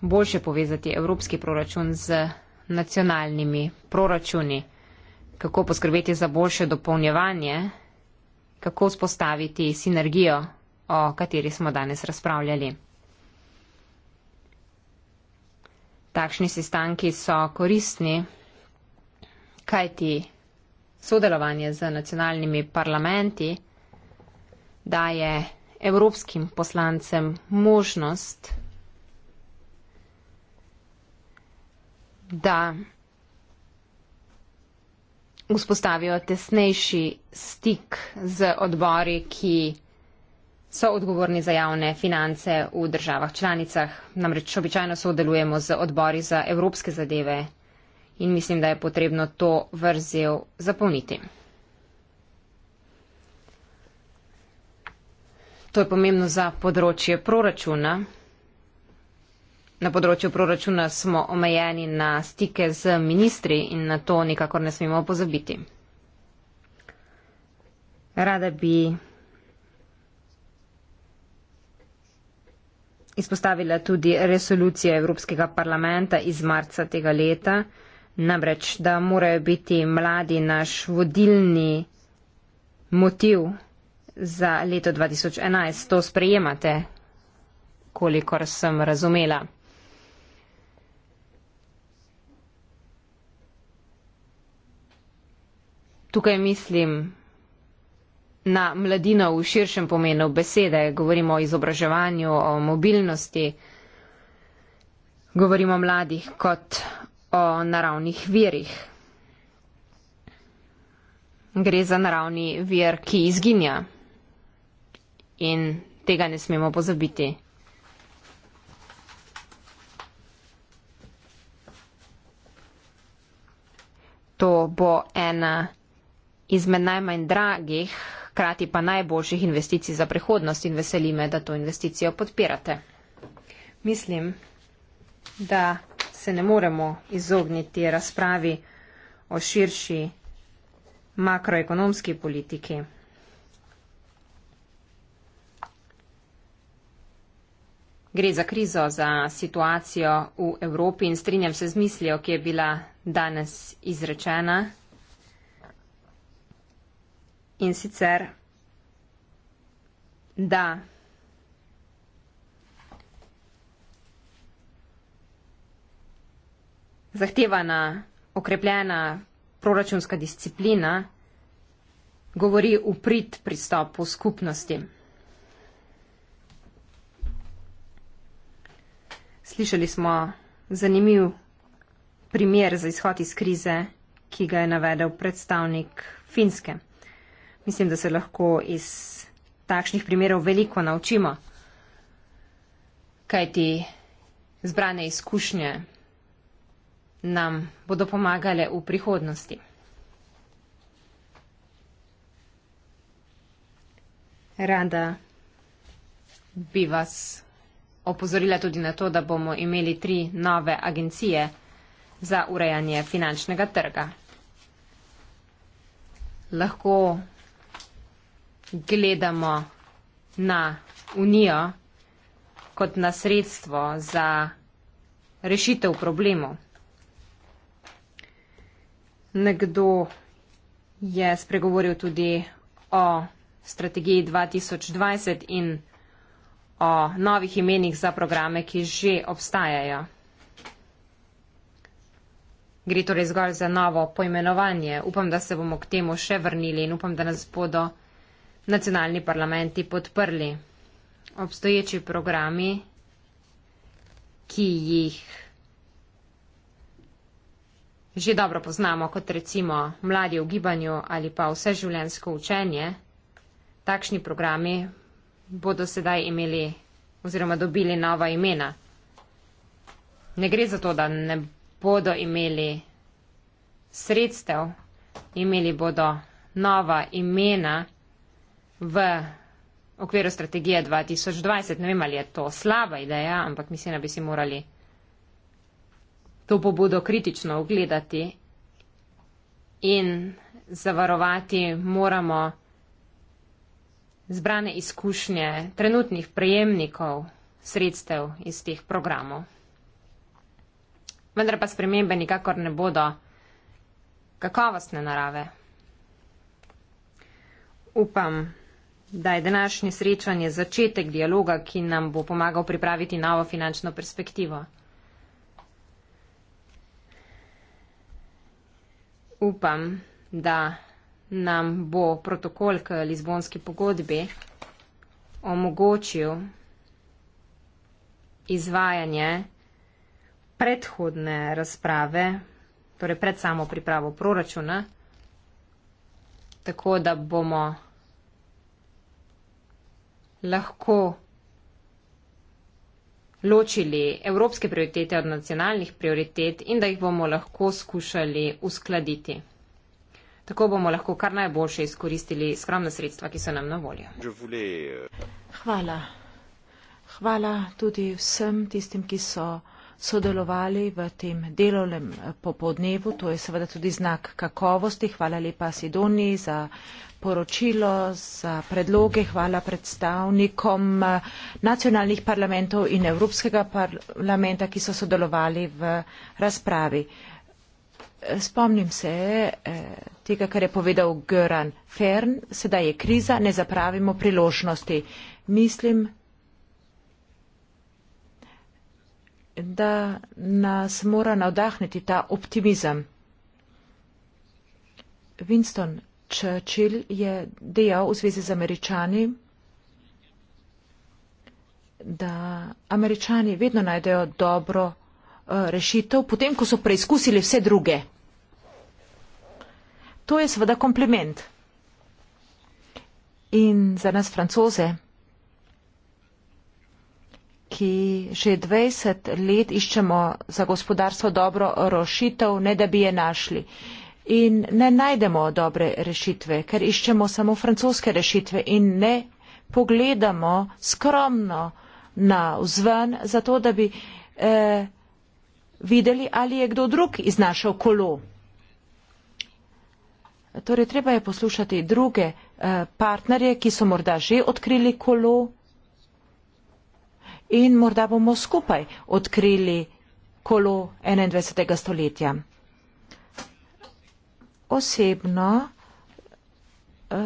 boljše povezati evropski proračun z nacionalnimi proračuni, kako poskrbeti za boljše dopolnjevanje, kako vzpostaviti sinergijo, o kateri smo danes razpravljali. Takšni sestanki so koristni, kajti sodelovanje z nacionalnimi parlamenti daje evropskim poslancem možnost, da vzpostavijo tesnejši stik z odbori, ki so odgovorni za javne finance v državah članicah. Namreč običajno sodelujemo z odbori za evropske zadeve in mislim, da je potrebno to vrzel zapolniti. To je pomembno za področje proračuna. Na področju proračuna smo omejeni na stike z ministri in na to nikakor ne smemo pozabiti. Rada bi izpostavila tudi resolucije Evropskega parlamenta iz marca tega leta, Namreč, da morajo biti mladi naš vodilni motiv za leto 2011. To sprejemate, kolikor sem razumela. Tukaj mislim na mladino v širšem pomenu besede. Govorimo o izobraževanju, o mobilnosti. Govorimo o mladih kot o naravnih virih. Gre za naravni vir, ki izginja in tega ne smemo pozabiti. To bo ena izmed najmanj dragih, krati pa najboljših investicij za prihodnost in veseli me, da to investicijo podpirate. Mislim, da se ne moremo izogniti razpravi o širši makroekonomski politiki. Gre za krizo, za situacijo v Evropi in strinjam se z mislijo, ki je bila danes izrečena. In sicer, da zahtevana okrepljena proračunska disciplina govori v prid pristopu skupnosti. Slišali smo zanimiv primer za izhod iz krize, ki ga je navedel predstavnik Finske. Mislim, da se lahko iz takšnih primerov veliko naučimo, kajti zbrane izkušnje nam bodo pomagale v prihodnosti. Rada bi vas opozorila tudi na to, da bomo imeli tri nove agencije za urejanje finančnega trga. Lahko gledamo na Unijo kot na sredstvo za rešitev problemov nekdo je spregovoril tudi o strategiji 2020 in o novih imenih za programe, ki že obstajajo. Gre torej zgolj za novo poimenovanje. Upam, da se bomo k temu še vrnili in upam, da nas bodo nacionalni parlamenti podprli. Obstoječi programi, ki jih že dobro poznamo, kot recimo mladi v gibanju ali pa vse življensko učenje, takšni programi bodo sedaj imeli oziroma dobili nova imena. Ne gre za to, da ne bodo imeli sredstev, imeli bodo nova imena v okviru strategije 2020. Ne vem, ali je to slaba ideja, ampak mislim, da bi si morali to pobudo kritično ogledati in zavarovati moramo zbrane izkušnje trenutnih prejemnikov sredstev iz teh programov. Vendar pa spremembe nikakor ne bodo kakovostne narave. Upam, da je današnje srečanje začetek dialoga, ki nam bo pomagal pripraviti novo finančno perspektivo. upam, da nam bo protokol k Lizbonski pogodbi omogočil izvajanje predhodne razprave, torej pred samo pripravo proračuna, tako da bomo lahko ločili evropske prioritete od nacionalnih prioritet in da jih bomo lahko skušali uskladiti. Tako bomo lahko kar najboljše izkoristili skromne sredstva, ki so nam na voljo. Euh, Hvala. Hvala tudi vsem tistim, ki so sodelovali v tem delovnem eh, popodnevu. To je seveda tudi znak kakovosti. Hvala lepa Sidoniji za poročilo z predloge. Hvala predstavnikom eh, nacionalnih parlamentov in Evropskega parlamenta, ki so sodelovali v razpravi. Eh, spomnim se eh, tega, kar je povedal Göran Fern, sedaj je kriza, ne zapravimo priložnosti. Mislim, da nas mora navdahniti ta optimizem. Winston Churchill je dejal v zvezi z američani, da američani vedno najdejo dobro eh, rešitev, potem ko so preizkusili vse druge. To je seveda kompliment. In za nas francoze, ki že 20 let iščemo za gospodarstvo dobro rešitev, ne da bi je našli in ne najdemo dobre rešitve, ker iščemo samo francoske rešitve in ne pogledamo skromno na vzven, zato da bi eh, videli, ali je kdo drug iznašel kolo. Torej, treba je poslušati druge eh, partnerje, ki so morda že odkrili kolo in morda bomo skupaj odkrili kolo 21. stoletja osebno uh,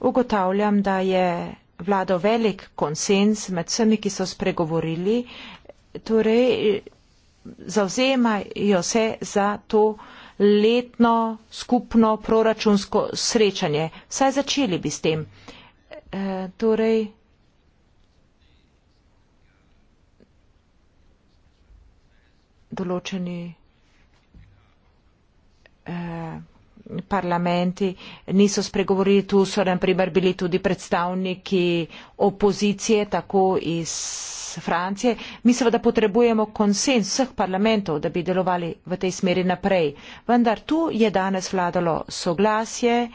ugotavljam, da je vlado velik konsens med vsemi, ki so spregovorili, torej zauzemajo se za to letno skupno proračunsko srečanje. Saj začeli bi s tem. E, torej, določeni. parlamenti, niso spregovorili, tu so nam primer bili tudi predstavniki opozicije, tako iz Francije. Mi seveda potrebujemo konsens vseh parlamentov, da bi delovali v tej smeri naprej. Vendar tu je danes vladalo soglasje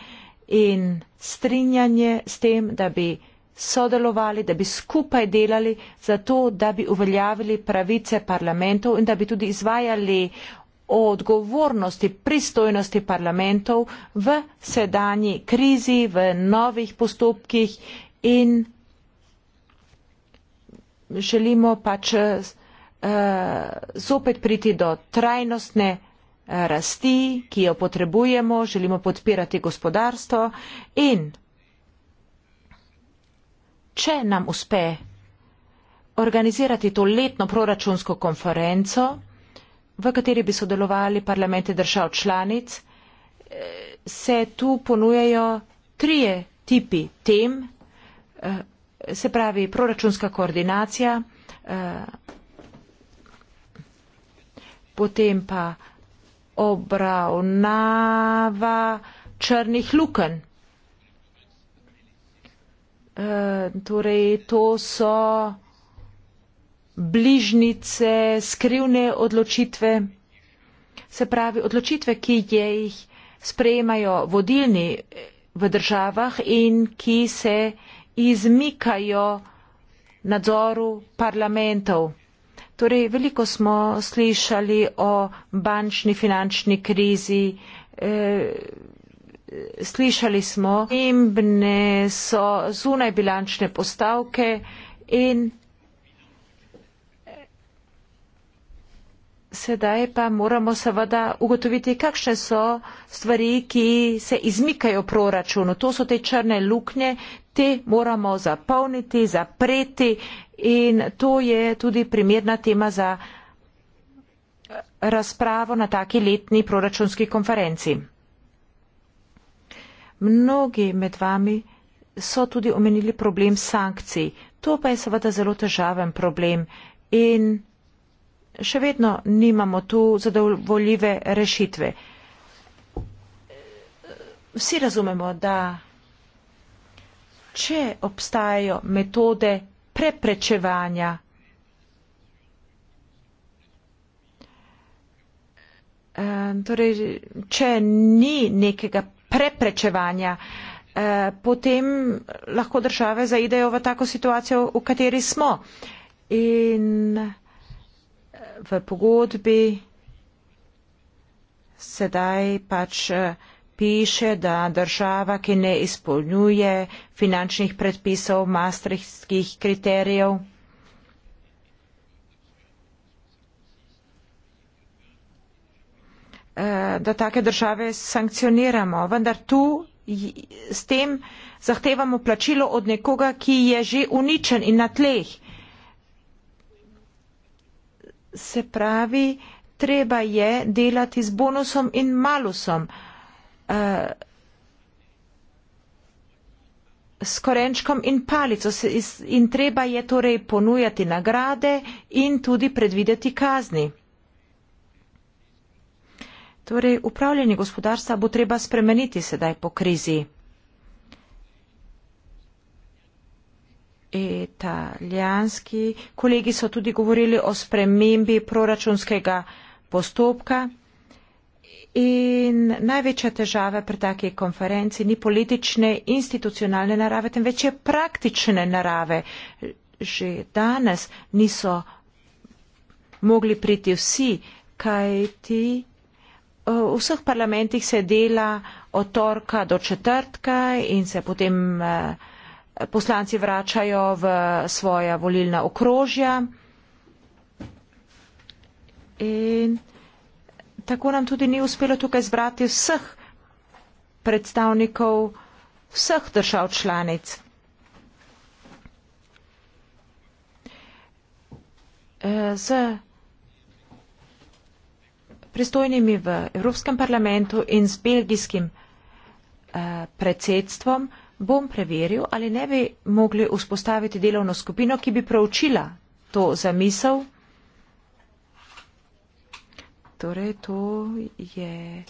in strinjanje s tem, da bi sodelovali, da bi skupaj delali za to, da bi uveljavili pravice parlamentov in da bi tudi izvajali o odgovornosti pristojnosti parlamentov v sedanji krizi, v novih postopkih in želimo pač eh, zopet priti do trajnostne eh, rasti, ki jo potrebujemo, želimo podpirati gospodarstvo in če nam uspe organizirati to letno proračunsko konferenco, v kateri bi sodelovali parlamente držav članic, eh, se tu ponujajo trije tipi tem, eh, se pravi proračunska koordinacija, eh, potem pa obravnava črnih luken. Torej, to so bližnjice, skrivne odločitve, se pravi odločitve, ki jih sprejemajo vodilni v državah in ki se izmikajo nadzoru parlamentov. Torej, veliko smo slišali o bančni finančni krizi, e, slišali smo, pomembne so zunajbilančne postavke in sedaj pa moramo seveda ugotoviti, kakšne so stvari, ki se izmikajo proračunu. To so te črne luknje, te moramo zapolniti, zapreti in to je tudi primerna tema za eh, razpravo na taki letni proračunski konferenci. Mnogi med vami so tudi omenili problem sankcij. To pa je seveda zelo težaven problem. In še vedno nimamo tu zadovoljive rešitve. Vsi razumemo, da če obstajajo metode preprečevanja, eh, torej, če ni nekega preprečevanja, eh, potem lahko države zaidejo v tako situacijo, v kateri smo. In v pogodbi sedaj pač eh, piše, da država, ki ne izpolnjuje finančnih predpisov mastrihskih kriterijev, eh, da take države sankcioniramo. Vendar tu s tem zahtevamo plačilo od nekoga, ki je že uničen in na tleh se pravi, treba je delati z bonusom in malusom. Uh, s korenčkom in palico in treba je torej ponujati nagrade in tudi predvideti kazni. Torej, upravljanje gospodarstva bo treba spremeniti sedaj po krizi. italijanski kolegi so tudi govorili o spremembi proračunskega postopka. In največja težava pri takej konferenci ni politične, institucionalne narave, temveč je praktične narave. Že danes niso mogli priti vsi, kajti eh, v vseh parlamentih se dela od torka do četrtka in se potem uh, poslanci vračajo v svoja volilna okrožja. In tako nam tudi ni uspelo tukaj zbrati vseh predstavnikov vseh držav članic. E, z pristojnimi v Evropskem parlamentu in z belgijskim e, predsedstvom bom preveril, ali ne bi mogli vzpostaviti delovno skupino, ki bi preučila to zamisel. Torej, to je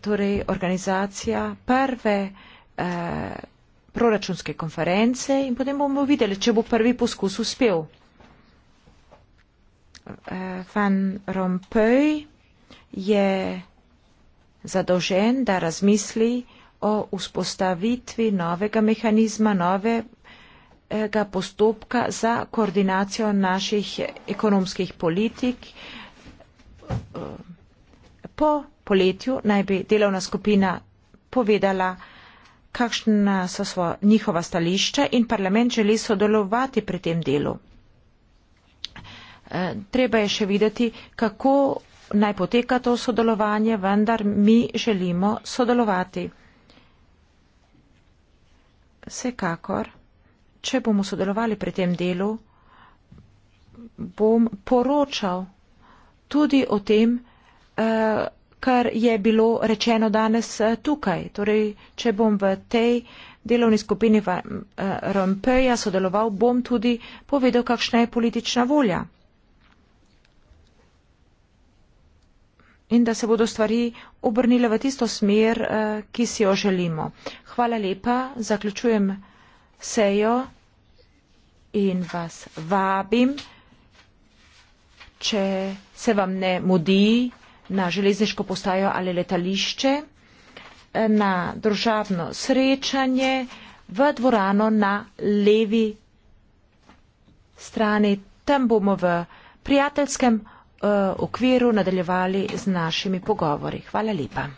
torej, organizacija prve eh, proračunske konference in potem bomo videli, če bo prvi poskus uspel. Eh, Van Rompuy je zadolžen, da razmisli, o vzpostavitvi novega mehanizma, novega postopka za koordinacijo naših ekonomskih politik. Po poletju naj bi delovna skupina povedala, kakšna so svoja, njihova stališča in parlament želi sodelovati pri tem delu. Treba je še videti, kako naj poteka to sodelovanje, vendar mi želimo sodelovati vsekakor, če bomo sodelovali pri tem delu, bom poročal tudi o tem, eh, kar je bilo rečeno danes eh, tukaj. Torej, če bom v tej delovni skupini eh, RMP-ja sodeloval, bom tudi povedal, kakšna je politična volja. in da se bodo stvari obrnile v tisto smer, eh, ki si jo želimo. Hvala lepa, zaključujem sejo in vas vabim, če se vam ne mudi na železniško postajo ali letališče, eh, na državno srečanje v dvorano na levi strani. Tam bomo v prijateljskem. Eh, okviru nadaljevali z našimi pogovori. Hvala lepa.